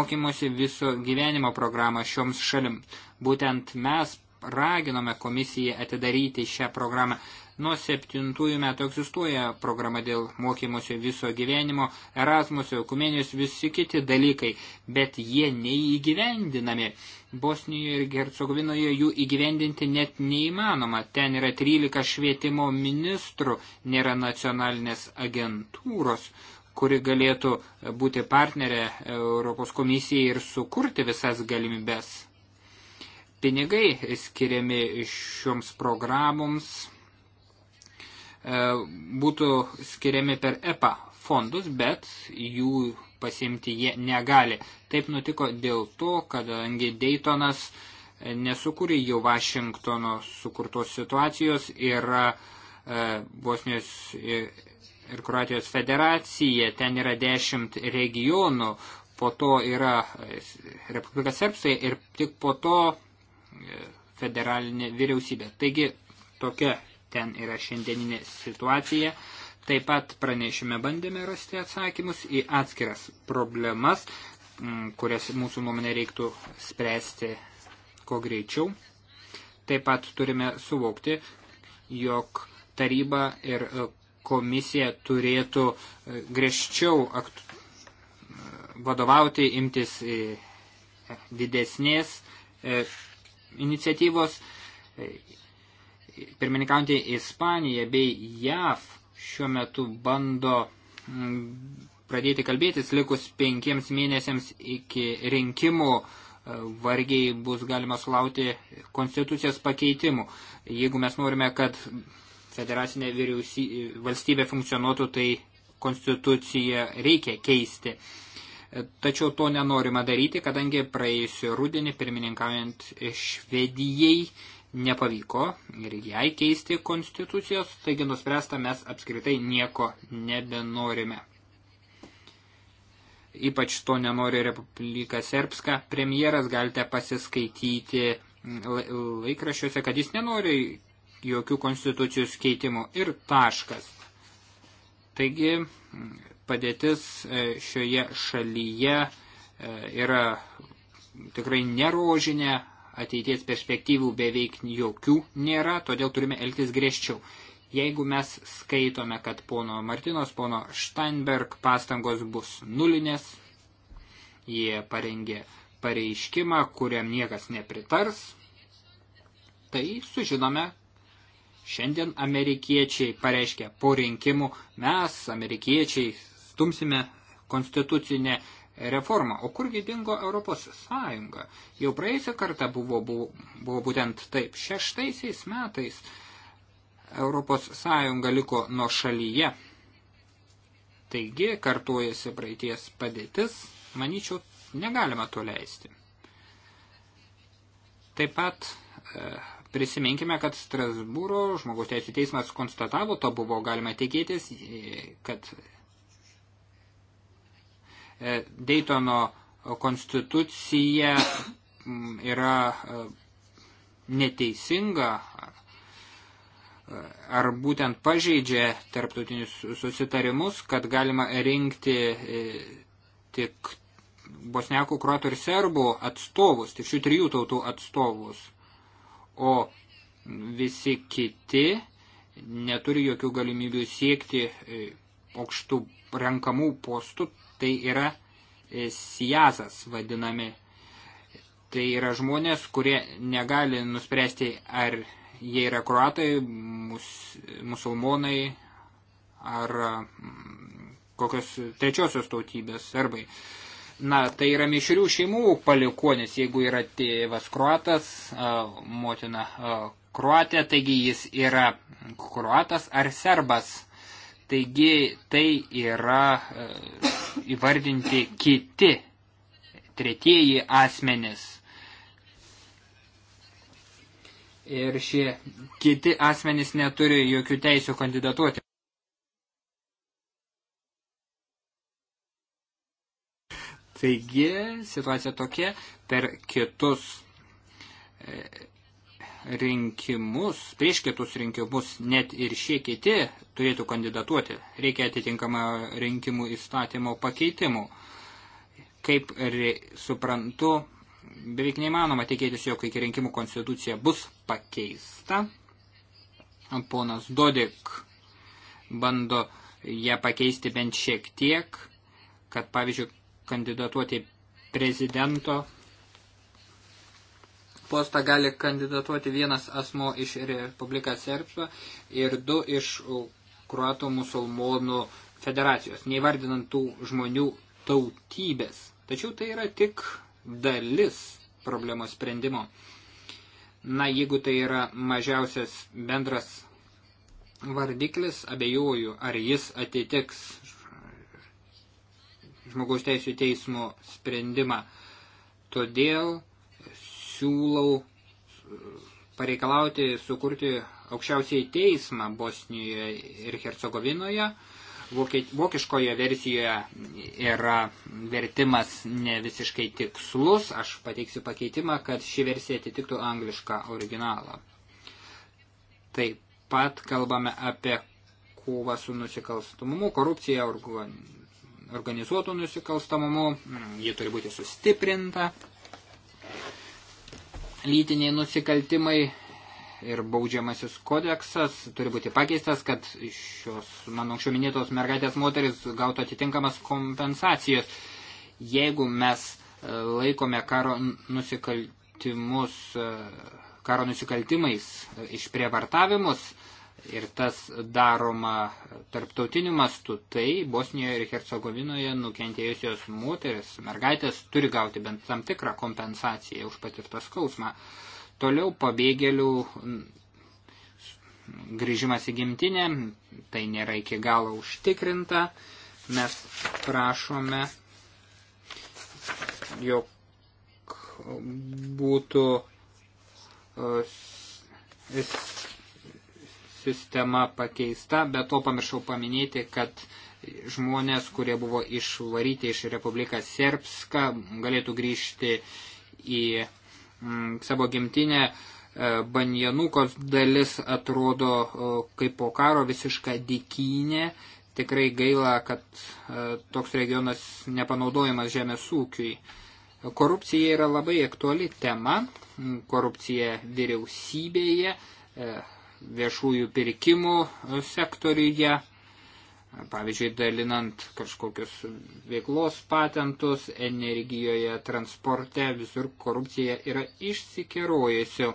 mokymosi viso gyvenimo programą šioms šalim. Būtent mes raginome komisiją atidaryti šią programą. Nuo septintųjų metų egzistuoja programa dėl mokymosi viso gyvenimo, Erasmus, Eukumenijos, visi kiti dalykai, bet jie neįgyvendinami. Bosnijoje ir Gercegovinoje jų įgyvendinti net neįmanoma. Ten yra 13 švietimo ministrų, nėra nacionalinės agentūros kuri galėtų būti partnerė Europos komisijai ir sukurti visas galimybės pinigai skiriami šioms programoms e, būtų skiriami per EPA fondus, bet jų pasimti jie negali. Taip nutiko dėl to, kadangi Daytonas nesukūrė jau Vašingtono sukurtos situacijos e, ir Bosnijos ir Kroatijos federacija, ten yra dešimt regionų, po to yra Republika Serbsija ir tik po to E, federalinė vyriausybė. Taigi tokia ten yra šiandieninė situacija. Taip pat pranešime bandėme rasti atsakymus į atskiras problemas, kurias mūsų nuomonė reiktų spręsti kuo greičiau. Taip pat turime suvokti, jog taryba ir e, komisija turėtų e, greščiau vadovauti, imtis didesnės iniciatyvos. Pirmininkaujantį Ispaniją bei JAV šiuo metu bando mm, pradėti kalbėtis likus penkiems mėnesiams iki rinkimų e, vargiai bus galima sulauti konstitucijos pakeitimų. Jeigu mes norime, kad federacinė vyriausy... valstybė funkcionuotų, tai konstituciją reikia keisti tačiau to nenorima daryti, kadangi praėjusio rudenį pirmininkaujant Švedijai nepavyko ir jai keisti konstitucijos, taigi nuspręsta mes apskritai nieko nebenorime. Ypač to nenori Republika Serbska. Premjeras galite pasiskaityti laikrašiuose, kad jis nenori jokių konstitucijos keitimų ir taškas. Taigi padėtis e, šioje šalyje e, yra tikrai nerožinė, ateities perspektyvų beveik jokių nėra, todėl turime elgtis griežčiau. Jeigu mes skaitome, kad pono Martinos, pono Steinberg pastangos bus nulinės, jie parengė pareiškimą, kuriam niekas nepritars, tai sužinome, Šiandien amerikiečiai pareiškia po rinkimų, mes, amerikiečiai, stumsime konstitucinę reformą. O kurgi dingo Europos Sąjunga? Jau praėjusią kartą buvo, buvo, buvo būtent taip. Šeštaisiais metais Europos Sąjunga liko nuo šalyje. Taigi, kartuojasi praeities padėtis, manyčiau, negalima to leisti. Taip pat e, prisiminkime, kad Strasbūro žmogaus teisų teismas konstatavo, to buvo galima tikėtis, e, kad E, Daytono konstitucija mm, yra e, neteisinga e, ar būtent pažeidžia tarptautinius susitarimus, kad galima rinkti tik bosnekų, kruatų ir serbų atstovus, tik šių trijų tautų atstovus, o visi kiti neturi jokių galimybių siekti aukštų renkamų postų Tai yra e, sijasas vadinami. Tai yra žmonės, kurie negali nuspręsti, ar jie yra kruatai, mus, musulmonai ar mm, kokios trečiosios tautybės serbai. Na, tai yra mišrių šeimų palikonis, jeigu yra tėvas kruatas, motina kruatė, taigi jis yra kruatas ar serbas. Taigi tai yra e, įvardinti kiti tretieji asmenis. Ir šie kiti asmenys neturi jokių teisų kandidatuoti. Taigi situacija tokia per kitus e, rinkimus, prieš kitus rinkimus net ir šie kiti turėtų kandidatuoti. Reikia atitinkamą rinkimų įstatymo pakeitimų. Kaip suprantu, beveik neįmanoma tikėtis, jog iki rinkimų konstitucija bus pakeista. Ponas Dodik bando ją pakeisti bent šiek tiek, kad pavyzdžiui kandidatuoti prezidento postą gali kandidatuoti vienas asmo iš Republika Serbsva ir du iš Kruatų musulmonų federacijos, neįvardinant tų žmonių tautybės. Tačiau tai yra tik dalis problemos sprendimo. Na, jeigu tai yra mažiausias bendras vardiklis, abejoju, ar jis atitiks žmogaus teisų teismo sprendimą. Todėl siūlau e, pareikalauti sukurti aukščiausiai teismą Bosnijoje ir Hercegovinoje. Vokiškoje versijoje yra vertimas ne visiškai tikslus, aš pateiksiu pakeitimą, kad ši versija atitiktų anglišką originalą. Taip pat kalbame apie kovą su nusikalstamumu, korupcija, organizuotų nusikalstamumu, ji turi būti sustiprinta lytiniai nusikaltimai ir baudžiamasis kodeksas turi būti pakeistas, kad šios, man anksčiau minėtos mergaitės moteris gautų atitinkamas kompensacijas. Jeigu mes e, laikome karo nusikaltimus, e, karo nusikaltimais e, išprievartavimus, ir tas daroma tarptautiniu mastu, tai Bosnijoje ir Hercegovinoje nukentėjusios moteris, mergaitės turi gauti bent tam tikrą kompensaciją už patirtą skausmą. Toliau pabėgėlių grįžimas į gimtinę, tai nėra iki galo užtikrinta. Mes prašome, jog būtų uh, sistema pakeista, bet to pamiršau paminėti, kad žmonės, kurie buvo išvaryti iš Republiką Serbską, galėtų grįžti į mm, savo gimtinę. E, Banjanukos dalis atrodo e, kaip po karo visiška dikynė. Tikrai gaila, kad e, toks regionas nepanaudojamas žemės ūkiui. Korupcija yra labai aktuali tema. Korupcija vyriausybėje viešųjų pirkimų sektoriuje, pavyzdžiui, dalinant kažkokius veiklos patentus energijoje, transporte, visur korupcija yra išsikerojusi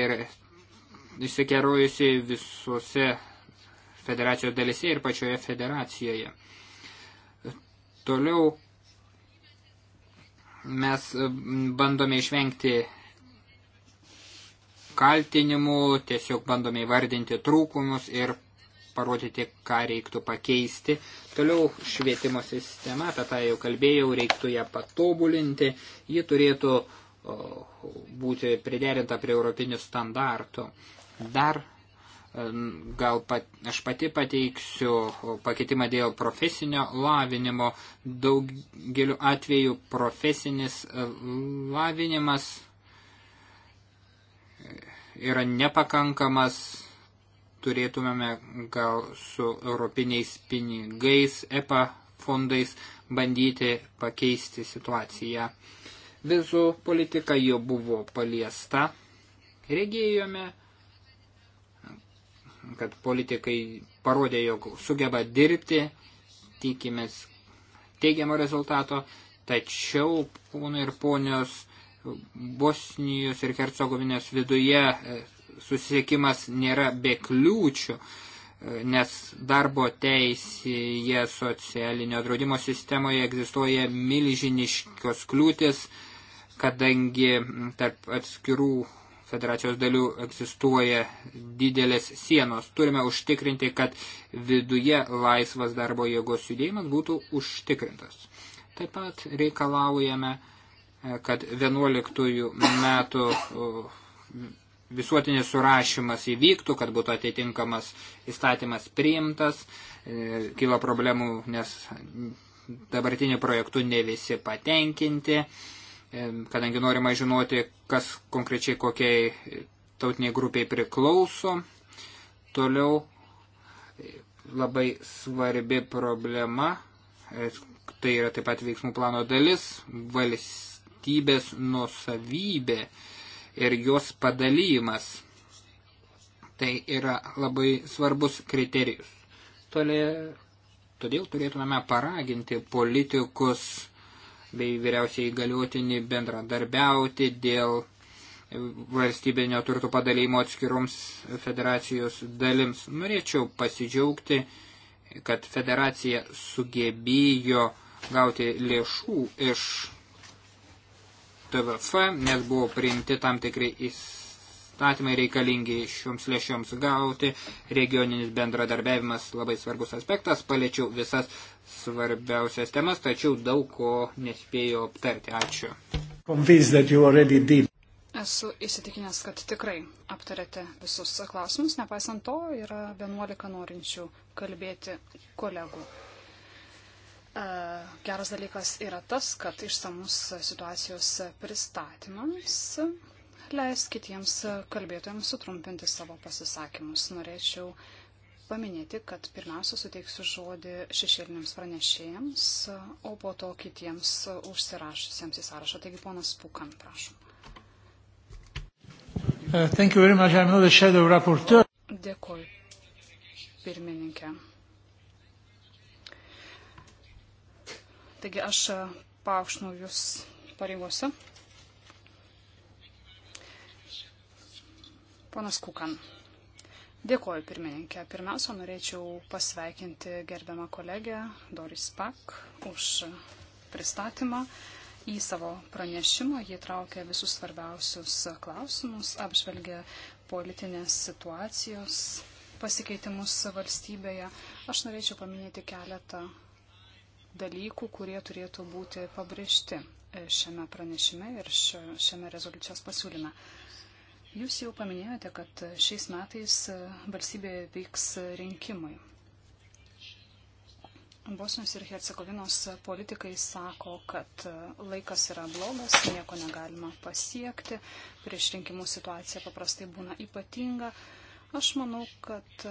ir išsikerojusi visuose federacijos dalise ir pačioje federacijoje. Toliau mes bandome išvengti kaltinimų, tiesiog bandome įvardinti trūkumus ir parodyti, ką reiktų pakeisti. Toliau švietimo sistema, apie tą jau kalbėjau, reiktų ją patobulinti, ji turėtų būti priderinta prie europinių standartų. Dar e, gal pat, aš pati pateiksiu pakeitimą dėl profesinio lavinimo. Daugeliu atveju profesinis e, lavinimas yra nepakankamas, turėtumėme gal su europiniais pinigais, EPA fondais bandyti pakeisti situaciją. Vizų politika jau buvo paliesta. Regėjome, kad politikai parodė, jog sugeba dirbti, tikimės teigiamo rezultato, tačiau ponai ir ponios Bosnijos ir Hercegovinės viduje e, susisiekimas nėra be kliūčių, e, nes darbo teisėje socialinio draudimo sistemoje egzistuoja milžiniškios kliūtis, kadangi tarp atskirų federacijos dalių egzistuoja didelės sienos. Turime užtikrinti, kad viduje laisvas darbo jėgos judėjimas būtų užtikrintas. Taip pat reikalaujame kad 11 metų visuotinis surašymas įvyktų, kad būtų atitinkamas įstatymas priimtas. E, kyla problemų, nes dabartiniu projektu ne visi patenkinti, e, kadangi norima žinoti, kas konkrečiai kokiai tautiniai grupiai priklauso. Toliau labai svarbi problema, e, tai yra taip pat veiksmų plano dalis, valis vertybės nusavybė ir jos padalymas. Tai yra labai svarbus kriterijus. Tolė, todėl turėtumėme paraginti politikus bei vyriausiai įgaliotinį bendradarbiauti dėl valstybinio turto padalymo atskiroms federacijos dalims. Norėčiau pasidžiaugti, kad federacija sugebėjo gauti lėšų iš TVF, nes buvo priimti tam tikrai įstatymai reikalingi šioms lėšioms gauti. Regioninis bendradarbiavimas labai svarbus aspektas, paliečiau visas svarbiausias temas, tačiau daug ko nespėjau aptarti. Ačiū. Esu įsitikinęs, kad tikrai aptarėte visus klausimus, nepaisant to yra 11 norinčių kalbėti kolegų. E, geras dalykas yra tas, kad išsamus situacijos pristatymams leis kitiems kalbėtojams sutrumpinti savo pasisakymus. Norėčiau paminėti, kad pirmiausia suteiksiu žodį šešėliniams pranešėjams, o po to kitiems užsirašusiems į sąrašą. Taigi, ponas Pukan, prašom. Uh, Dėkuoju, pirmininkė. Taigi aš e, paaukštinau jūs pareigose. Ponas Kukan. Dėkuoju, pirmininkė. Pirmiausia, norėčiau pasveikinti gerbiamą kolegę Doris Pak už pristatymą. Į savo pranešimą jie traukia visus svarbiausius klausimus, apžvelgia politinės situacijos pasikeitimus valstybėje. Aš norėčiau paminėti keletą dalykų, kurie turėtų būti pabrėžti e, šiame pranešime ir šiame rezoliucijos pasiūlyme. Jūs jau paminėjote, kad šiais metais e, valstybėje vyks rinkimai. Bosnius ir Hercegovinos politikai sako, kad e, laikas yra blogas, nieko negalima pasiekti, prieš rinkimų situacija paprastai būna ypatinga. Aš manau, kad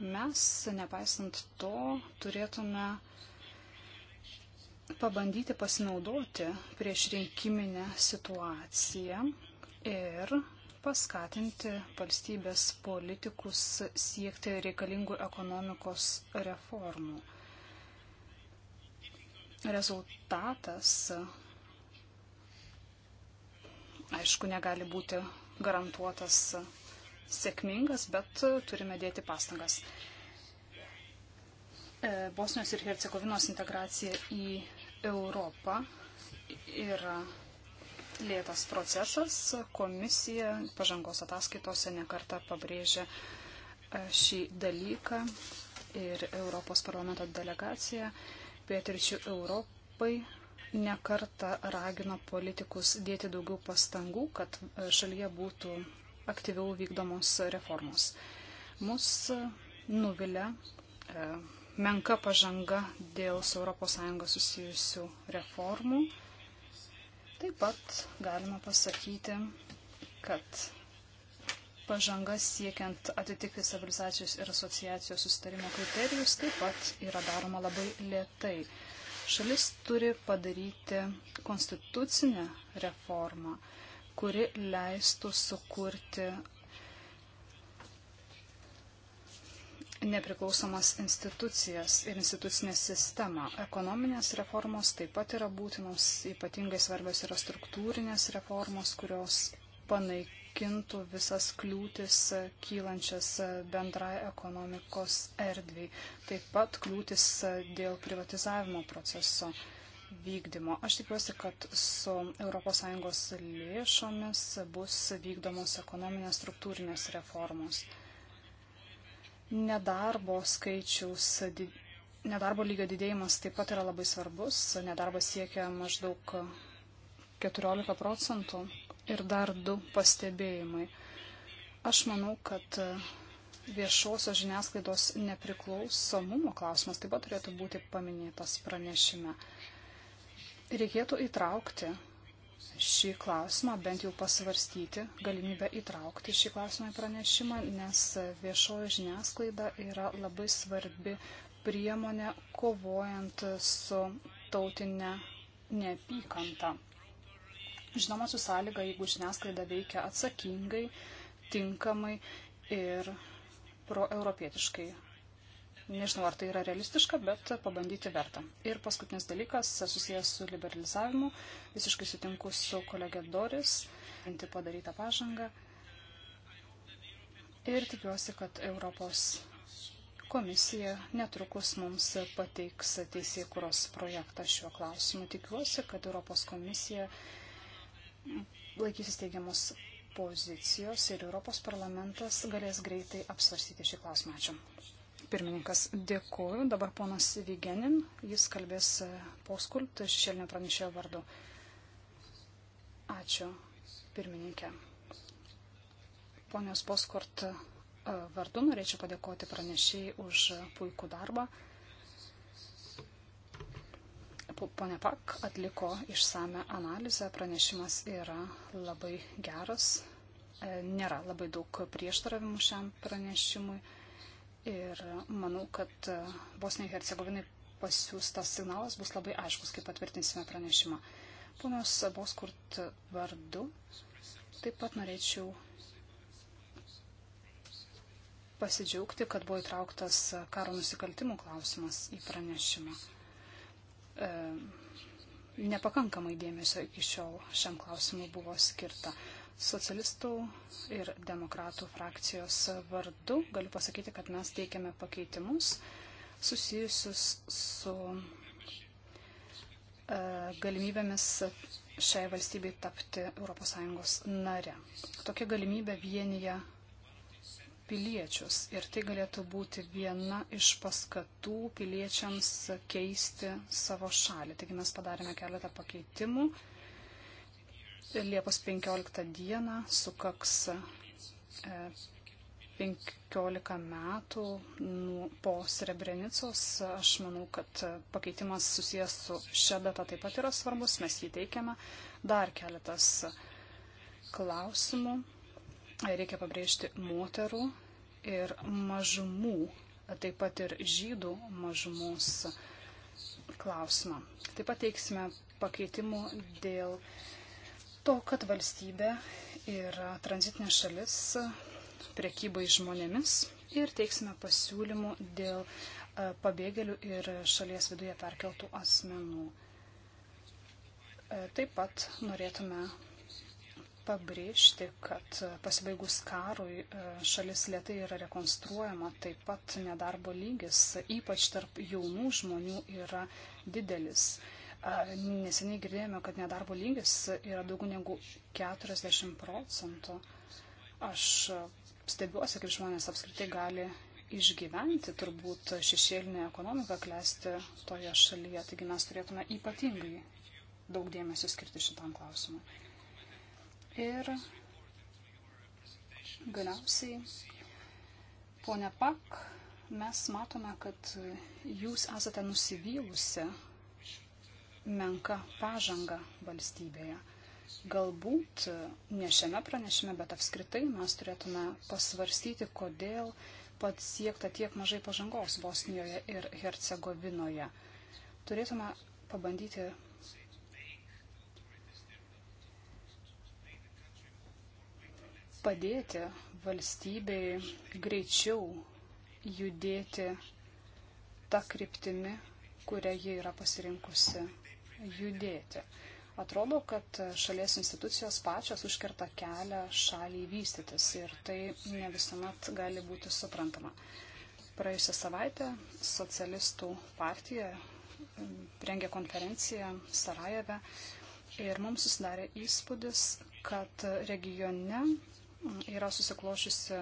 mes, nepaisant to, turėtume uh, pabandyti pasinaudoti prieš rinkiminę situaciją ir paskatinti valstybės politikus siekti reikalingų ekonomikos reformų. Rezultatas, aišku, negali būti garantuotas sėkmingas, bet turime dėti pastangas. E, Bosnijos ir Hercegovinos integracija į Europa yra lėtas procesas. Komisija pažangos ataskaitose nekarta pabrėžia e, šį dalyką ir Europos parlamento delegacija pietričių Europai nekarta ragino politikus dėti daugiau pastangų, kad e, šalyje būtų aktyviau vykdomos reformos. Mus nuvilia e, menka pažanga dėl su ES susijusių reformų. Taip pat galima pasakyti, kad pažanga siekiant atitikti stabilizacijos ir asociacijos sustarimo kriterijus taip pat yra daroma labai lėtai. Šalis turi padaryti konstitucinę reformą, kuri leistų sukurti nepriklausomas institucijas ir institucinę sistemą. Ekonominės reformos taip pat yra būtinos, ypatingai svarbios yra struktūrinės reformos, kurios panaikintų visas kliūtis kylančias bendrai ekonomikos erdviai. Taip pat kliūtis dėl privatizavimo proceso vykdymo. Aš tikiuosi, kad su ES lėšomis bus vykdomos ekonominės struktūrinės reformos. Nedarbo skaičiaus, nedarbo lygio didėjimas taip pat yra labai svarbus. Nedarbas siekia maždaug 14 procentų. Ir dar du pastebėjimai. Aš manau, kad viešosios žiniasklaidos nepriklausomumo klausimas taip pat turėtų būti paminėtas pranešime. Reikėtų įtraukti šį klausimą, bent jau pasvarstyti galimybę įtraukti šį klausimą į pranešimą, nes viešoji žiniasklaida yra labai svarbi priemonė kovojant su tautinė neapykanta. Žinoma, su sąlyga, jeigu žiniasklaida veikia atsakingai, tinkamai ir proeuropietiškai Nežinau, ar tai yra realistiška, bet pabandyti verta. Ir paskutinis dalykas susijęs su liberalizavimu. Visiškai sutinku su kolegė Doris, minti padarytą pažangą. Ir tikiuosi, kad Europos komisija netrukus mums pateiks teisėkuros projektą šiuo klausimu. Tikiuosi, kad Europos komisija laikysis teigiamos pozicijos ir Europos parlamentas galės greitai apsvarstyti šį klausimą. Ačiū. Pirmininkas, dėkuoju. Dabar ponas Vigenin, jis kalbės e, poskult tai šešėlinio pranešėjo vardu. Ačiū, pirmininkė. Ponios poskurt e, vardu norėčiau padėkoti pranešiai už puikų darbą. Pone Pak atliko išsame analizę, pranešimas yra labai geras, e, nėra labai daug prieštaravimų šiam pranešimui. Ir manau, kad Bosnijai Hercegovinai pasiūstas signalas bus labai aiškus, kai patvirtinsime pranešimą. Ponios Boskurt vardu taip pat norėčiau pasidžiaugti, kad buvo įtrauktas karo nusikaltimų klausimas į pranešimą. E, nepakankamai dėmesio iki šiol šiam klausimui buvo skirta. Socialistų ir demokratų frakcijos vardu galiu pasakyti, kad mes teikiame pakeitimus susijusius su e, galimybėmis šiai valstybei tapti ES nare. Tokia galimybė vienyje piliečius ir tai galėtų būti viena iš paskatų piliečiams keisti savo šalį. Taigi mes padarėme keletą pakeitimų Liepos 15 dieną sukaks 15 e, metų nu, po Srebrenicos. Aš manau, kad pakeitimas susijęs su šia data taip pat yra svarbus, mes jį teikiame. Dar keletas klausimų. Reikia pabrėžti moterų ir mažumų, taip pat ir žydų mažumus klausimą. Taip pat teiksime pakeitimų dėl to, kad valstybė yra tranzitinė šalis priekybai žmonėmis ir teiksime pasiūlymų dėl e, pabėgėlių ir šalies viduje perkeltų asmenų. E, taip pat norėtume pabrėžti, kad pasibaigus karui e, šalis lietai yra rekonstruojama, taip pat nedarbo lygis, ypač tarp jaunų žmonių, yra didelis. Neseniai girdėjome, kad nedarbo lygis yra daugiau negu 40 procentų. Aš stebiuosi, kaip žmonės apskritai gali išgyventi, turbūt šešėlinė ekonomika klesti toje šalyje, taigi mes turėtume ypatingai daug dėmesio skirti šitam klausimui. Ir galiausiai, ponia Pak, mes matome, kad jūs esate nusivylusi menka pažanga valstybėje. Galbūt ne šiame pranešime, bet apskritai mes turėtume pasvarstyti, kodėl pat siekta tiek mažai pažangos Bosnijoje ir Hercegovinoje. Turėtume pabandyti padėti valstybei greičiau judėti tą kryptimį, kurią ji yra pasirinkusi judėti. Atrodo, kad šalies institucijos pačios užkerta kelią šaliai vystytis ir tai ne visuomet gali būti suprantama. Praėjusią savaitę socialistų partija rengė konferenciją Sarajeve ir mums susidarė įspūdis, kad regione yra susiklošusi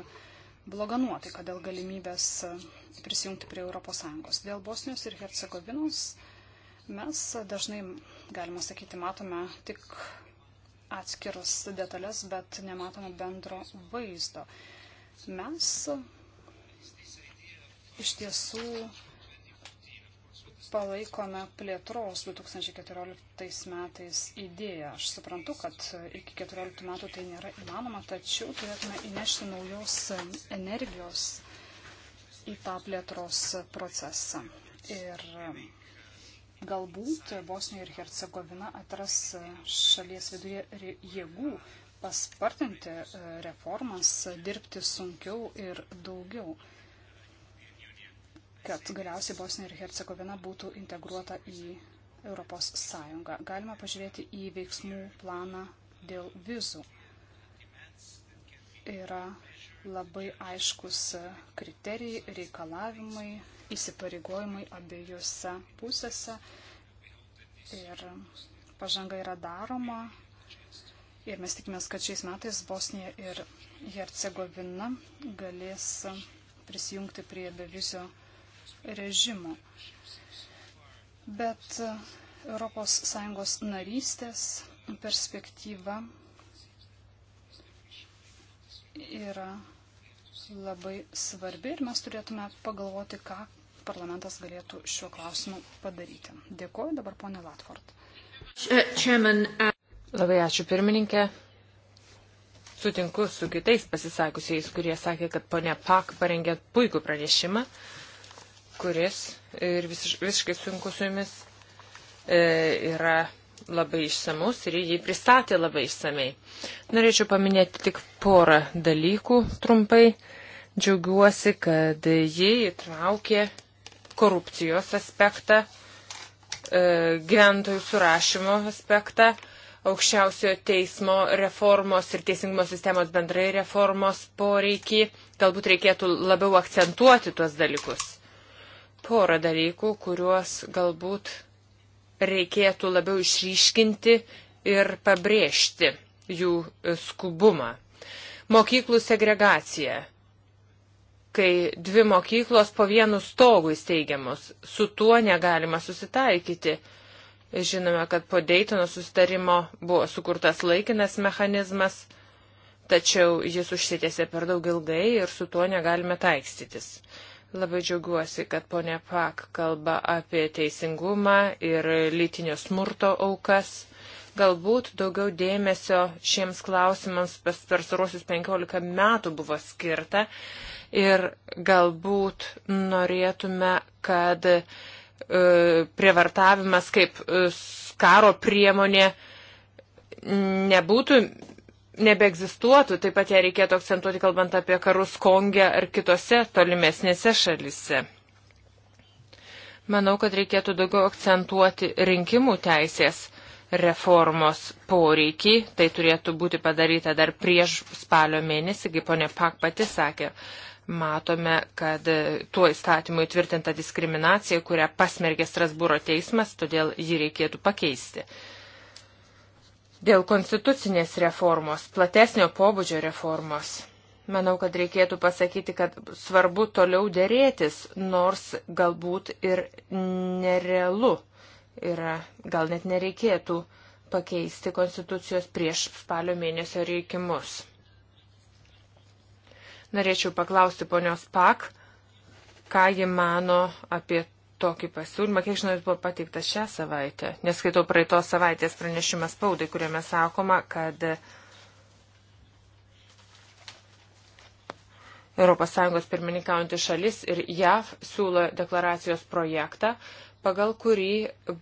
bloga nuotaika dėl galimybės prisijungti prie ES. Dėl Bosnijos ir Hercegovinos Mes dažnai, galima sakyti, matome tik atskirus detalės, bet nematome bendro vaizdo. Mes iš tiesų palaikome plėtros 2014 metais idėją. Aš suprantu, kad iki 2014 metų tai nėra įmanoma, tačiau turėtume įnešti naujos energijos į tą plėtros procesą. Ir Galbūt Bosnija ir Hercegovina atras šalies viduje jėgų paspartinti e, reformas, dirbti sunkiau ir daugiau, kad galiausiai Bosnija ir Hercegovina būtų integruota į Europos Sąjungą. Galima pažiūrėti į veiksmų planą dėl vizų. Yra labai aiškus e, kriterijai, reikalavimai, įsipareigojimai abiejose pusėse ir pažanga yra daroma. Ir mes tikimės, kad šiais metais Bosnija ir Hercegovina galės prisijungti prie bevizio režimo. Bet ES narystės perspektyva yra labai svarbi ir mes turėtume pagalvoti, ką parlamentas galėtų šiuo klausimu padaryti. Dėkuoju dabar ponė Latford. Uh, uh, labai ačiū pirmininkė. Sutinku su kitais pasisakusiais, kurie sakė, kad ponė Pak parengė puikų pranešimą, kuris ir visiš, visiškai sunku su jumis e, yra labai išsamus ir jį pristatė labai išsamei. Norėčiau paminėti tik porą dalykų trumpai. Džiaugiuosi, kad jį įtraukė korupcijos aspektą, e, gyventojų surašymo aspektą, aukščiausiojo teismo reformos ir teisingumo sistemos bendrai reformos poreikį. Galbūt reikėtų labiau akcentuoti tuos dalykus. Porą dalykų, kuriuos galbūt reikėtų labiau išryškinti ir pabrėžti jų e, skubumą. Mokyklų segregacija kai dvi mokyklos po vienu stogu įsteigiamos. Su tuo negalima susitaikyti. Žinome, kad po Daytono susitarimo buvo sukurtas laikinas mechanizmas, tačiau jis užsitėsi per daug ilgai ir su tuo negalime taikstytis. Labai džiaugiuosi, kad ponė Pak kalba apie teisingumą ir lytinio smurto aukas galbūt daugiau dėmesio šiems klausimams per staruosius 15 metų buvo skirta, ir galbūt norėtume, kad e, prievartavimas kaip e, karo priemonė nebūtų, nebeegzistuotų, taip pat ją reikėtų akcentuoti kalbant apie karus Kongė ar kitose tolimesnėse šalise. Manau, kad reikėtų daugiau akcentuoti rinkimų teisės reformos poreikį. Tai turėtų būti padaryta dar prieš spalio mėnesį, kaip ponė Pak pati sakė matome, kad tuo įstatymu įtvirtinta diskriminacija, kurią pasmergė Strasbūro teismas, todėl jį reikėtų pakeisti. Dėl konstitucinės reformos, platesnio pobūdžio reformos, manau, kad reikėtų pasakyti, kad svarbu toliau dėrėtis, nors galbūt ir nerealu yra, gal net nereikėtų pakeisti konstitucijos prieš spalio mėnesio reikimus. Norėčiau paklausti ponios Pak, ką ji mano apie tokį pasiūlymą, kiek žinau, jis buvo pateiktas šią savaitę, nes skaitau praeitos savaitės pranešimas spaudai, kuriame sakoma, kad ES pirmininkaujantys šalis ir JAV siūlo deklaracijos projektą, pagal kurį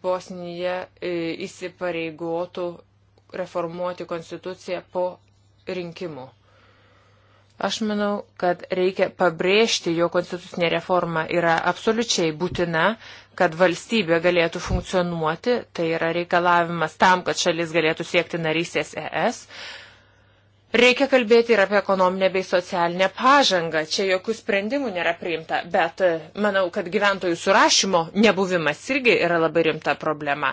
Bosnija e, įsipareigotų reformuoti konstituciją po rinkimų. Aš manau, kad reikia pabrėžti, jo konstitucinė reforma yra absoliučiai būtina, kad valstybė galėtų funkcionuoti, tai yra reikalavimas tam, kad šalis galėtų siekti narysės ES. Reikia kalbėti ir apie ekonominę bei socialinę pažangą. Čia jokių sprendimų nėra priimta, bet e, manau, kad gyventojų surašymo nebuvimas irgi yra labai rimta problema.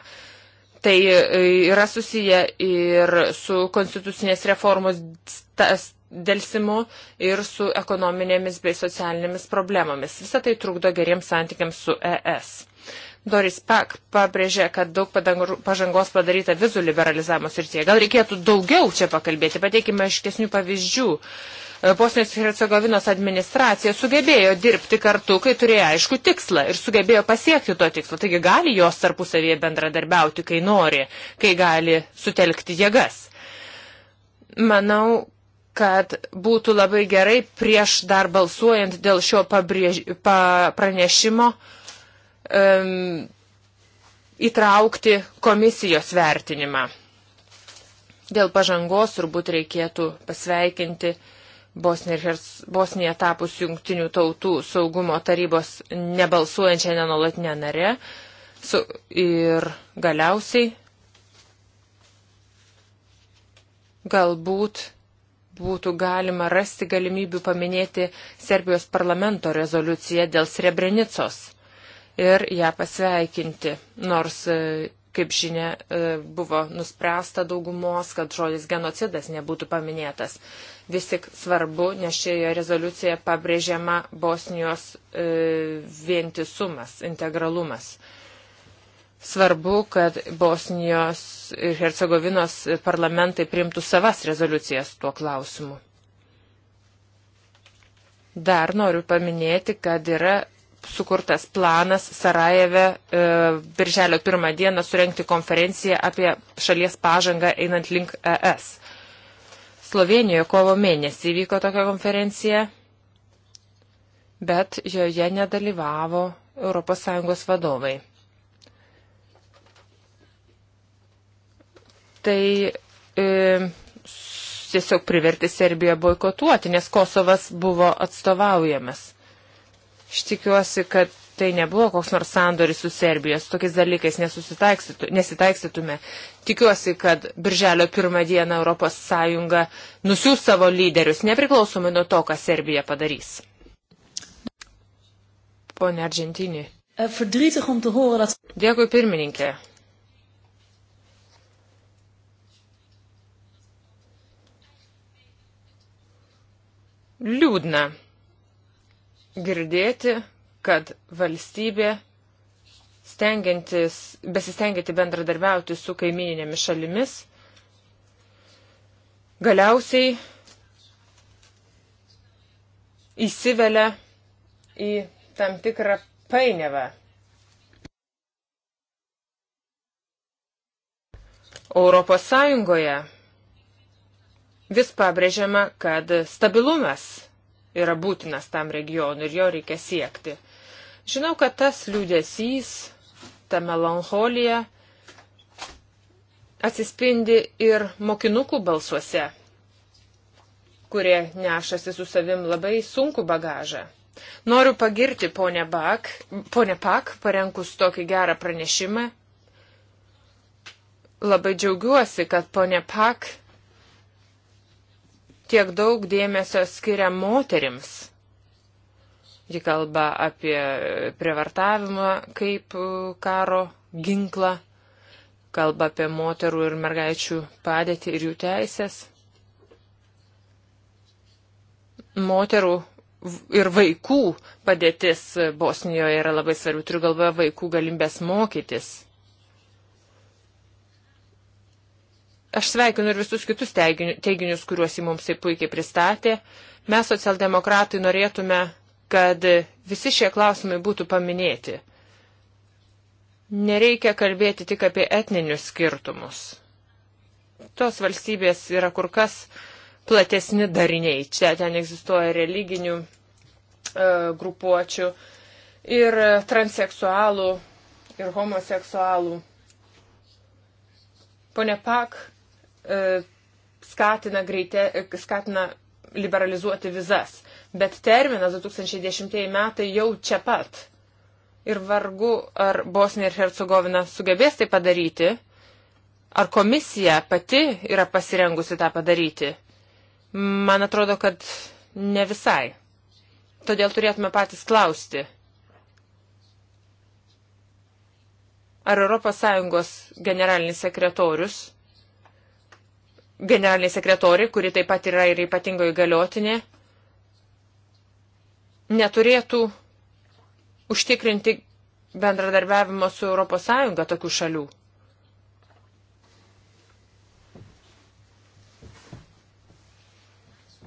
Tai e, yra susiję ir su konstitucinės reformos tas delsimu ir su ekonominėmis bei socialinėmis problemomis. Visą tai trukdo geriems santykiams su ES. Doris Pak pabrėžė, kad daug pažangos padaryta vizų liberalizavimo srityje. Gal reikėtų daugiau čia pakalbėti, pateikime aiškesnių pavyzdžių. E, Bosnijos ir Hercegovinos administracija sugebėjo dirbti kartu, kai turėjo aišku tikslą ir sugebėjo pasiekti to tikslo. Taigi gali jos tarpusavėje bendradarbiauti, kai nori, kai gali sutelkti jėgas. Manau, kad būtų labai gerai prieš dar balsuojant dėl šio pabrėž... pa... pranešimo um, įtraukti komisijos vertinimą. Dėl pažangos turbūt reikėtų pasveikinti Bosniją tapus jungtinių tautų saugumo tarybos nebalsuojančią nenolatinę narę. Su, ir galiausiai galbūt būtų galima rasti galimybių paminėti Serbijos parlamento rezoliuciją dėl Srebrenicos ir ją pasveikinti, nors, e, kaip žinia, e, buvo nuspręsta daugumos, kad žodis genocidas nebūtų paminėtas. Vis tik svarbu, nes šioje rezoliucijoje pabrėžiama Bosnijos e, vientisumas, integralumas. Svarbu, kad Bosnijos ir Hercegovinos parlamentai priimtų savas rezoliucijas tuo klausimu. Dar noriu paminėti, kad yra sukurtas planas Sarajeve e, birželio pirmą dieną surenkti konferenciją apie šalies pažangą einant link ES. Slovenijoje kovo mėnesį vyko tokia konferencija, bet joje nedalyvavo ES vadovai. tai e, tiesiog privertė Serbiją boikotuoti, nes Kosovas buvo atstovaujamas. Aš tikiuosi, kad tai nebuvo koks nors sandoris su Serbija, su tokiais dalykais nesitaikstytume. Tikiuosi, kad birželio pirmą dieną Europos Sąjunga nusiūs savo lyderius, nepriklausomai nuo to, ką Serbija padarys. Pone Argentinį. Dėkui pirmininkė. Liūdna girdėti, kad valstybė stengiantis, besistengianti bendradarbiauti su kaimininėmis šalimis, galiausiai įsivelia į tam tikrą painiavą. Europos Sąjungoje vis pabrėžiama, kad stabilumas yra būtinas tam regionui ir jo reikia siekti. Žinau, kad tas liūdėsys, ta melancholija atsispindi ir mokinukų balsuose, kurie nešasi su savim labai sunku bagažą. Noriu pagirti ponę, Bak, ponę Pak, parenkus tokį gerą pranešimą. Labai džiaugiuosi, kad ponė Pak tiek daug dėmesio skiria moterims. Ji kalba apie prievartavimą kaip e, karo ginklą, kalba apie moterų ir mergaičių padėtį ir jų teisės. Moterų ir vaikų padėtis Bosnijoje yra labai svarbi, turiu galvoje vaikų galimbės mokytis. Aš sveikinu ir visus kitus teiginius, kuriuos jį mums taip puikiai pristatė. Mes socialdemokratai norėtume, kad visi šie klausimai būtų paminėti. Nereikia kalbėti tik apie etninius skirtumus. Tos valstybės yra kur kas platesni dariniai. Čia ten egzistuoja religinių e, grupuočių ir transseksualų, ir homoseksualų. Pone Pak E, skatina, greitė, skatina liberalizuoti vizas. Bet terminas 2010 metai jau čia pat. Ir vargu, ar Bosnija ir Hercegovina sugebės tai padaryti, ar komisija pati yra pasirengusi tą padaryti. Man atrodo, kad ne visai. Todėl turėtume patys klausti. Ar ES generalinis sekretorius generaliniai sekretoriai, kuri taip pat yra ir ypatingo įgaliotinė, neturėtų užtikrinti bendradarbiavimo su ES tokių šalių.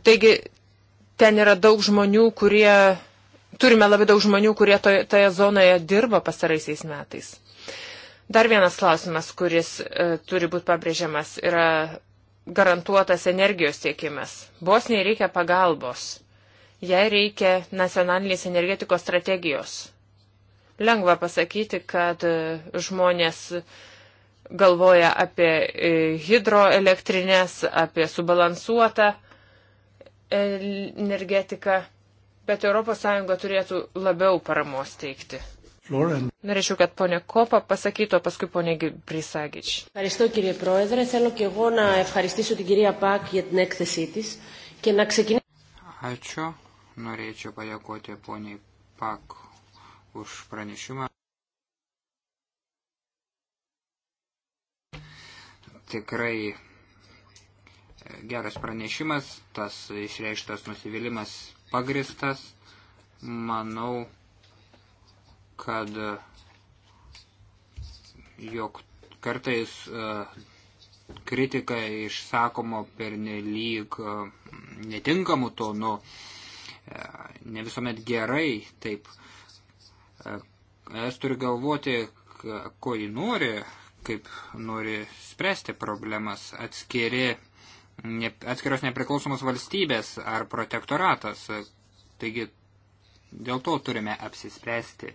Taigi ten yra daug žmonių, kurie, turime labai daug žmonių, kurie toje, toje zonoje dirba pastaraisiais metais. Dar vienas klausimas, kuris e, turi būti pabrėžiamas, yra garantuotas energijos tiekimas. Bosniai reikia pagalbos. Jai reikia nacionalinės energetikos strategijos. Lengva pasakyti, kad e, žmonės galvoja apie e, hidroelektrinės, apie subalansuotą energetiką, bet ES turėtų labiau paramos teikti. Norėčiau, kad ponė Kopa pasakytų, o paskui ponė Brisagič. Ευχαριστώ κύριε Πρόεδρε. Θέλω και εγώ να ευχαριστήσω την κυρία Πακ για την έκθεσή της και να ξεκινήσω. Ačiū. Norėčiau padėkoti poniai Pak už pranešimą. Tikrai e, geras pranešimas, tas išreikštas nusivylimas pagristas. Manau, kad e, jog kartais e, kritika išsakoma per nelyg e, netinkamų tonų, ne visuomet gerai, taip. Es turi galvoti, ko jį nori, kaip nori spręsti problemas atskiri, ne, atskiros nepriklausomos valstybės ar protektoratas. Taigi dėl to turime apsispręsti.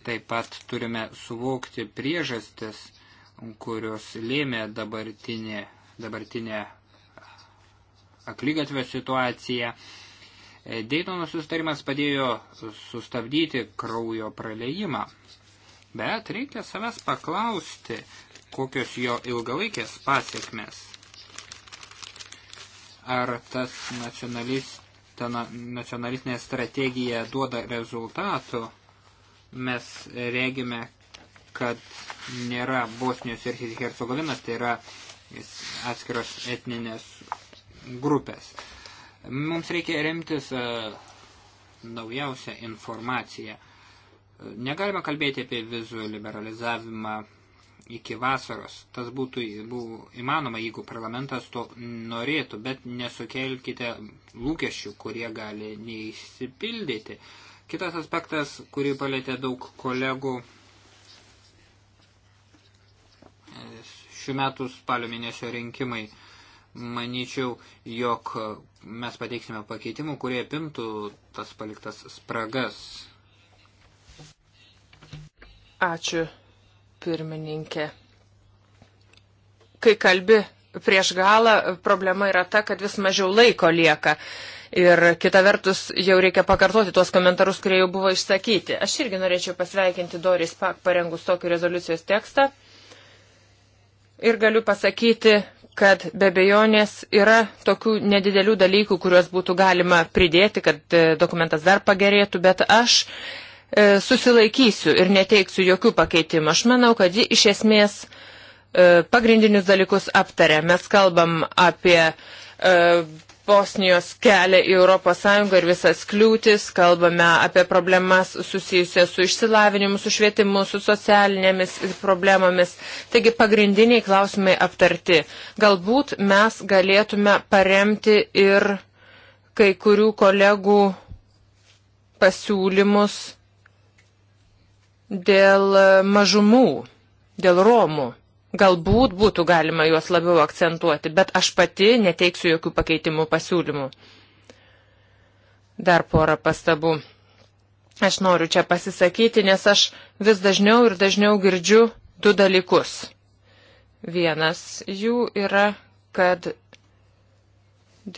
Taip pat turime suvokti priežastis, kurios lėmė dabartinė, dabartinė aklygatvė situacija. Daytono sustarimas padėjo sustabdyti kraujo praleimą. Bet reikia savęs paklausti, kokios jo ilgalaikės pasiekmes. Ar tas nacionalistinė strategija duoda rezultatų? mes regime, kad nėra Bosnijos ir Hercegovinos, tai yra atskiros etninės grupės. Mums reikia remtis e, naujausią informaciją. Negalime kalbėti apie vizų liberalizavimą iki vasaros. Tas būtų buvo įmanoma, jeigu parlamentas to norėtų, bet nesukelkite lūkesčių, kurie gali neįsipildyti. Uh, Kitas aspektas, kurį palėtė daug kolegų šių metų spalio mėnesio rinkimai, manyčiau, jog mes pateiksime pakeitimų, kurie apimtų tas paliktas spragas. Ačiū, pirmininkė. Kai kalbi prieš galą, problema yra ta, kad vis mažiau laiko lieka. Ir kita vertus, jau reikia pakartoti tuos komentarus, kurie jau buvo išsakyti. Aš irgi norėčiau pasveikinti Doris Pak parengus tokį rezoliucijos tekstą. Ir galiu pasakyti, kad be bejonės yra tokių nedidelių dalykų, kuriuos būtų galima pridėti, kad e, dokumentas dar pagerėtų, bet aš e, susilaikysiu ir neteiksiu jokių pakeitimų. Aš manau, kad ji iš esmės e, pagrindinius dalykus aptarė. Mes kalbam apie e, Bosnijos kelią į ES ir visas kliūtis, kalbame apie problemas susijusias su išsilavinimu, su švietimu, su socialinėmis problemomis. Taigi pagrindiniai klausimai aptarti. Galbūt mes galėtume paremti ir kai kurių kolegų pasiūlymus dėl mažumų, dėl romų. Galbūt būtų galima juos labiau akcentuoti, bet aš pati neteiksiu jokių pakeitimų pasiūlymų. Dar porą pastabų. Aš noriu čia pasisakyti, nes aš vis dažniau ir dažniau girdžiu du dalykus. Vienas jų yra, kad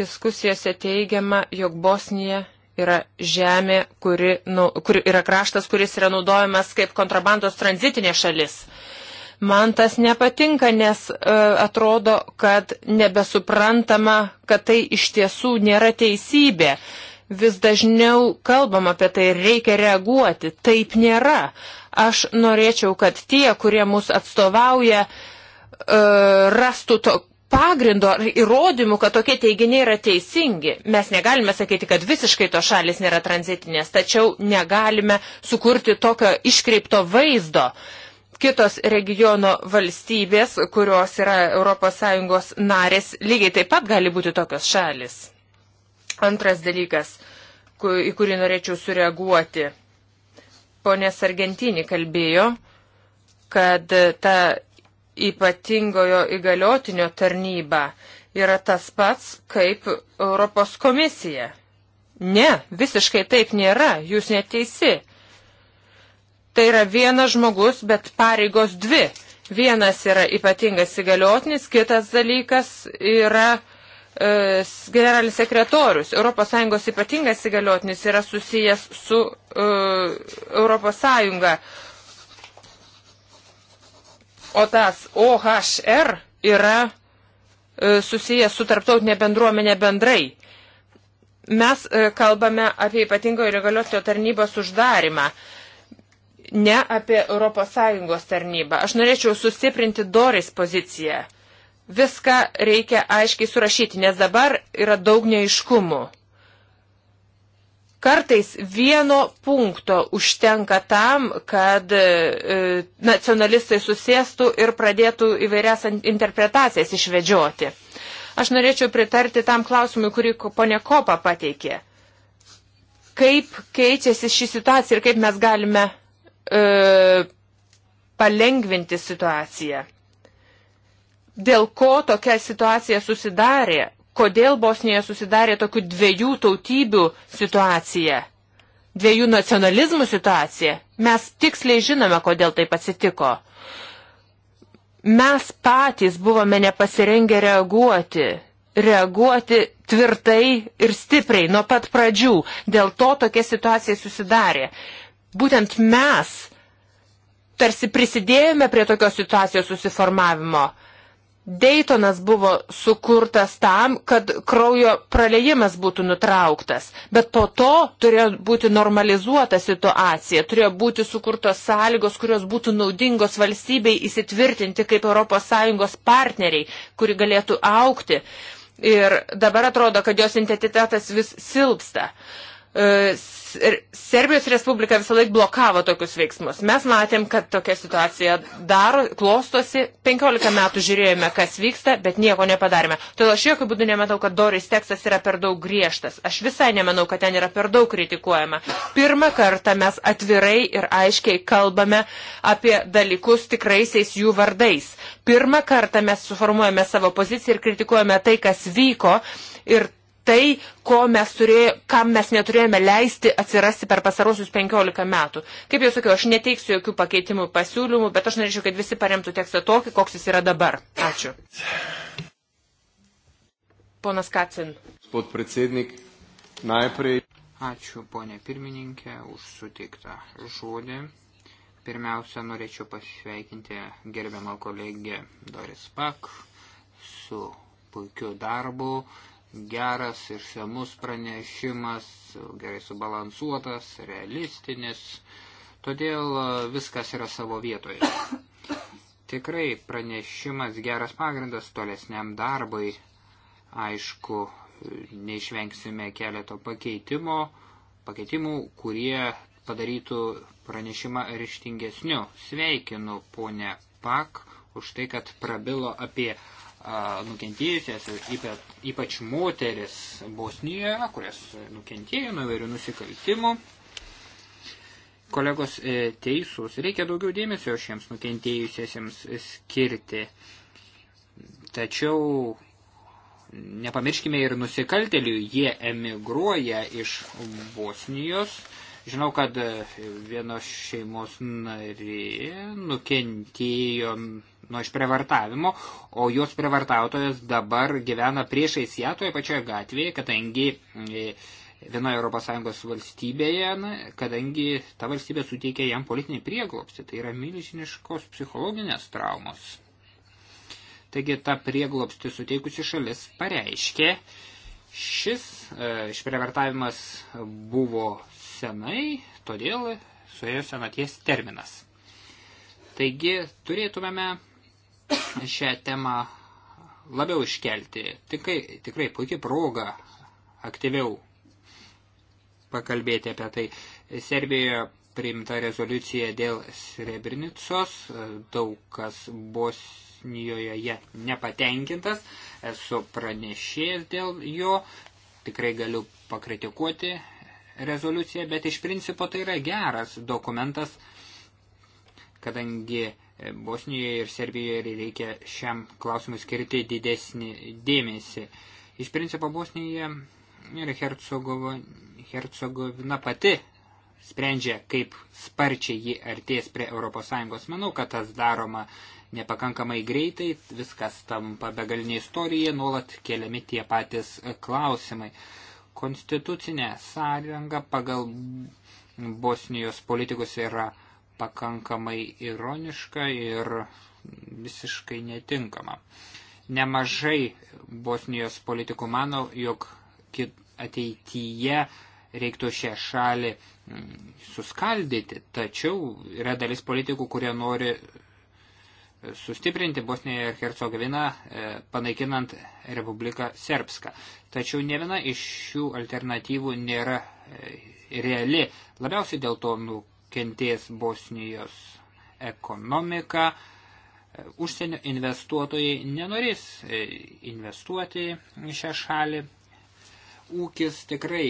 diskusijose teigiama, jog Bosnija yra žemė, kuri, nu, kur, yra kraštas, kuris yra naudojamas kaip kontrabandos tranzitinė šalis. Man tas nepatinka, nes e, atrodo, kad nebesuprantama, kad tai iš tiesų nėra teisybė. Vis dažniau kalbam apie tai ir reikia reaguoti. Taip nėra. Aš norėčiau, kad tie, kurie mus atstovauja, e, rastų to, pagrindo ar įrodymų, kad tokie teiginiai yra teisingi. Mes negalime sakyti, kad visiškai to šalis nėra tranzitinės, tačiau negalime sukurti tokio iškreipto vaizdo. Uh, Kitos regiono valstybės, kurios yra ES narės, lygiai taip pat gali būti tokios šalis. Antras dalykas, į kurį norėčiau sureaguoti. Ponės Argentinį kalbėjo, kad ta ypatingojo įgaliotinio tarnyba yra tas pats kaip Europos komisija. Ne, visiškai taip nėra, jūs neteisi. Tai yra vienas žmogus, bet pareigos dvi. Vienas yra ypatingas įgaliotinis, kitas dalykas yra e, generalinis sekretorius. ES ypatingas įgaliotinis yra susijęs su e, ES. O tas OHR yra e, susijęs su tarptautinė bendruomenė bendrai mes e, kalbame apie ypatingo ir įgaliotinio tarnybos uždarimą ne apie ES tarnybą. Aš norėčiau sustiprinti Doris poziciją. Viską reikia aiškiai surašyti, nes dabar yra daug neiškumų. Kartais vieno punkto užtenka tam, kad e, nacionalistai susėstų ir pradėtų įvairias interpretacijas išvedžioti. Aš norėčiau pritarti tam klausimui, kurį ponė Kopa pateikė. Kaip keičiasi ši situacija ir kaip mes galime e, palengvinti situaciją. Dėl ko tokia situacija susidarė? Kodėl Bosnijoje susidarė tokių dviejų tautybių situacija? Dviejų nacionalizmų situacija? Mes tiksliai žinome, kodėl taip atsitiko. Mes patys buvome nepasirengę reaguoti, reaguoti tvirtai ir stipriai nuo pat pradžių. Dėl to tokia situacija susidarė. Būtent mes tarsi prisidėjome prie tokios situacijos susiformavimo. Daytonas buvo sukurtas tam, kad kraujo praleimas būtų nutrauktas, bet po to turėjo būti normalizuota situacija, turėjo būti sukurtos sąlygos, kurios būtų naudingos valstybei įsitvirtinti kaip ES partneriai, kuri galėtų aukti. Ir dabar atrodo, kad jos identitetas vis silpsta. Uh, E, Serbijos Respublika visą laik blokavo tokius veiksmus. Mes matėm, kad tokia situacija daro, klostosi, 15 metų žiūrėjome, kas vyksta, bet nieko nepadarėme. Todėl aš jokių būdų nematau, kad Doris tekstas yra per daug griežtas. Aš visai nemanau, kad ten yra per daug kritikuojama. Pirmą kartą mes atvirai ir aiškiai kalbame apie dalykus tikraisiais jų vardais. Pirmą kartą mes suformuojame savo poziciją ir kritikuojame tai, kas vyko. Ir tai, ko mes turėjo, kam mes neturėjome leisti atsirasti per pasarosius 15 metų. Kaip jau sakiau, aš neteiksiu jokių pakeitimų pasiūlymų, bet aš norėčiau, kad visi paremtų tekstą tokį, koks jis yra dabar. Ačiū. Ponas Kacin. Spod predsednik, najprej. Ačiū, ponė pirmininkė, už suteiktą žodį. Pirmiausia, norėčiau pasveikinti gerbiamą kolegę Doris Pak su puikiu darbu geras, išsamus pranešimas, gerai subalansuotas, realistinis, todėl e, viskas yra savo vietoje. (coughs) Tikrai pranešimas geras pagrindas tolesniam darbui, aišku, neišvengsime keleto pakeitimo, pakeitimų, kurie padarytų pranešimą ryštingesniu. Sveikinu ponę Pak už tai, kad prabilo apie nukentėjusias, ypač moteris Bosnijoje, kurias nukentėjo nuo vairių nusikaltimų. Kolegos e, teisūs, reikia daugiau dėmesio šiems nukentėjusiesiems skirti. Tačiau nepamirškime ir nusikaltelių, jie emigruoja iš Bosnijos Žinau, kad e, vienos šeimos narė nukentėjo nuo išprevartavimo, o jos prevartautojas dabar gyvena priešais ją toje pačioje gatvėje, kadangi e, vienoje ES valstybėje, kadangi ta valstybė suteikė jam politinį prieglopstį. Tai yra milžiniškos psichologinės traumos. Taigi ta prieglopstį suteikusi šalis pareiškė, šis e, išprevartavimas buvo senai, todėl suėjo senaties terminas. Taigi turėtumėme šią temą labiau iškelti. Tikrai, tikrai puikiai proga aktyviau pakalbėti apie tai. Serbijoje priimta rezoliucija dėl Srebrenicos, daug kas Bosnijoje ja, nepatenkintas, esu pranešėjęs dėl jo, tikrai galiu pakritikuoti rezoliuciją, bet iš principo tai yra geras dokumentas, kadangi e, Bosnijoje ir Serbijoje reikia šiam klausimui skirti didesnį dėmesį. Iš principo Bosnija ir Hercegovo, Hercegovina pati sprendžia, kaip sparčiai ji artės prie ES. Manau, kad tas daroma nepakankamai greitai, viskas tampa begalinė istorija, nuolat keliami tie patys klausimai konstitucinė sąjunga pagal Bosnijos politikus yra pakankamai ironiška ir visiškai netinkama. Nemažai Bosnijos politikų mano, jog ateityje reiktų šią šalį mm, suskaldyti, tačiau yra dalis politikų, kurie nori sustiprinti Bosniją ir Hercegoviną, e, panaikinant Republiką Serbską. Tačiau ne viena iš šių alternatyvų nėra e, reali. Labiausiai dėl to nukentės Bosnijos ekonomika. E, užsienio investuotojai nenorės investuoti į šią šalį. Ūkis tikrai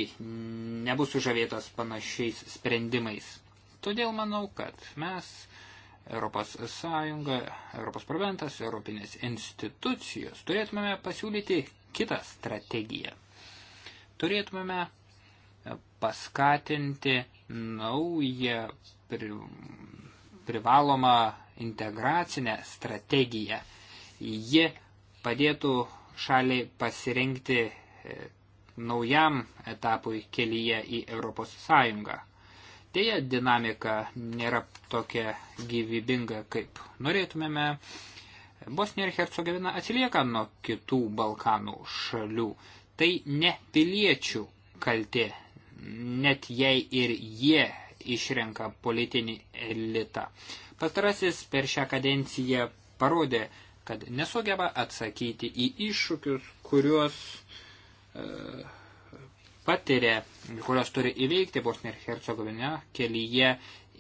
nebus sužavėtas panašiais sprendimais. Todėl manau, kad mes Europos Sąjunga, Europos parlamentas, Europinės institucijos, turėtumėme pasiūlyti kitą strategiją. Turėtumėme paskatinti naują pri, privalomą integracinę strategiją. Ji padėtų šaliai pasirinkti e, naujam etapui kelyje į Europos Sąjungą. Deja, dinamika nėra tokia gyvybinga, kaip norėtumėme. Bosnija ir Hercegovina atsilieka nuo kitų Balkanų šalių. Tai ne piliečių kaltė, net jei ir jie išrenka politinį elitą. Pastarasis per šią kadenciją parodė, kad nesugeba atsakyti į iššūkius, kuriuos e, patiria, kurios turi įveikti Bosnija ir Hercegovina kelyje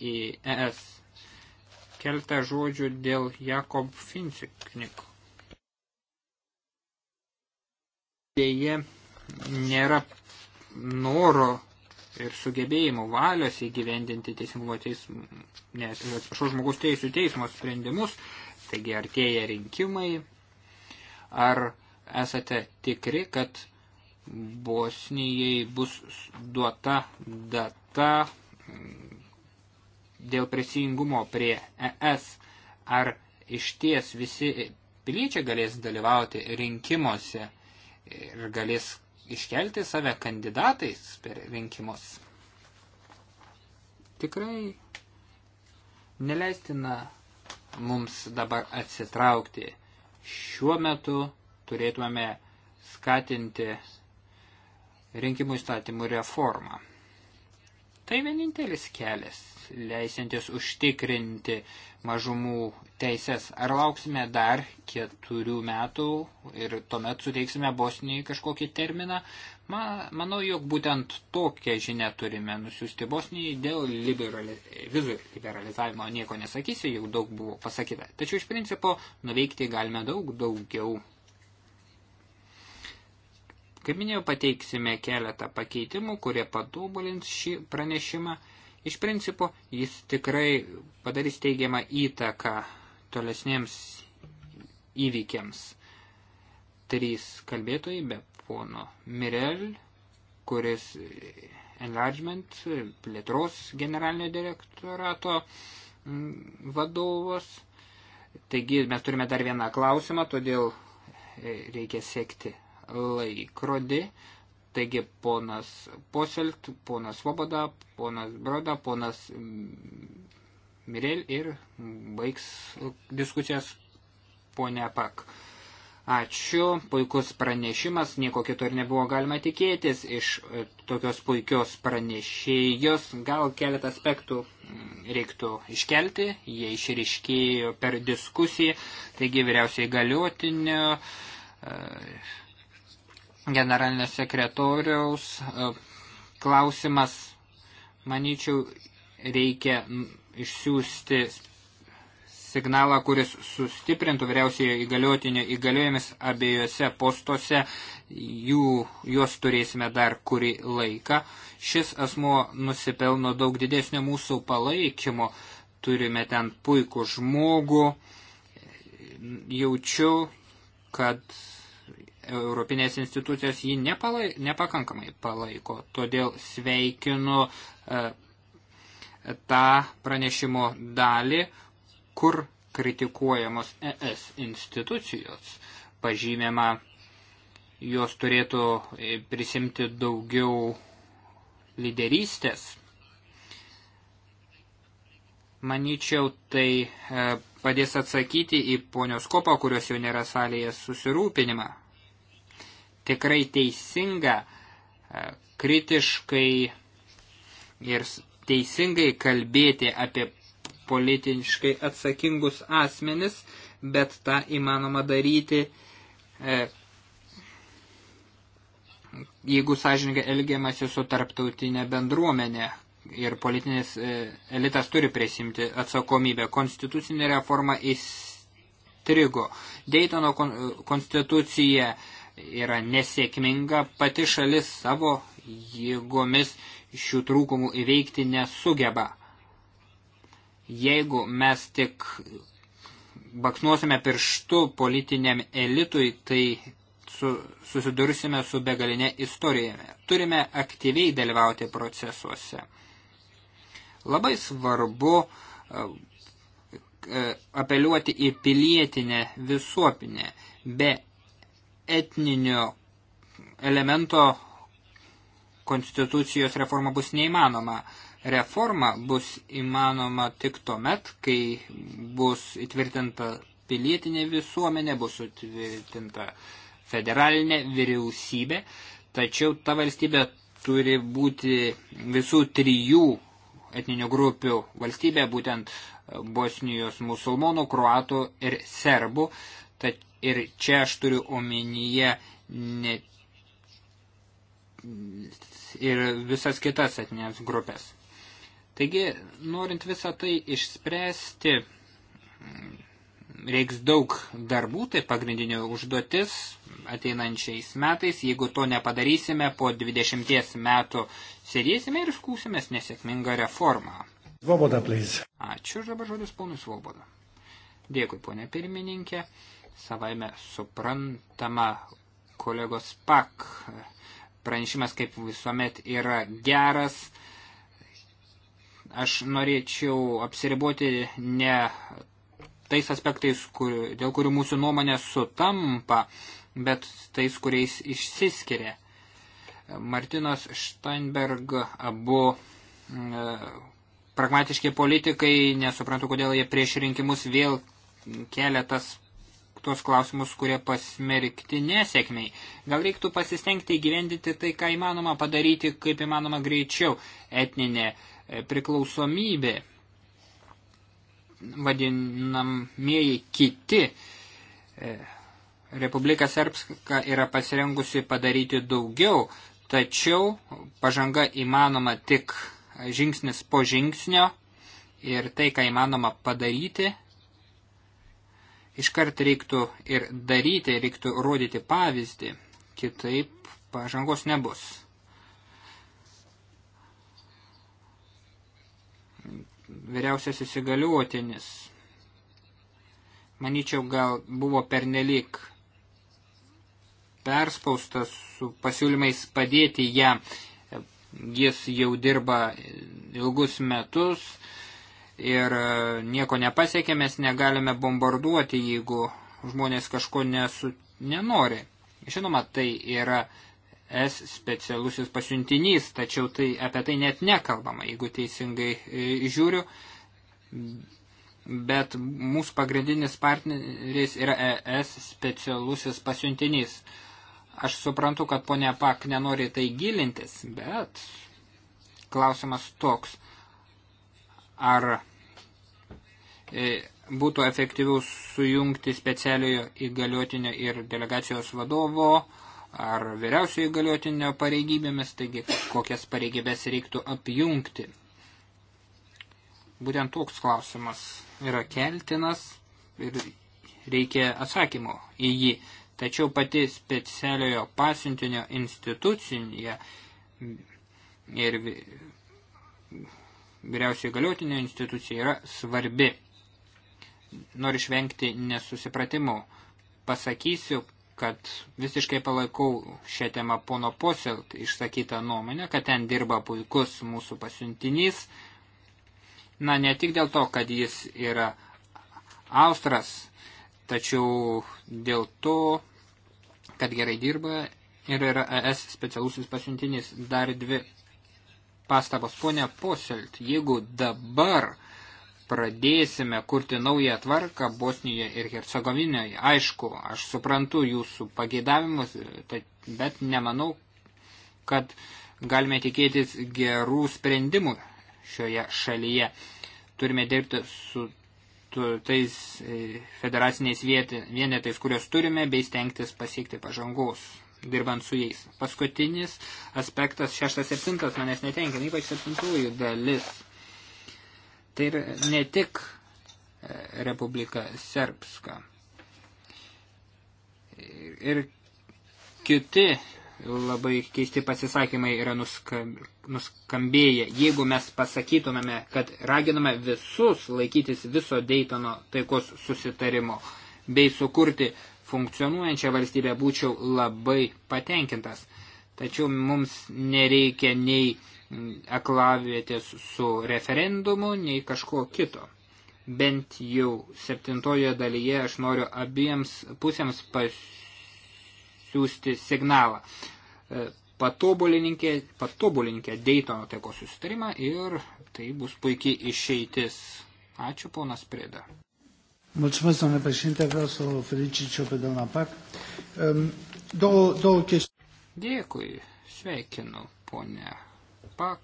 į ES. Keltą žodžių dėl Jakob Finsiknik. Dėje nėra noro ir sugebėjimų valios įgyvendinti teisingumo teismų, nes, atsiprašau, žmogus teisų teismo sprendimus, taigi artėja rinkimai, ar esate tikri, kad Bosnijai bus duota data dėl prisijungimo prie ES. Ar iš ties visi piliečiai galės dalyvauti rinkimuose ir galės iškelti save kandidatais per rinkimus? Tikrai neleistina mums dabar atsitraukti. Šiuo metu turėtume skatinti rinkimų įstatymų reformą. Tai vienintelis kelias, leisintis užtikrinti mažumų teises. Ar lauksime dar keturių metų ir tuomet suteiksime Bosnijai kažkokį terminą? Man, manau, jog būtent tokią žinę turime nusiųsti Bosnijai dėl liberali, vizų liberalizavimo. Nieko nesakysiu, jau daug buvo pasakyta. Tačiau iš principo nuveikti galime daug daugiau. Kaip minėjau, pateiksime keletą pakeitimų, kurie patobulins šį pranešimą. Iš principo, jis tikrai padarys teigiamą įtaką tolesniems įvykiams. Trys kalbėtojai be pono Mirel, kuris Enlargement plėtros generalinio direktorato mm, vadovas. Taigi mes turime dar vieną klausimą, todėl e, reikia sekti laikrodį. Taigi ponas Poselt, ponas Svoboda, ponas Broda, ponas Mirel ir baigs diskusijas ponia Pak. Ačiū, puikus pranešimas, nieko kito ir nebuvo galima tikėtis iš e, tokios puikios pranešėjos. Gal keletą aspektų mm, reiktų iškelti, jie išriškėjo per diskusiją, taigi vyriausiai galiotinio e, generalinio sekretoriaus e, klausimas, manyčiau, reikia išsiųsti signalą, kuris sustiprintų vyriausiojo įgaliotinio įgaliojimis abiejose postuose, jų, juos turėsime dar kurį laiką. Šis asmuo nusipelno daug didesnio mūsų palaikymo, turime ten puikų žmogų, jaučiu, kad Europinės institucijos jį nepalai, nepakankamai palaiko. Todėl sveikinu e, tą pranešimo dalį, kur kritikuojamos ES institucijos. Pažymėma, jos turėtų e, prisimti daugiau lyderystės. Maničiau, tai e, padės atsakyti į ponios kopą, kurios jau nėra salėje susirūpinimą tikrai teisinga, e, kritiškai ir teisingai kalbėti apie politiškai atsakingus asmenis, bet tą įmanoma daryti, e, jeigu sąžininkai elgiamasi su tarptautinė bendruomenė ir politinis e, elitas turi prisimti atsakomybę. Konstitucinė reforma įstrigo. Daytono konstitucija yra nesėkminga, pati šalis savo jėgomis šių trūkumų įveikti nesugeba. Jeigu mes tik baksnuosime pirštu politiniam elitui, tai su, susidursime su begalinė istorija. Turime aktyviai dalyvauti procesuose. Labai svarbu e, e, apeliuoti į pilietinę visuopinę. Be etninio elemento konstitucijos reforma bus neįmanoma. Reforma bus įmanoma tik tuomet, kai bus įtvirtinta pilietinė visuomenė, bus įtvirtinta federalinė vyriausybė, tačiau ta valstybė turi būti visų trijų etninių grupių valstybė, būtent Bosnijos musulmonų, kruatų ir serbų. Tačiau Ir čia aš turiu omenyje ne, ir visas kitas etinės grupės. Taigi, norint visą tai išspręsti, reiks daug darbų, tai pagrindinė užduotis ateinančiais metais. Jeigu to nepadarysime, po 20 metų sėdėsime ir skūsimės nesėkmingą reformą. Svoboda, please. Ačiū ir dabar žodis ponui Svoboda. Dėkui, ponė pirmininkė savaime suprantama kolegos Pak. Pranešimas kaip visuomet yra geras. Aš norėčiau apsiriboti ne tais aspektais, kur, dėl kurių mūsų nuomonė sutampa, bet tais, kuriais išsiskiria. Martinas Steinberg abu e, pragmatiški politikai, nesuprantu, kodėl jie prieš rinkimus vėl keletas tuos klausimus, kurie pasmerkti nesėkmiai. Gal reiktų pasistengti įgyvendinti tai, ką įmanoma padaryti, kaip įmanoma greičiau etninė e, priklausomybė, vadinamieji kiti. E, Republika Serbska yra pasirengusi padaryti daugiau, tačiau pažanga įmanoma tik žingsnis po žingsnio ir tai, ką įmanoma padaryti, iškart reiktų ir daryti, reiktų rodyti pavyzdį, kitaip pažangos nebus. Vyriausias įsigaliuotinis. Manyčiau, gal buvo pernelyg perspaustas su pasiūlymais padėti ją. Jis jau dirba ilgus metus, ir e, nieko nepasiekė, mes negalime bombarduoti, jeigu žmonės kažko nesu, nenori. Žinoma, tai yra S specialusis pasiuntinys, tačiau tai, apie tai net nekalbama, jeigu teisingai e, žiūriu. Bet mūsų pagrindinis partneris yra ES specialusis pasiuntinys. Aš suprantu, kad ponia Pak nenori tai gilintis, bet klausimas toks. Ar E, būtų efektyviau sujungti specialiojo įgaliotinio ir delegacijos vadovo ar vyriausiojo įgaliotinio pareigybėmis, taigi kokias pareigybės reiktų apjungti. Būtent toks klausimas yra keltinas ir reikia atsakymo į jį. Tačiau pati specialiojo pasiuntinio institucija ir vyriausiojo įgaliotinio institucija yra svarbi noriu išvengti nesusipratimų. Pasakysiu, kad visiškai palaikau šią temą pono Poselt išsakytą nuomonę, kad ten dirba puikus mūsų pasiuntinys. Na, ne tik dėl to, kad jis yra austras, tačiau dėl to, kad gerai dirba ir yra ES specialusis pasiuntinys. Dar dvi pastabos, ponė Poselt, jeigu dabar pradėsime kurti naują tvarką Bosnijoje ir Hercegovinoje. Aišku, aš suprantu jūsų pageidavimus, bet nemanau, kad galime tikėtis gerų sprendimų šioje šalyje. Turime dirbti su tais e, federaciniais vienetais, kurios turime, bei stengtis pasiekti pažangos dirbant su jais. Paskutinis aspektas, šeštas, septintas manęs netenkina, ypač septintųjų dalis Tai yra ne tik e, Republika Serbska. Ir kiti labai keisti pasisakymai yra nuskambėję. Jeigu mes pasakytumėme, kad raginame visus laikytis viso Deitono taikos susitarimo bei sukurti funkcionuojančią valstybę, būčiau labai patenkintas. Tačiau mums nereikia nei aklavietės su referendumu, nei kažko kito. Bent jau septintojo dalyje aš noriu abiems pusėms pasiūsti signalą. E, patobulinkė, patobulinkė Daytono taikos susitarimą ir tai bus puikiai išeitis. Ačiū, ponas Prėda. Mulțumesc, domnule președinte, vreau să o felicit și eu pe doamna Pac. Ehm, două, două chestiuni. Dėkui, sveikinu, ponė pak.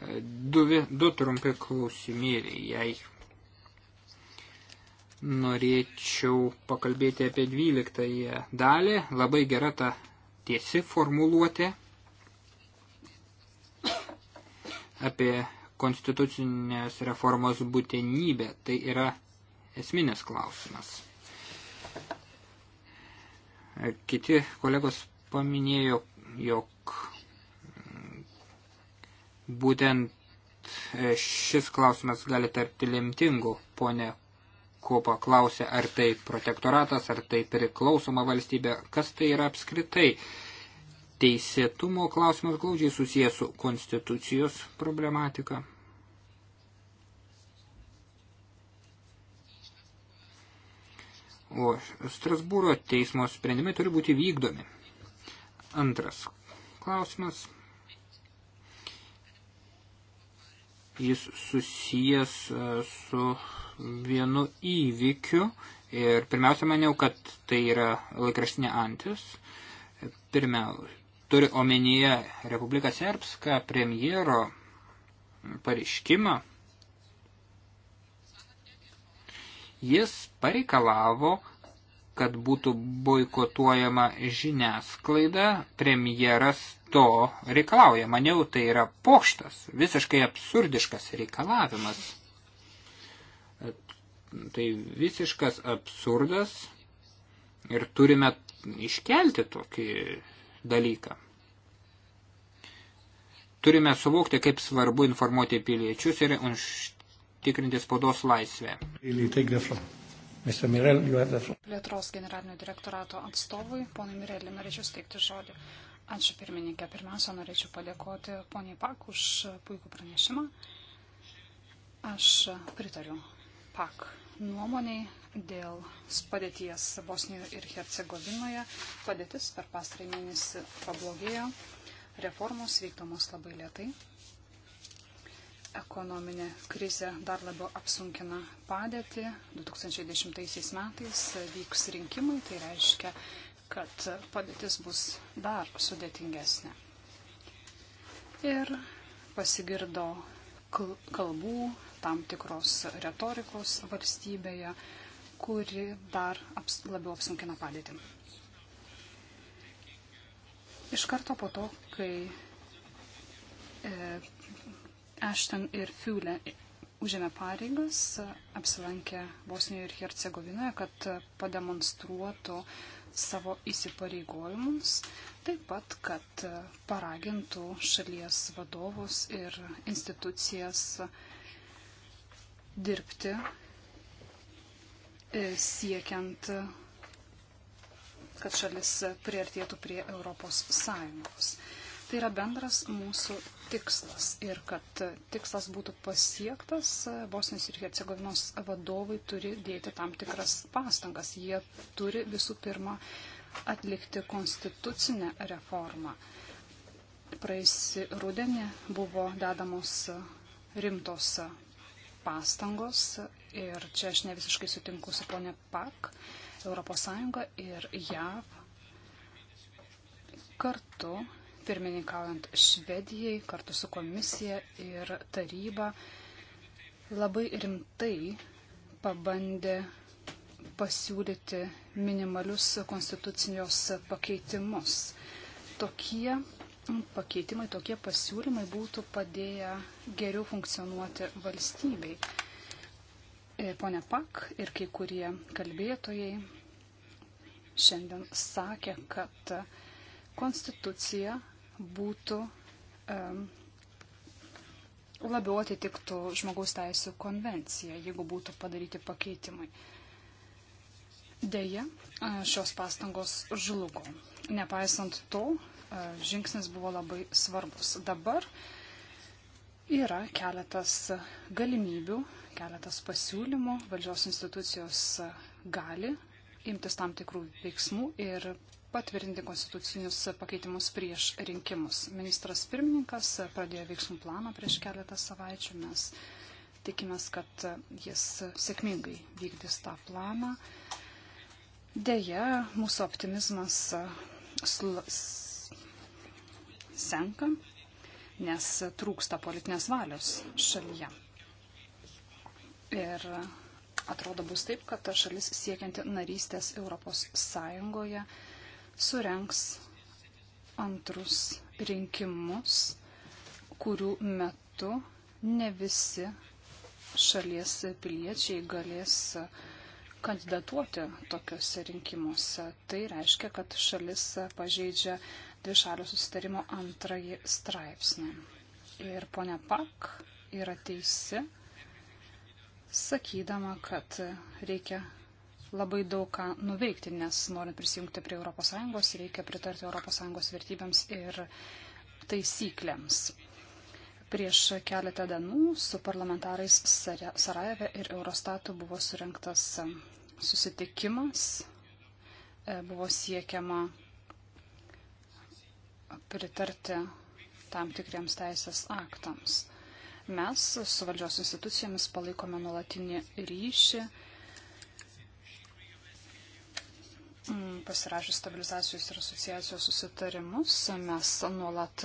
E, du, du trumpi klausimėliai jai. Norėčiau pakalbėti apie dvyliktąją dalį. Labai gera ta tiesi formuluotė apie konstitucinės reformos būtinybę. Tai yra esminis klausimas. E, kiti kolegos paminėjo, jog Būtent e, šis klausimas gali tarpti lemtingų, ponė Kopa klausė, ar tai protektoratas, ar tai priklausoma valstybė, kas tai yra apskritai. Teisėtumo klausimas glaudžiai susijęs su konstitucijos problematika. O Strasbūro teismo sprendimai turi būti vykdomi. Antras klausimas – jis susijęs e, su vienu įvykiu ir pirmiausia maniau, kad tai yra laikraštinė antis. Pirmiausia, turi omenyje Republika Serbska premjero pareiškimą. Jis pareikalavo, kad būtų boikotuojama žiniasklaida, premjeras to reikalauja. Maniau, tai yra pokštas, visiškai absurdiškas reikalavimas. Tai visiškas absurdas ir turime iškelti tokį dalyką. Turime suvokti, kaip svarbu informuoti piliečius ir užtikrinti spaudos laisvę. Ili, Mr. Mirel, you have the floor. Plėtros generalinio direktorato atstovui, ponui Mirelį, norėčiau steigti žodį. Ačiū pirmininkė. Pirmiausia, norėčiau padėkoti poniai Pak už puikų pranešimą. Aš pritariu Pak nuomoniai dėl padėties Bosnijoje ir Hercegovinoje. Padėtis per pastarąjį mėnesį pablogėjo, reformos vykdomos labai lietai. Ekonominė krizė dar labiau apsunkina padėtį. 2010 metais vyks rinkimai, tai reiškia, kad padėtis bus dar sudėtingesnė. Ir pasigirdo kalbų, tam tikros retorikos valstybėje, kuri dar aps, labiau apsunkina padėtį. Iš karto po to, kai e, Ashton ir Fiulė užėmė pareigas, apsilankė Bosnijoje ir Hercegovinoje, kad pademonstruotų savo įsipareigojimus, taip pat, kad paragintų šalies vadovus ir institucijas dirbti e, siekiant, kad šalis priartėtų prie Europos Sąjungos. Tai yra bendras mūsų tikslas ir kad tikslas būtų pasiektas, Bosnijos ir Hercegovinos vadovai turi dėti tam tikras pastangas. Jie turi visų pirma atlikti konstitucinę reformą. Praėjusi rudenį buvo dedamos rimtos pastangos ir čia aš ne visiškai sutinku su ponė Pak, ES ir JAV kartu pirmininkaujant Švedijai kartu su komisija ir taryba labai rimtai pabandė pasiūlyti minimalius konstitucijos pakeitimus. Tokie pakeitimai, tokie pasiūlymai būtų padėję geriau funkcionuoti valstybei. E, Pone Pak ir kai kurie kalbėtojai šiandien sakė, kad konstitucija būtų um, labiau atitiktų žmogaus teisų konvenciją, jeigu būtų padaryti pakeitimai. Deja, šios pastangos žlugo. Nepaisant to, žingsnis buvo labai svarbus. Dabar yra keletas galimybių, keletas pasiūlymų, valdžios institucijos gali imtis tam tikrų veiksmų ir patvirtinti konstitucinius pakeitimus prieš rinkimus. Ministras pirmininkas pradėjo veiksmų planą prieš keletą savaičių. Mes tikimės, kad jis sėkmingai vykdys tą planą. Deja, mūsų optimizmas senka, nes trūksta politinės valios šalyje. Ir atrodo bus taip, kad ta šalis siekianti narystės Europos Sąjungoje surenks antrus rinkimus, kurių metu ne visi šalies piliečiai galės kandidatuoti tokiuose rinkimuose. Tai reiškia, kad šalis pažeidžia dvišalio susitarimo antrąjį straipsnį. Ir ponia Pak yra teisi, sakydama, kad reikia labai daug ką nuveikti, nes norint prisijungti prie ES reikia pritarti ES vertybėms ir taisyklėms. Prieš keletą dienų su parlamentarais Sarajeve ir Eurostatu buvo surinktas susitikimas, e, buvo siekiama pritarti tam tikriems teisės aktams. Mes su valdžios institucijomis palaikome nuolatinį ryšį Mm, pasirašęs stabilizacijos ir asociacijos susitarimus. Mes nuolat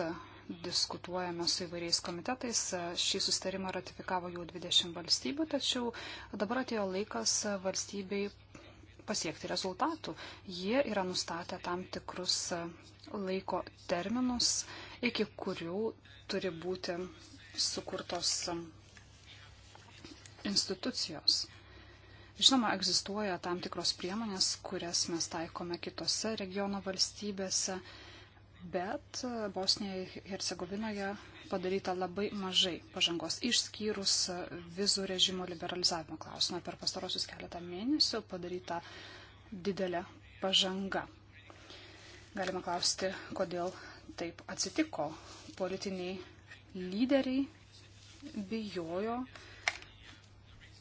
diskutuojame su įvairiais komitetais. Šį susitarimą ratifikavo jau 20 valstybių, tačiau dabar atėjo laikas valstybei pasiekti rezultatų. Jie yra nustatę tam tikrus laiko terminus, iki kurių turi būti sukurtos institucijos. Žinoma, egzistuoja tam tikros priemonės, kurias mes taikome kitose regiono valstybėse, bet e, Bosnijoje ir Hercegovinoje padaryta labai mažai pažangos, išskyrus e, vizų režimo liberalizavimo klausimą. Per pastarosius keletą mėnesių padaryta didelė pažanga. Galima klausti, kodėl taip atsitiko. Politiniai lyderiai bijojo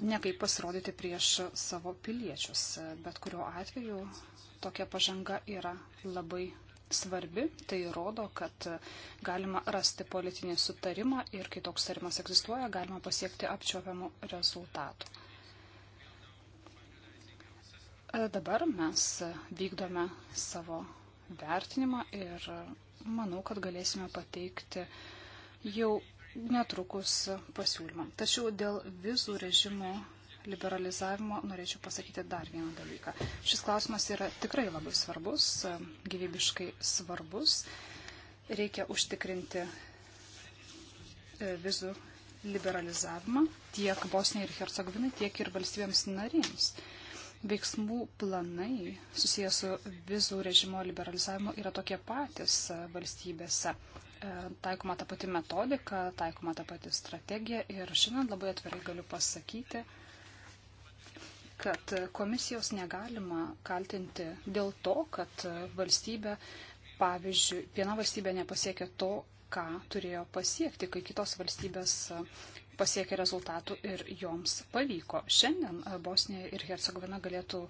nekaip pasirodyti prieš savo piliečius. Bet kuriuo atveju tokia pažanga yra labai svarbi. Tai rodo, kad galima rasti politinį sutarimą ir kai toks sutarimas egzistuoja, galima pasiekti apčiopiamų rezultatų. Dabar mes vykdome savo vertinimą ir manau, kad galėsime pateikti jau netrukus pasiūlymą. Tačiau dėl vizų režimo liberalizavimo norėčiau pasakyti dar vieną dalyką. Šis klausimas yra tikrai labai svarbus, gyvybiškai svarbus. Reikia užtikrinti e, vizų liberalizavimą tiek Bosnijai ir Hercegovinai, tiek ir valstybėms narėms. Veiksmų planai susijęs su vizų režimo liberalizavimu yra tokie patys e, valstybėse E, taikoma ta pati metodika, taikoma ta pati strategija ir šiandien labai atvirai galiu pasakyti, kad komisijos negalima kaltinti dėl to, kad valstybė, pavyzdžiui, viena valstybė nepasiekė to, ką turėjo pasiekti, kai kitos valstybės pasiekė rezultatų ir joms pavyko. Šiandien Bosnija ir Hercegovina galėtų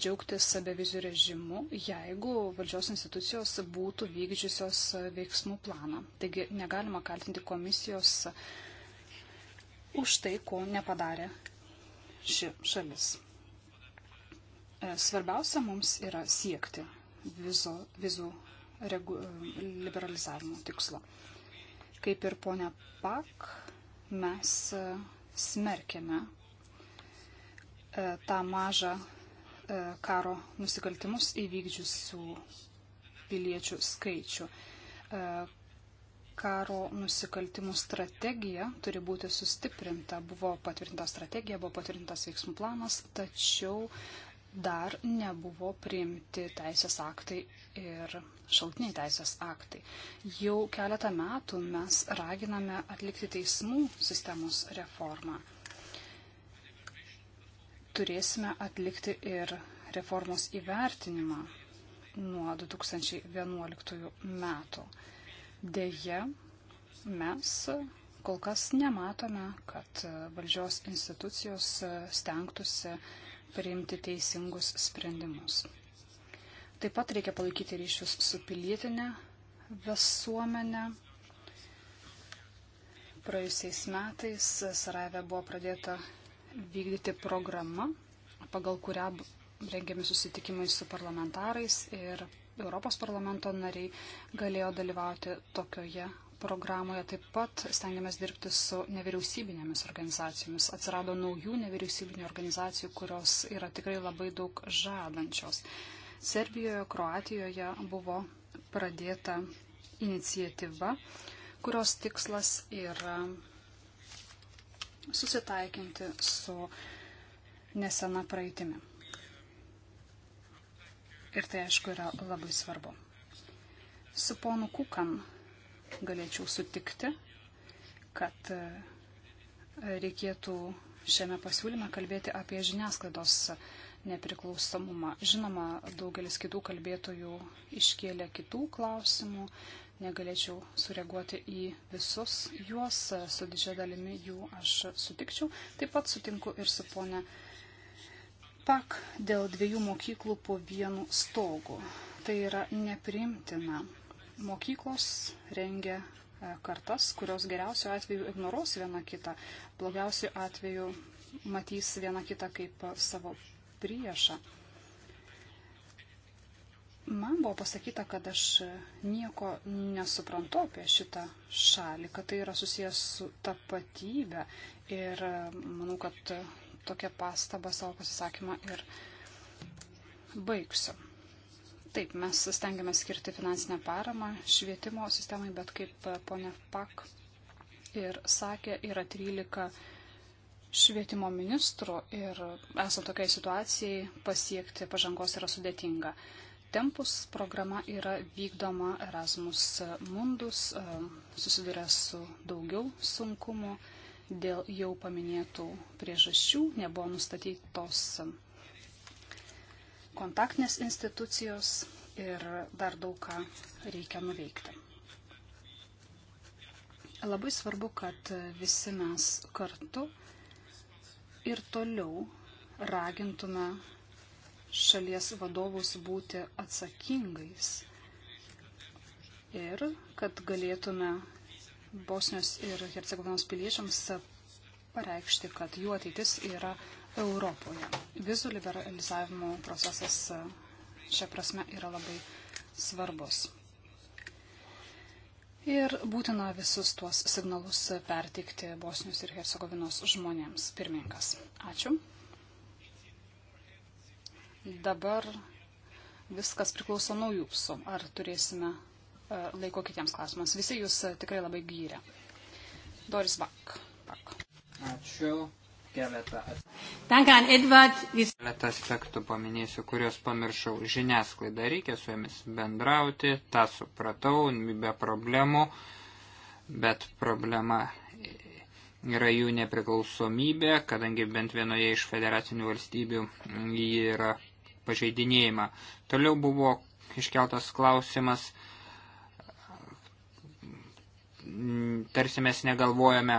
džiaugtis bevizų režimu, jeigu valdžios institucijos būtų vykdžiusios veiksmų planą. Taigi negalima kaltinti komisijos už tai, ko nepadarė ši šalis. E, svarbiausia mums yra siekti vizo, vizų regu, e, liberalizavimo tikslo. Kaip ir ponia Pak mes e, smerkėme e, tą mažą e, karo nusikaltimus įvykdžiusių piliečių skaičių. Karo nusikaltimų strategija turi būti sustiprinta. Buvo patvirtinta strategija, buvo patvirtintas veiksmų planas, tačiau dar nebuvo priimti teisės aktai ir šaltiniai teisės aktai. Jau keletą metų mes raginame atlikti teismų sistemos reformą. Turėsime atlikti ir reformos įvertinimą nuo 2011 metų. Deja, mes kol kas nematome, kad valdžios institucijos stengtųsi uh, priimti teisingus sprendimus. Taip pat reikia palaikyti ryšius su pilietinė visuomenė. Praėjusiais metais Sarajeve buvo pradėta vykdyti programa, pagal kurią rengiami susitikimai su parlamentarais ir Europos parlamento nariai galėjo dalyvauti tokioje programoje taip pat stengiamės dirbti su nevyriausybinėmis organizacijomis. Atsirado naujų nevyriausybinių organizacijų, kurios yra tikrai labai daug žadančios. Serbijoje, Kroatijoje buvo pradėta iniciatyva, kurios tikslas yra susitaikinti su nesena praeitimi. Ir tai aišku yra labai svarbu. Su ponu Kukan galėčiau sutikti, kad e, reikėtų šiame pasiūlyme kalbėti apie žiniasklaidos nepriklausomumą. Žinoma, daugelis kitų kalbėtojų iškėlė kitų klausimų, negalėčiau sureaguoti į visus juos, su didžia dalimi jų aš sutikčiau. Taip pat sutinku ir su ponė Pak dėl dviejų mokyklų po vienu stogu. Tai yra nepriimtina. Mokyklos rengia e, kartas, kurios geriausiu atveju ignoruos vieną kitą, blogiausiu atveju matys vieną kitą kaip savo priešą. Man buvo pasakyta, kad aš nieko nesuprantu apie šitą šalį, kad tai yra susijęs su tapatybė ir e, manau, kad tokią pastabą savo pasisakymą ir baigsiu. Taip, mes stengiamės skirti finansinę paramą švietimo sistemai, bet kaip ponia Pak ir sakė, yra 13 švietimo ministrų ir esant tokiai situacijai pasiekti pažangos yra sudėtinga. Tempus programa yra vykdoma Erasmus Mundus, e, susiduria su daugiau sunkumu dėl jau paminėtų priežasčių, nebuvo nustatytos kontaktinės institucijos ir dar daug ką reikia nuveikti. Labai svarbu, kad visi mes kartu ir toliau ragintume šalies vadovus būti atsakingais ir kad galėtume Bosnios ir Hercegovinos piliečiams pareikšti, kad jų ateitis yra Europoje. Vizų liberalizavimo procesas e, šią prasme yra labai svarbus. Ir būtina visus tuos signalus perteikti Bosnius ir Hercegovinos žmonėms. Pirmininkas. Ačiū. Dabar viskas priklauso nuo jūsų. Ar turėsime e, laiko kitiems klausimams. Visi jūs e, tikrai labai gyrė. Doris Bak. Bak. Ačiū keletą aspektų. Keletą aspektų paminėsiu, kuriuos pamiršau. Žiniasklaida reikia su jomis bendrauti, tą supratau, be problemų, bet problema yra jų nepriklausomybė, kadangi bent vienoje iš federacinių valstybių jį yra pažeidinėjama. Toliau buvo iškeltas klausimas Mm, tarsi mes negalvojame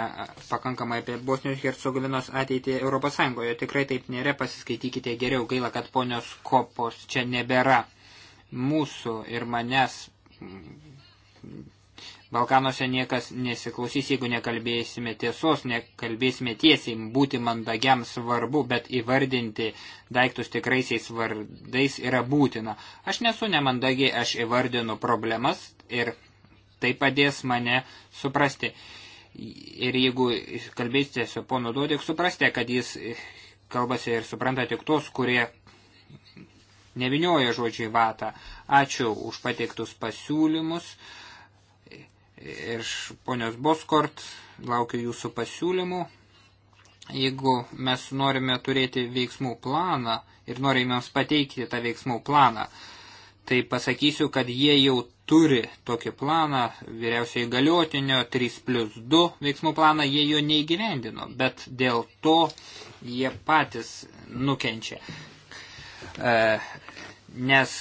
pakankamai apie Bosnijos Hercegovinos ateitį Europos Sąjungoje. Tikrai taip nėra, pasiskaitykite geriau, gaila, kad ponios kopos čia nebėra mūsų ir manęs. Mm, Balkanuose niekas nesiklausys, jeigu nekalbėsime tiesos, nekalbėsime tiesiai, būti mandagiam svarbu, bet įvardinti daiktus tikraisiais vardais yra būtina. Aš nesu nemandagiai, aš įvardinu problemas ir tai padės mane suprasti. Ir jeigu kalbėsite su ponu Dodik, suprastė, kad jis kalbasi ir supranta tik tos, kurie nevinioja žodžiai vatą. Ačiū už pateiktus pasiūlymus. Ir ponios Boskort, laukiu jūsų pasiūlymų. Jeigu mes norime turėti veiksmų planą ir norime jums pateikti tą veiksmų planą, tai pasakysiu, kad jie jau turi tokį planą, vyriausiai galiotinio 3 plus 2 veiksmų planą, jie jo neįgyvendino, bet dėl to jie patys nukenčia. E, nes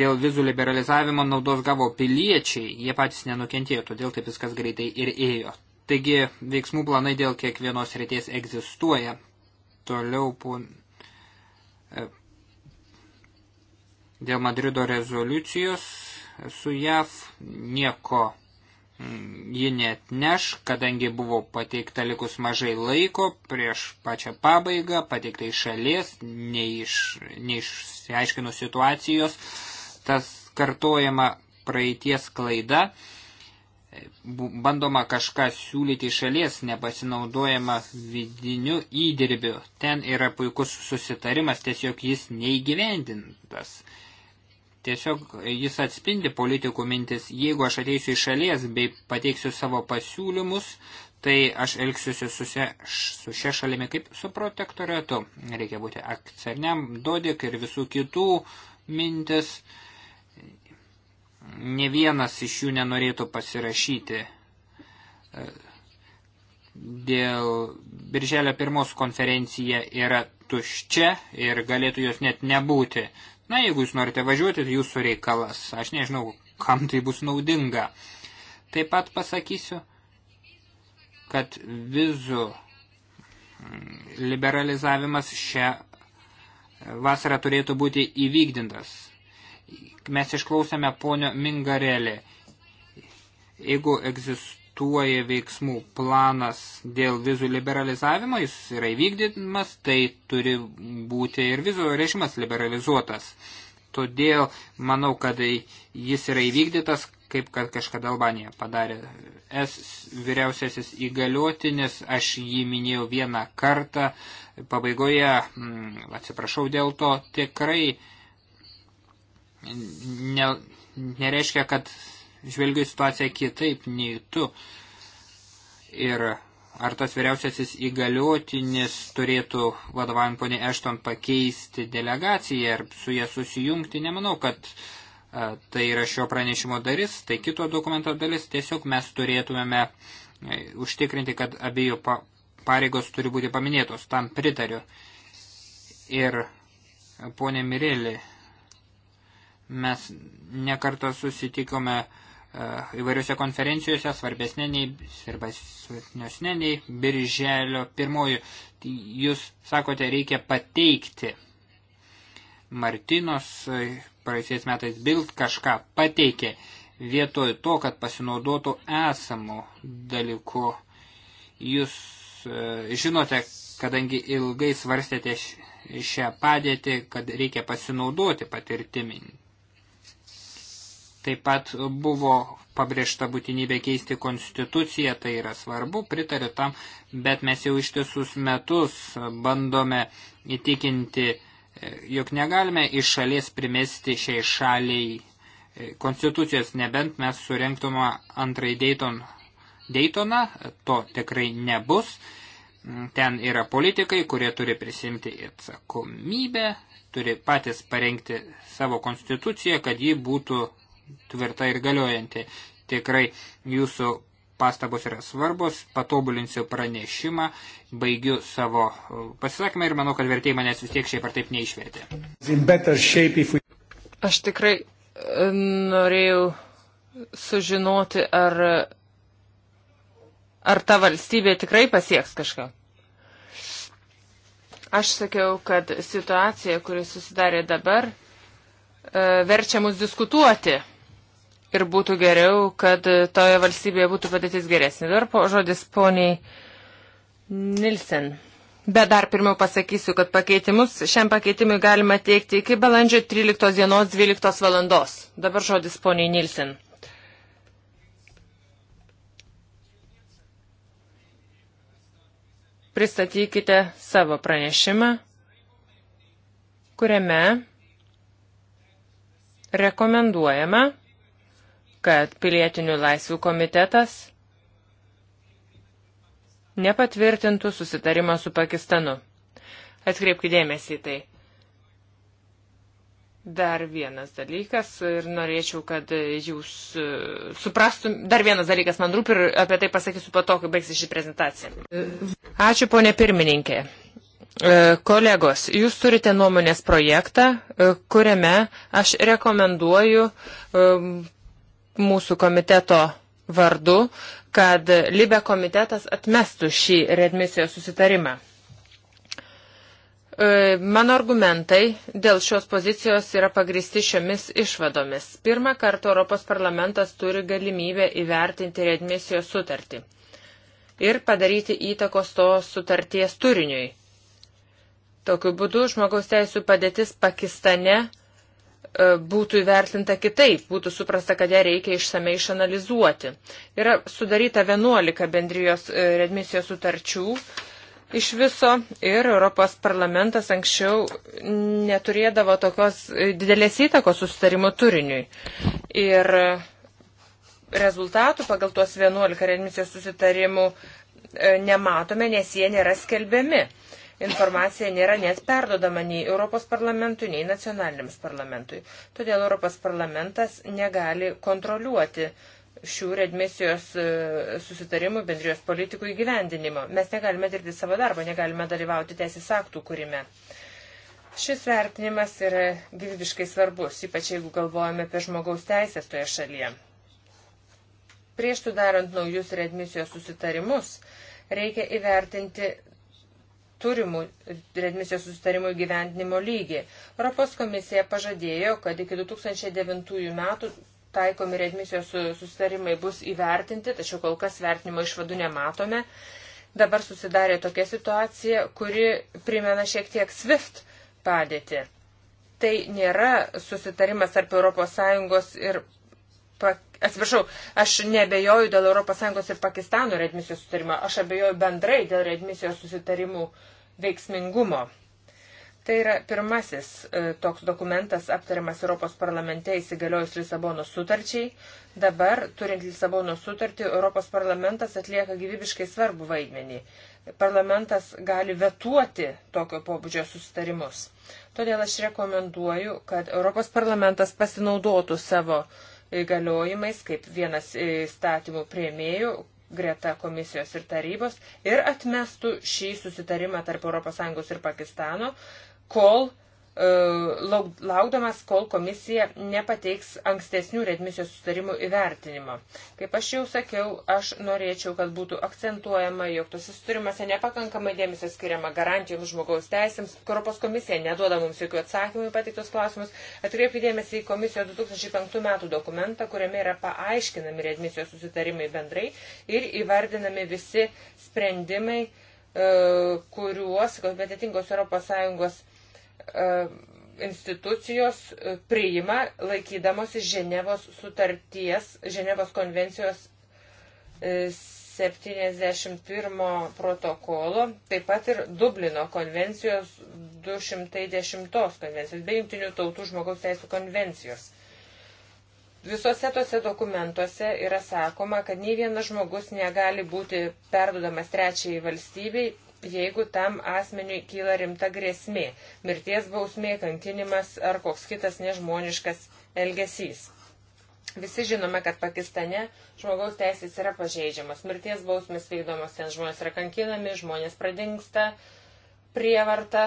dėl vizų liberalizavimo naudos gavo piliečiai, jie patys nenukentėjo, todėl taip viskas greitai ir ėjo. Taigi veiksmų planai dėl kiekvienos ryties egzistuoja. Toliau po, e, dėl Madrido rezoliucijos su JAV, nieko mm, ji net neš, kadangi buvo pateikta likus mažai laiko prieš pačią pabaigą, pateikta iš šalies, neiš, neišsiaiškino situacijos, tas kartojama praeities klaida, bandoma kažką siūlyti iš šalies, nepasinaudojama vidiniu įdirbiu. Ten yra puikus susitarimas, tiesiog jis neįgyvendintas. Tiesiog jis atspindi politikų mintis, jeigu aš ateisiu iš šalies bei pateiksiu savo pasiūlymus, tai aš elgsiuosi su, se, su šia šalimi kaip su protektoratu. Reikia būti akcerniam, dodik ir visų kitų mintis. Ne vienas iš jų nenorėtų pasirašyti. Dėl Birželio pirmos konferencija yra tuščia ir galėtų jos net nebūti. Na, jeigu jūs norite važiuoti, tai jūsų reikalas. Aš nežinau, kam tai bus naudinga. Taip pat pasakysiu, kad vizų mm, liberalizavimas šią vasarą turėtų būti įvykdintas. Mes išklausėme ponio Mingarelį. Jeigu egzistuoja egzistuoja veiksmų planas dėl vizų liberalizavimo, jis yra įvykdymas, tai turi būti ir vizų režimas liberalizuotas. Todėl manau, kad jis yra įvykdytas, kaip kad kažkada Albanija padarė. Es vyriausiasis įgaliotinis, aš jį minėjau vieną kartą, pabaigoje, m, mm, atsiprašau dėl to, tikrai ne, nereiškia, kad žvelgiu į situaciją kitaip nei tu. Ir ar tas vyriausiasis įgaliotinis turėtų vadovavim ponė Ešton pakeisti delegaciją ir su jie susijungti, nemanau, kad a, e, tai yra šio pranešimo dalis, tai kito dokumento dalis, tiesiog mes turėtumėme e, užtikrinti, kad abiejų pa, pareigos turi būti paminėtos, tam pritariu. Ir e, ponė Mirėlė, mes nekartą susitikome uh, Eh, įvairiuose konferencijose, svarbesnė nei, svarbesnė nei birželio pirmoji. Tai jūs sakote, reikia pateikti. Martinos eh, praeisiais metais Bild kažką pateikė vietoj to, kad pasinaudotų esamų dalykų. Jūs eh, žinote, kadangi ilgai svarstėte šią padėtį, kad reikia pasinaudoti patirtiminį Taip pat buvo pabrėžta būtinybė keisti konstituciją, tai yra svarbu, pritariu tam, bet mes jau ištisus metus bandome įtikinti, e, jog negalime iš šalies primesti šiai šaliai e, konstitucijos, nebent mes surinktume antrąjį Dayton, Daytoną, to tikrai nebus. Mm, ten yra politikai, kurie turi prisimti atsakomybę, turi patys parengti savo konstituciją, kad ji būtų tvirta ir galiojanti. Tikrai jūsų pastabos yra svarbus, patobulinsiu pranešimą, baigiu savo uh, pasisakymą ir manau, kad vertėjai manęs vis tiek šiaip ar taip neišvertė. Aš tikrai uh, norėjau sužinoti, ar, ar ta valstybė tikrai pasieks kažką. Aš sakiau, kad situacija, kuri susidarė dabar, uh, verčia mus diskutuoti ir būtų geriau, kad toje valstybėje būtų padėtis geresnė. Dar po žodis poniai Nilsen. Bet dar pirmiau pasakysiu, kad pakeitimus šiam pakeitimui galima teikti iki balandžio 13 dienos 12 valandos. Dabar žodis poniai Nilsen. Pristatykite savo pranešimą, kuriame rekomenduojama kad pilietinių laisvių komitetas nepatvirtintų susitarimą su Pakistanu. Atkreipkite dėmesį į tai. Dar vienas dalykas ir norėčiau, kad jūs e, suprastum, dar vienas dalykas man rūpi ir apie tai pasakysiu po to, kai baigsi šį prezentaciją. Ačiū, ponė pirmininkė. E, kolegos, jūs turite nuomonės projektą, e, kuriame aš rekomenduoju mūsų komiteto vardu, kad Libe komitetas atmestų šį readmisijos susitarimą. E, mano argumentai dėl šios pozicijos yra pagristi šiomis išvadomis. Pirmą kartą Europos parlamentas turi galimybę įvertinti readmisijos sutartį ir padaryti įtakos to sutarties turiniui. Tokiu būdu žmogaus teisų padėtis Pakistane E, būtų įvertinta kitaip, būtų suprasta, kad ją reikia išsamei išanalizuoti. Yra sudaryta 11 bendrijos e, redmisijos sutarčių iš viso ir Europos parlamentas anksčiau neturėdavo tokios e, didelės įtakos susitarimo turiniui. Ir rezultatų pagal tuos 11 redmisijos susitarimų nematome, nes jie nėra skelbiami informacija nėra net perdodama nei Europos parlamentui, nei nacionaliniams parlamentui. Todėl Europos parlamentas negali kontroliuoti šių redmisijos e, susitarimų bendrijos politikų įgyvendinimo. Mes negalime dirbti savo darbo, negalime dalyvauti teisės aktų kūrime. Šis vertinimas yra gyvybiškai svarbus, ypač jeigu galvojame apie žmogaus teisės toje šalyje. Prieš sudarant naujus redmisijos susitarimus, reikia įvertinti turimų redmisijos sustarimų įgyvendinimo lygį. Europos komisija pažadėjo, kad iki 2009 metų taikomi redmisijos sustarimai bus įvertinti, tačiau kol kas vertinimo išvadų nematome. Dabar susidarė tokia situacija, kuri primena šiek tiek SWIFT padėtį. Tai nėra susitarimas tarp ES ir pa, atsiprašau, aš nebejoju dėl ES ir Pakistano readmisijos sutarimo, aš abejoju bendrai dėl readmisijos susitarimų veiksmingumo. Tai yra pirmasis e, toks dokumentas aptariamas Europos parlamente įsigaliojus Lisabonos sutarčiai. Dabar, turint Lisabonos sutartį, Europos parlamentas atlieka gyvybiškai svarbų vaidmenį. Parlamentas gali vetuoti tokio pobūdžio susitarimus. Todėl aš rekomenduoju, kad Europos parlamentas pasinaudotų savo įgaliojimais kaip vienas įstatymų prieimėjų, greta komisijos ir tarybos ir atmestų šį susitarimą tarp ES ir Pakistano, kol E, laukdamas, kol komisija nepateiks ankstesnių redmisijos sustarimų įvertinimo. Kaip aš jau sakiau, aš norėčiau, kad būtų akcentuojama, jog tos sustarimuose nepakankamai dėmesio skiriama garantijoms žmogaus teisėms. Europos komisija neduoda mums jokių atsakymų į pateiktus klausimus. Atkreipiu dėmesį į komisijos 2005 metų dokumentą, kuriame yra paaiškinami redmisijos susitarimai bendrai ir įvardinami visi sprendimai, e, kuriuos kompetentingos Europos Sąjungos E, institucijos priima laikydamosi Ženevos sutarties, Ženevos konvencijos 71 e, protokolo, taip pat ir Dublino konvencijos 210 konvencijos bei Junktinių tautų žmogaus teisų konvencijos. Visose tose dokumentuose yra sakoma, kad nei vienas žmogus negali būti perdodamas trečiai valstybei jeigu tam asmeniui kyla rimta grėsmė - mirties bausmė, kankinimas ar koks kitas nežmoniškas elgesys. Visi žinome, kad Pakistane žmogaus teisės yra pažeidžiamas, mirties bausmės vykdomos ten žmonės yra kankinami, žmonės pradingsta, prievarta,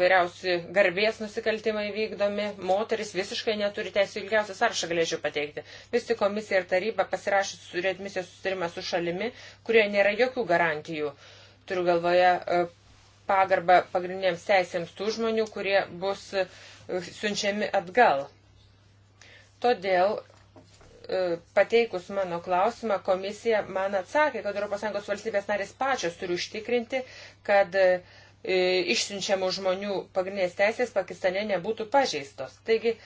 vairiausi garbės nusikaltimai vykdomi, moteris visiškai neturi teisų ilgiausią sąrašą galėčiau pateikti. Vis tik komisija ir taryba pasirašė su readmisijos sustarimą su šalimi, kurie nėra jokių garantijų. Uh, turiu galvoje e, pagarbą pagrindiniams teisėms tų žmonių, kurie bus e, siunčiami atgal. Todėl e, pateikus mano klausimą, komisija man atsakė, kad ES valstybės narės pačios turi užtikrinti, kad išsiunčiamų žmonių pagrindinės teisės Pakistane nebūtų pažeistos. Taigi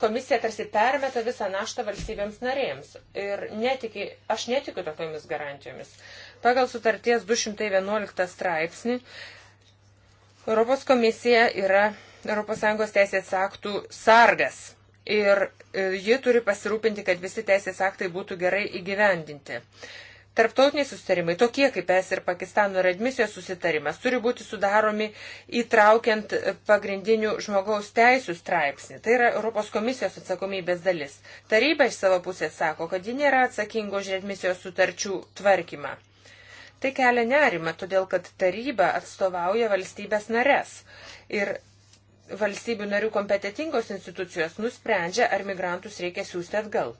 komisija tarsi permeta visą naštą valstybėms narėms ir netiki, aš netikiu tokiamis garantijomis. Uh, Pagal sutarties 211 straipsnį Europos komisija yra ES teisės aktų sargas ir e, ji turi pasirūpinti, kad visi teisės aktai būtų gerai įgyvendinti. Tarptautiniai susitarimai, tokie kaip es ir Pakistano redmisijos susitarimas, turi būti sudaromi įtraukiant pagrindinių žmogaus teisų straipsnį. Tai yra Europos komisijos atsakomybės dalis. Taryba iš savo pusės sako, kad ji nėra atsakinga už redmisijos sutarčių tvarkymą. Tai kelia nerima, todėl kad taryba atstovauja valstybės nares. Ir valstybių narių kompetitingos institucijos nusprendžia, ar migrantus reikia siūsti atgal.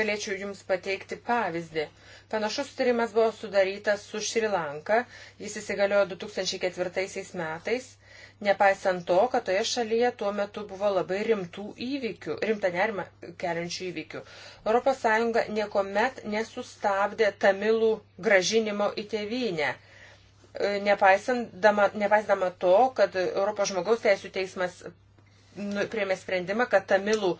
Galėčiau Jums pateikti pavyzdį. Panašus sutarimas buvo sudarytas su Šri Lanka, jis įsigaliojo 2004 metais nepaisant to, kad toje šalyje tuo metu buvo labai rimtų įvykių, rimta nerima keliančių įvykių. ES niekuomet nesustabdė tamilų gražinimo į tėvynę. E, nepaisandama, nepaisandama to, kad Europos žmogaus teisų teismas nu, priėmė sprendimą, kad tamilų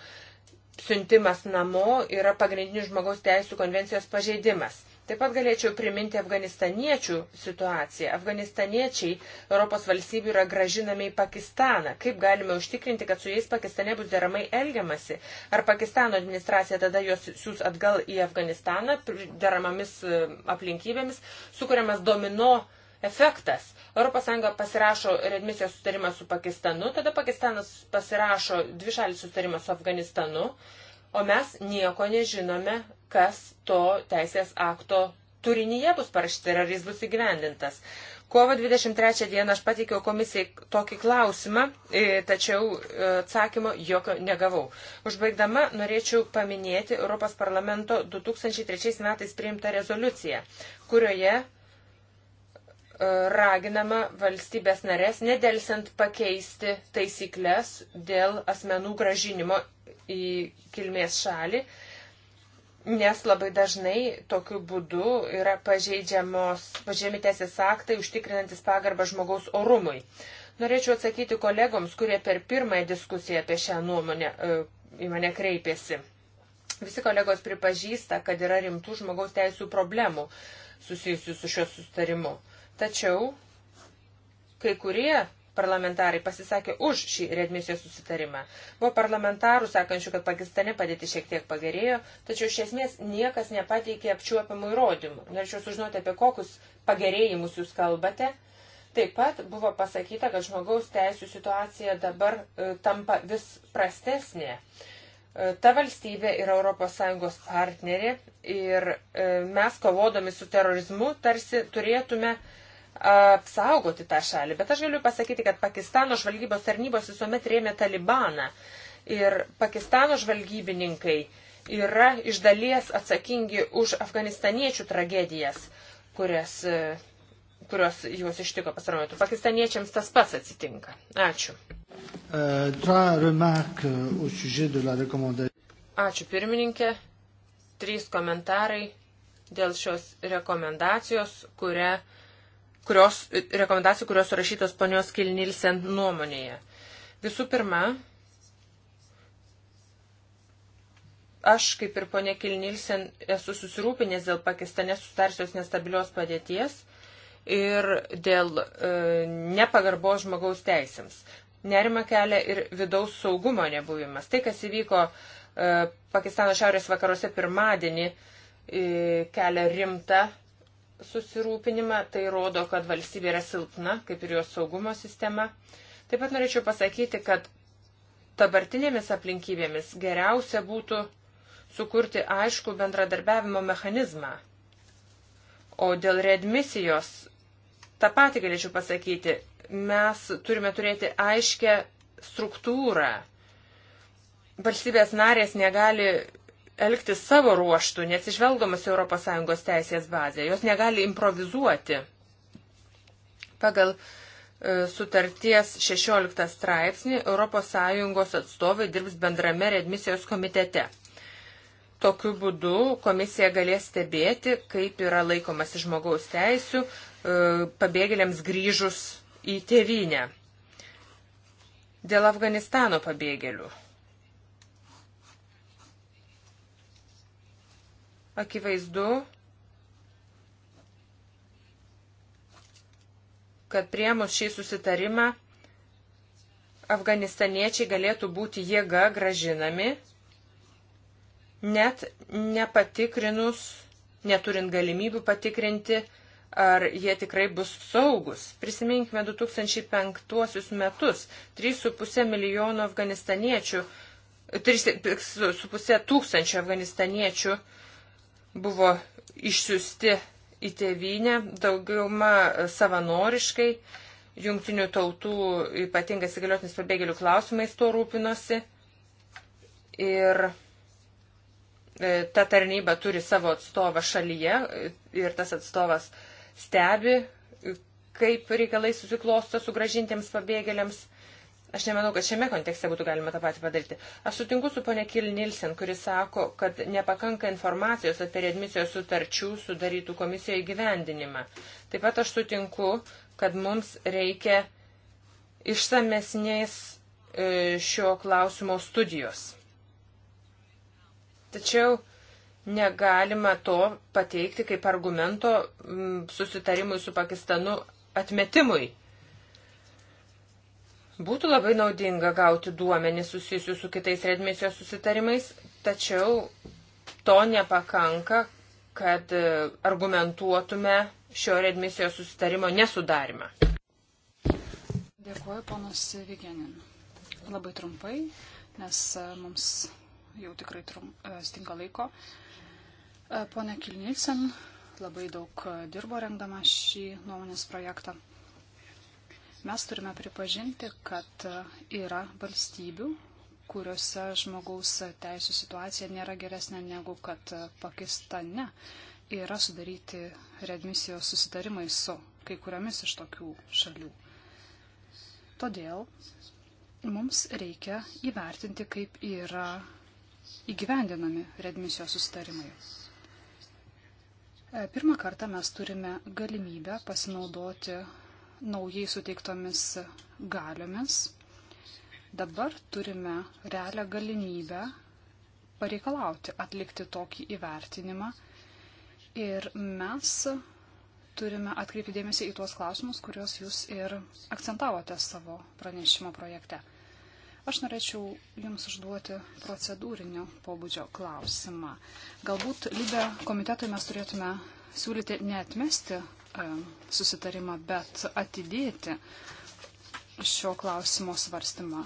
siuntimas namo yra pagrindinių žmogaus teisų konvencijos pažeidimas. Taip pat galėčiau priminti afganistaniečių situaciją. Afganistaniečiai Europos valstybių yra gražinami į Pakistaną. Kaip galime užtikrinti, kad su jais Pakistane bus deramai elgiamasi? Ar Pakistano administracija tada juos siūs atgal į Afganistaną deramomis e, aplinkybėmis, sukuriamas domino efektas. ES pasirašo redmisijos sutarimą su Pakistanu, tada Pakistanas pasirašo dvišalį sutarimą su Afganistanu. O mes nieko nežinome kas to teisės akto turinyje bus parašyta ir ar jis bus įgyvendintas. Kovo 23 dieną aš pateikiau komisijai tokį klausimą, e, tačiau e, atsakymo jokio negavau. Užbaigdama norėčiau paminėti Europos parlamento 2003 metais priimtą rezoliuciją, kurioje e, raginama valstybės narės nedelsiant pakeisti taisyklės dėl asmenų gražinimo į kilmės šalį nes labai dažnai tokiu būdu yra pažeidžiami teisės aktai užtikrinantis pagarbą žmogaus orumui. Norėčiau atsakyti kolegoms, kurie per pirmąją diskusiją apie šią nuomonę e, į mane kreipėsi. Visi kolegos pripažįsta, kad yra rimtų žmogaus teisų problemų susijusių su šiuo sustarimu. Tačiau kai kurie parlamentarai pasisakė už šį redmisijos susitarimą. Buvo parlamentarų sakančių, kad Pakistane padėti šiek tiek pagerėjo, tačiau iš esmės niekas nepateikė apčiuopiamų įrodymų. Norėčiau sužinoti, apie kokius pagerėjimus jūs kalbate. Taip pat buvo pasakyta, kad žmogaus teisų situacija dabar e, tampa vis prastesnė. E, ta valstybė yra ES partnerė ir e, mes kovodami su terorizmu tarsi turėtume e, apsaugoti tą šalį. Bet aš galiu pasakyti, kad Pakistano žvalgybos tarnybos visuomet rėmė Talibaną. Ir Pakistano žvalgybininkai yra iš dalies atsakingi už afganistaniečių tragedijas, kurias, e, kurios juos ištiko pastaruoju metu. Pakistaniečiams tas pats atsitinka. Ačiū. E, euh, Ačiū pirmininkė. Trys komentarai dėl šios rekomendacijos, kurią kurios, rekomendacijų, kurios surašytos ponios Kilnilsen nuomonėje. Visų pirma, aš, kaip ir ponė Kilnilsen, esu susirūpinęs dėl Pakistane sustarsios nestabilios padėties ir dėl e, nepagarbos žmogaus teisėms. Nerima kelia ir vidaus saugumo nebuvimas. Tai, kas įvyko e, Pakistano šiaurės vakaruose pirmadienį, e, kelia rimtą susirūpinimą, tai rodo, kad valstybė yra silpna, kaip ir jos saugumo sistema. Taip pat norėčiau pasakyti, kad dabartinėmis aplinkybėmis geriausia būtų sukurti aišku bendradarbiavimo mechanizmą. O dėl redmisijos, tą patį galėčiau pasakyti, mes turime turėti aiškę struktūrą. Valstybės narės negali elgtis savo ruoštų, nesižvelgdamas ES teisės bazę. Jos negali improvizuoti. Pagal e, sutarties 16 straipsnį ES atstovai dirbs bendrame redmisijos komitete. Tokiu būdu komisija galės stebėti, kaip yra laikomasi žmogaus teisų e, pabėgėliams grįžus į tėvynę. Dėl Afganistano pabėgėlių akivaizdu, kad priemus šį susitarimą afganistaniečiai galėtų būti jėga gražinami, net nepatikrinus, neturint galimybių patikrinti, ar jie tikrai bus saugus. Prisiminkime 2005 metus. 3,5 milijono afganistaniečių, 3,5 tūkstančio afganistaniečių uh, buvo išsiusti į tėvynę, daugiauma savanoriškai, jungtinių tautų ypatingas įgaliotinis pabėgėlių klausimais tuo rūpinosi. Ir e, ta tarnyba turi savo atstovą šalyje e, ir tas atstovas stebi, e, kaip reikalai susiklosto sugražintiems pabėgėliams. Aš nemanau, kad šiame kontekste būtų galima tą patį padaryti. Aš sutinku su ponė Kil Nilsen, kuris sako, kad nepakanka informacijos apie readmisijos sutarčių sudarytų komisijoje gyvendinimą. Taip pat aš sutinku, kad mums reikia išsamesnės e, šio klausimo studijos. Tačiau negalima to pateikti kaip argumento susitarimui su Pakistanu atmetimui Būtų labai naudinga gauti duomenį susijusių su kitais redmisijos susitarimais, tačiau to nepakanka, kad e, argumentuotume šio redmisijos susitarimo nesudarimą. Dėkuoju, ponas Vigenin. Labai trumpai, nes e, mums jau tikrai trum, e, stinga laiko. Pone Kilnilsen labai daug dirbo rengdama šį nuomonės projektą. Mes turime pripažinti, kad yra valstybių, kuriuose žmogaus teisų situacija nėra geresnė negu kad Pakistane. Yra sudaryti redmisijos susitarimai su kai kuriomis iš tokių šalių. Todėl mums reikia įvertinti, kaip yra įgyvendinami redmisijos susitarimai. Pirmą kartą mes turime galimybę pasinaudoti naujai suteiktomis galiomis. Dabar turime realią galimybę pareikalauti atlikti tokį įvertinimą ir mes turime atkreipti dėmesį į tuos klausimus, kuriuos jūs ir akcentavote savo pranešimo projekte. Aš norėčiau Jums užduoti procedūrinio pobūdžio klausimą. Galbūt lygio komitetui mes turėtume siūlyti neatmesti E, susitarimą, bet atidėti šio klausimo svarstymą.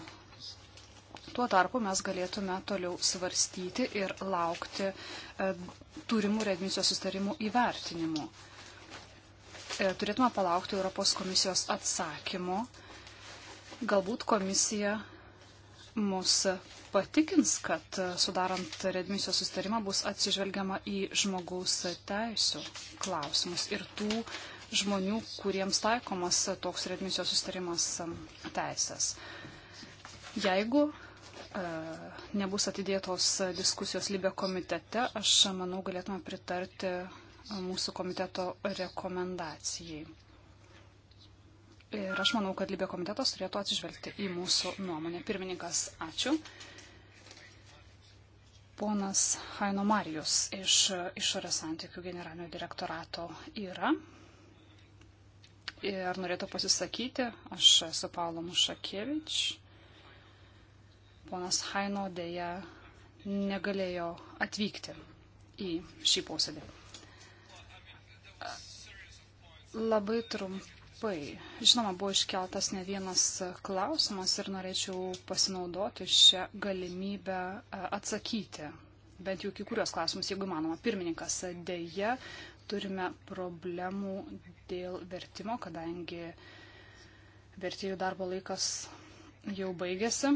Tuo tarpu mes galėtume toliau svarstyti ir laukti e, turimų redmisijos sustarimų įvertinimų. E, turėtume palaukti Europos komisijos atsakymo. Galbūt komisija mus patikins, kad sudarant redmisijos sustarimą bus atsižvelgiama į žmogaus teisų klausimus ir tų žmonių, kuriems taikomas toks redmisijos sustarimas teisės. Jeigu e, nebus atidėtos diskusijos lybė komitete, aš manau galėtume pritarti mūsų komiteto rekomendacijai. Ir aš manau, kad Libė komitetas turėtų atsižvelgti į mūsų nuomonę. Pirmininkas, ačiū. Ponas Haino Marijus iš išorės santykių generalinio direktorato yra ir norėtų pasisakyti. Aš esu Paulo Mušakievič. Ponas Haino dėja negalėjo atvykti į šį posėdį. Labai trumpai trumpai. Žinoma, buvo iškeltas ne vienas klausimas ir norėčiau pasinaudoti šią galimybę e, atsakyti. Bent jau kai kurios klausimus, jeigu manoma, pirmininkas dėja turime problemų dėl vertimo, kadangi vertėjų darbo laikas jau baigėsi.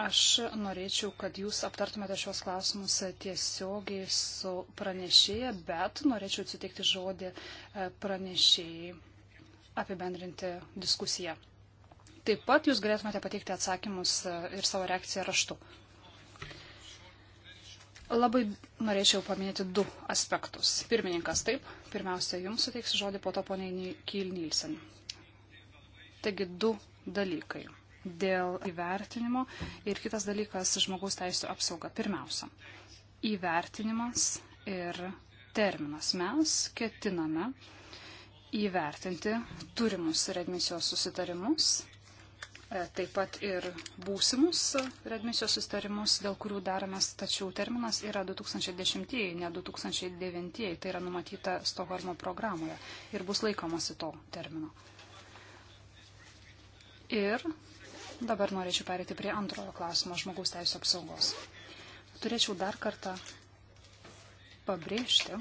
Aš norėčiau, kad jūs aptartumėte šios klausimus tiesiogiai su pranešėja, bet norėčiau suteikti žodį e, pranešėjai apibendrinti diskusiją. Taip pat jūs galėtumėte pateikti atsakymus e, ir savo reakciją raštu. Labai norėčiau paminėti du aspektus. Pirmininkas, taip, pirmiausia, jums suteiksiu žodį, po to poniai Kyl Nilsen. Taigi du dalykai dėl įvertinimo ir kitas dalykas - žmogaus teisų apsauga. Pirmiausia, įvertinimas ir terminas. Mes ketiname įvertinti turimus redmisijos susitarimus, e, taip pat ir būsimus redmisijos susitarimus, dėl kurių daromas, tačiau terminas yra 2010, ne 2009, tai yra numatyta Stokholmo programoje ir bus laikomasi to termino. Ir Dabar norėčiau perėti prie antrojo klausimo žmogaus teisų apsaugos. Turėčiau dar kartą pabrėžti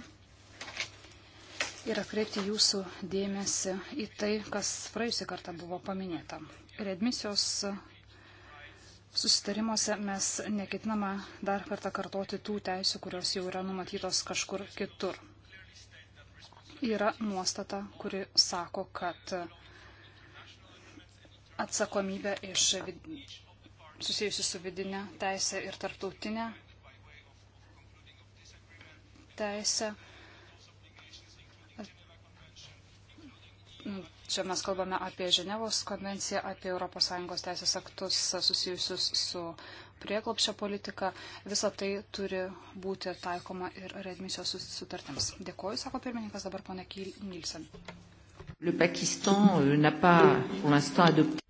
ir atkreipti jūsų dėmesį į tai, kas praėjusią kartą buvo paminėta. Redmisijos susitarimuose mes neketiname dar kartą kartoti tų teisių, kurios jau yra numatytos kažkur kitur. Yra nuostata, kuri sako, kad atsakomybę iš susijusi su vidinė teisė ir tarptautinė teisė. Nu, čia mes kalbame apie Ženevos konvenciją, apie ES teisės aktus susijusius su prieklopščio politika. Visa tai turi būti taikoma ir readmisijos sutartims. Dėkuoju, sako pirmininkas, dabar pana Kyl Nilsen. Le Pakistan euh, n'a pas pour l'instant adopté.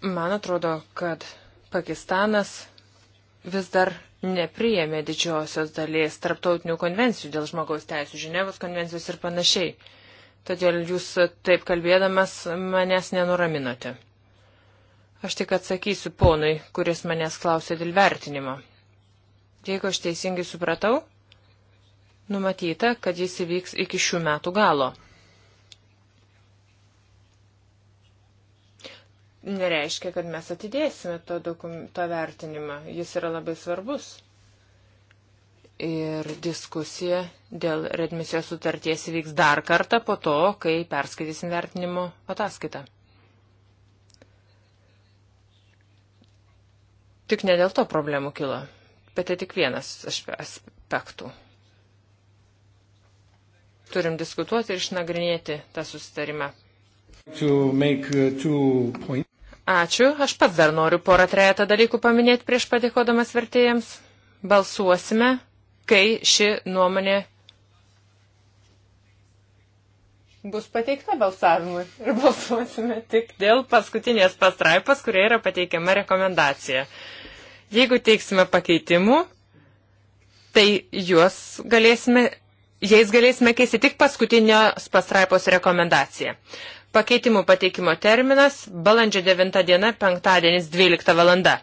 Man atrodo, kad Pakistanas vis dar nepriėmė didžiosios dalies tarptautinių konvencijų dėl žmogaus teisų, Ženevos konvencijos ir panašiai. Todėl jūs taip kalbėdamas manęs nenuraminote. Aš tik atsakysiu ponui, kuris manęs klausė dėl vertinimo. Jeigu aš teisingai supratau, numatyta, kad jis įvyks iki šių metų galo. nereiškia, kad mes atidėsime to, to vertinimą. Jis yra labai svarbus. Ir diskusija dėl redmisijos sutarties įvyks dar kartą po to, kai perskaitysim vertinimo ataskaitą. Tik ne dėl to problemų kilo, bet tai tik vienas aspektų. Turim diskutuoti ir išnagrinėti tą susitarimą Uh, Ačiū. Aš pats dar noriu porą trejata dalykų paminėti prieš padėkodamas vertėjams. Balsuosime, kai ši nuomonė bus pateikta balsavimui ir balsuosime tik dėl paskutinės pastraipos, kurie yra pateikiama rekomendacija. Jeigu teiksime pakeitimų, tai juos galėsime, jais galėsime keisti tik paskutinės pastraipos rekomendaciją. Pakeitimų pateikimo terminas – balandžio 9 diena, penktadienis 12 valanda.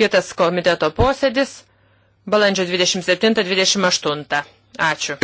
Kitas komiteto posėdis – balandžio 27-28. Ačiū.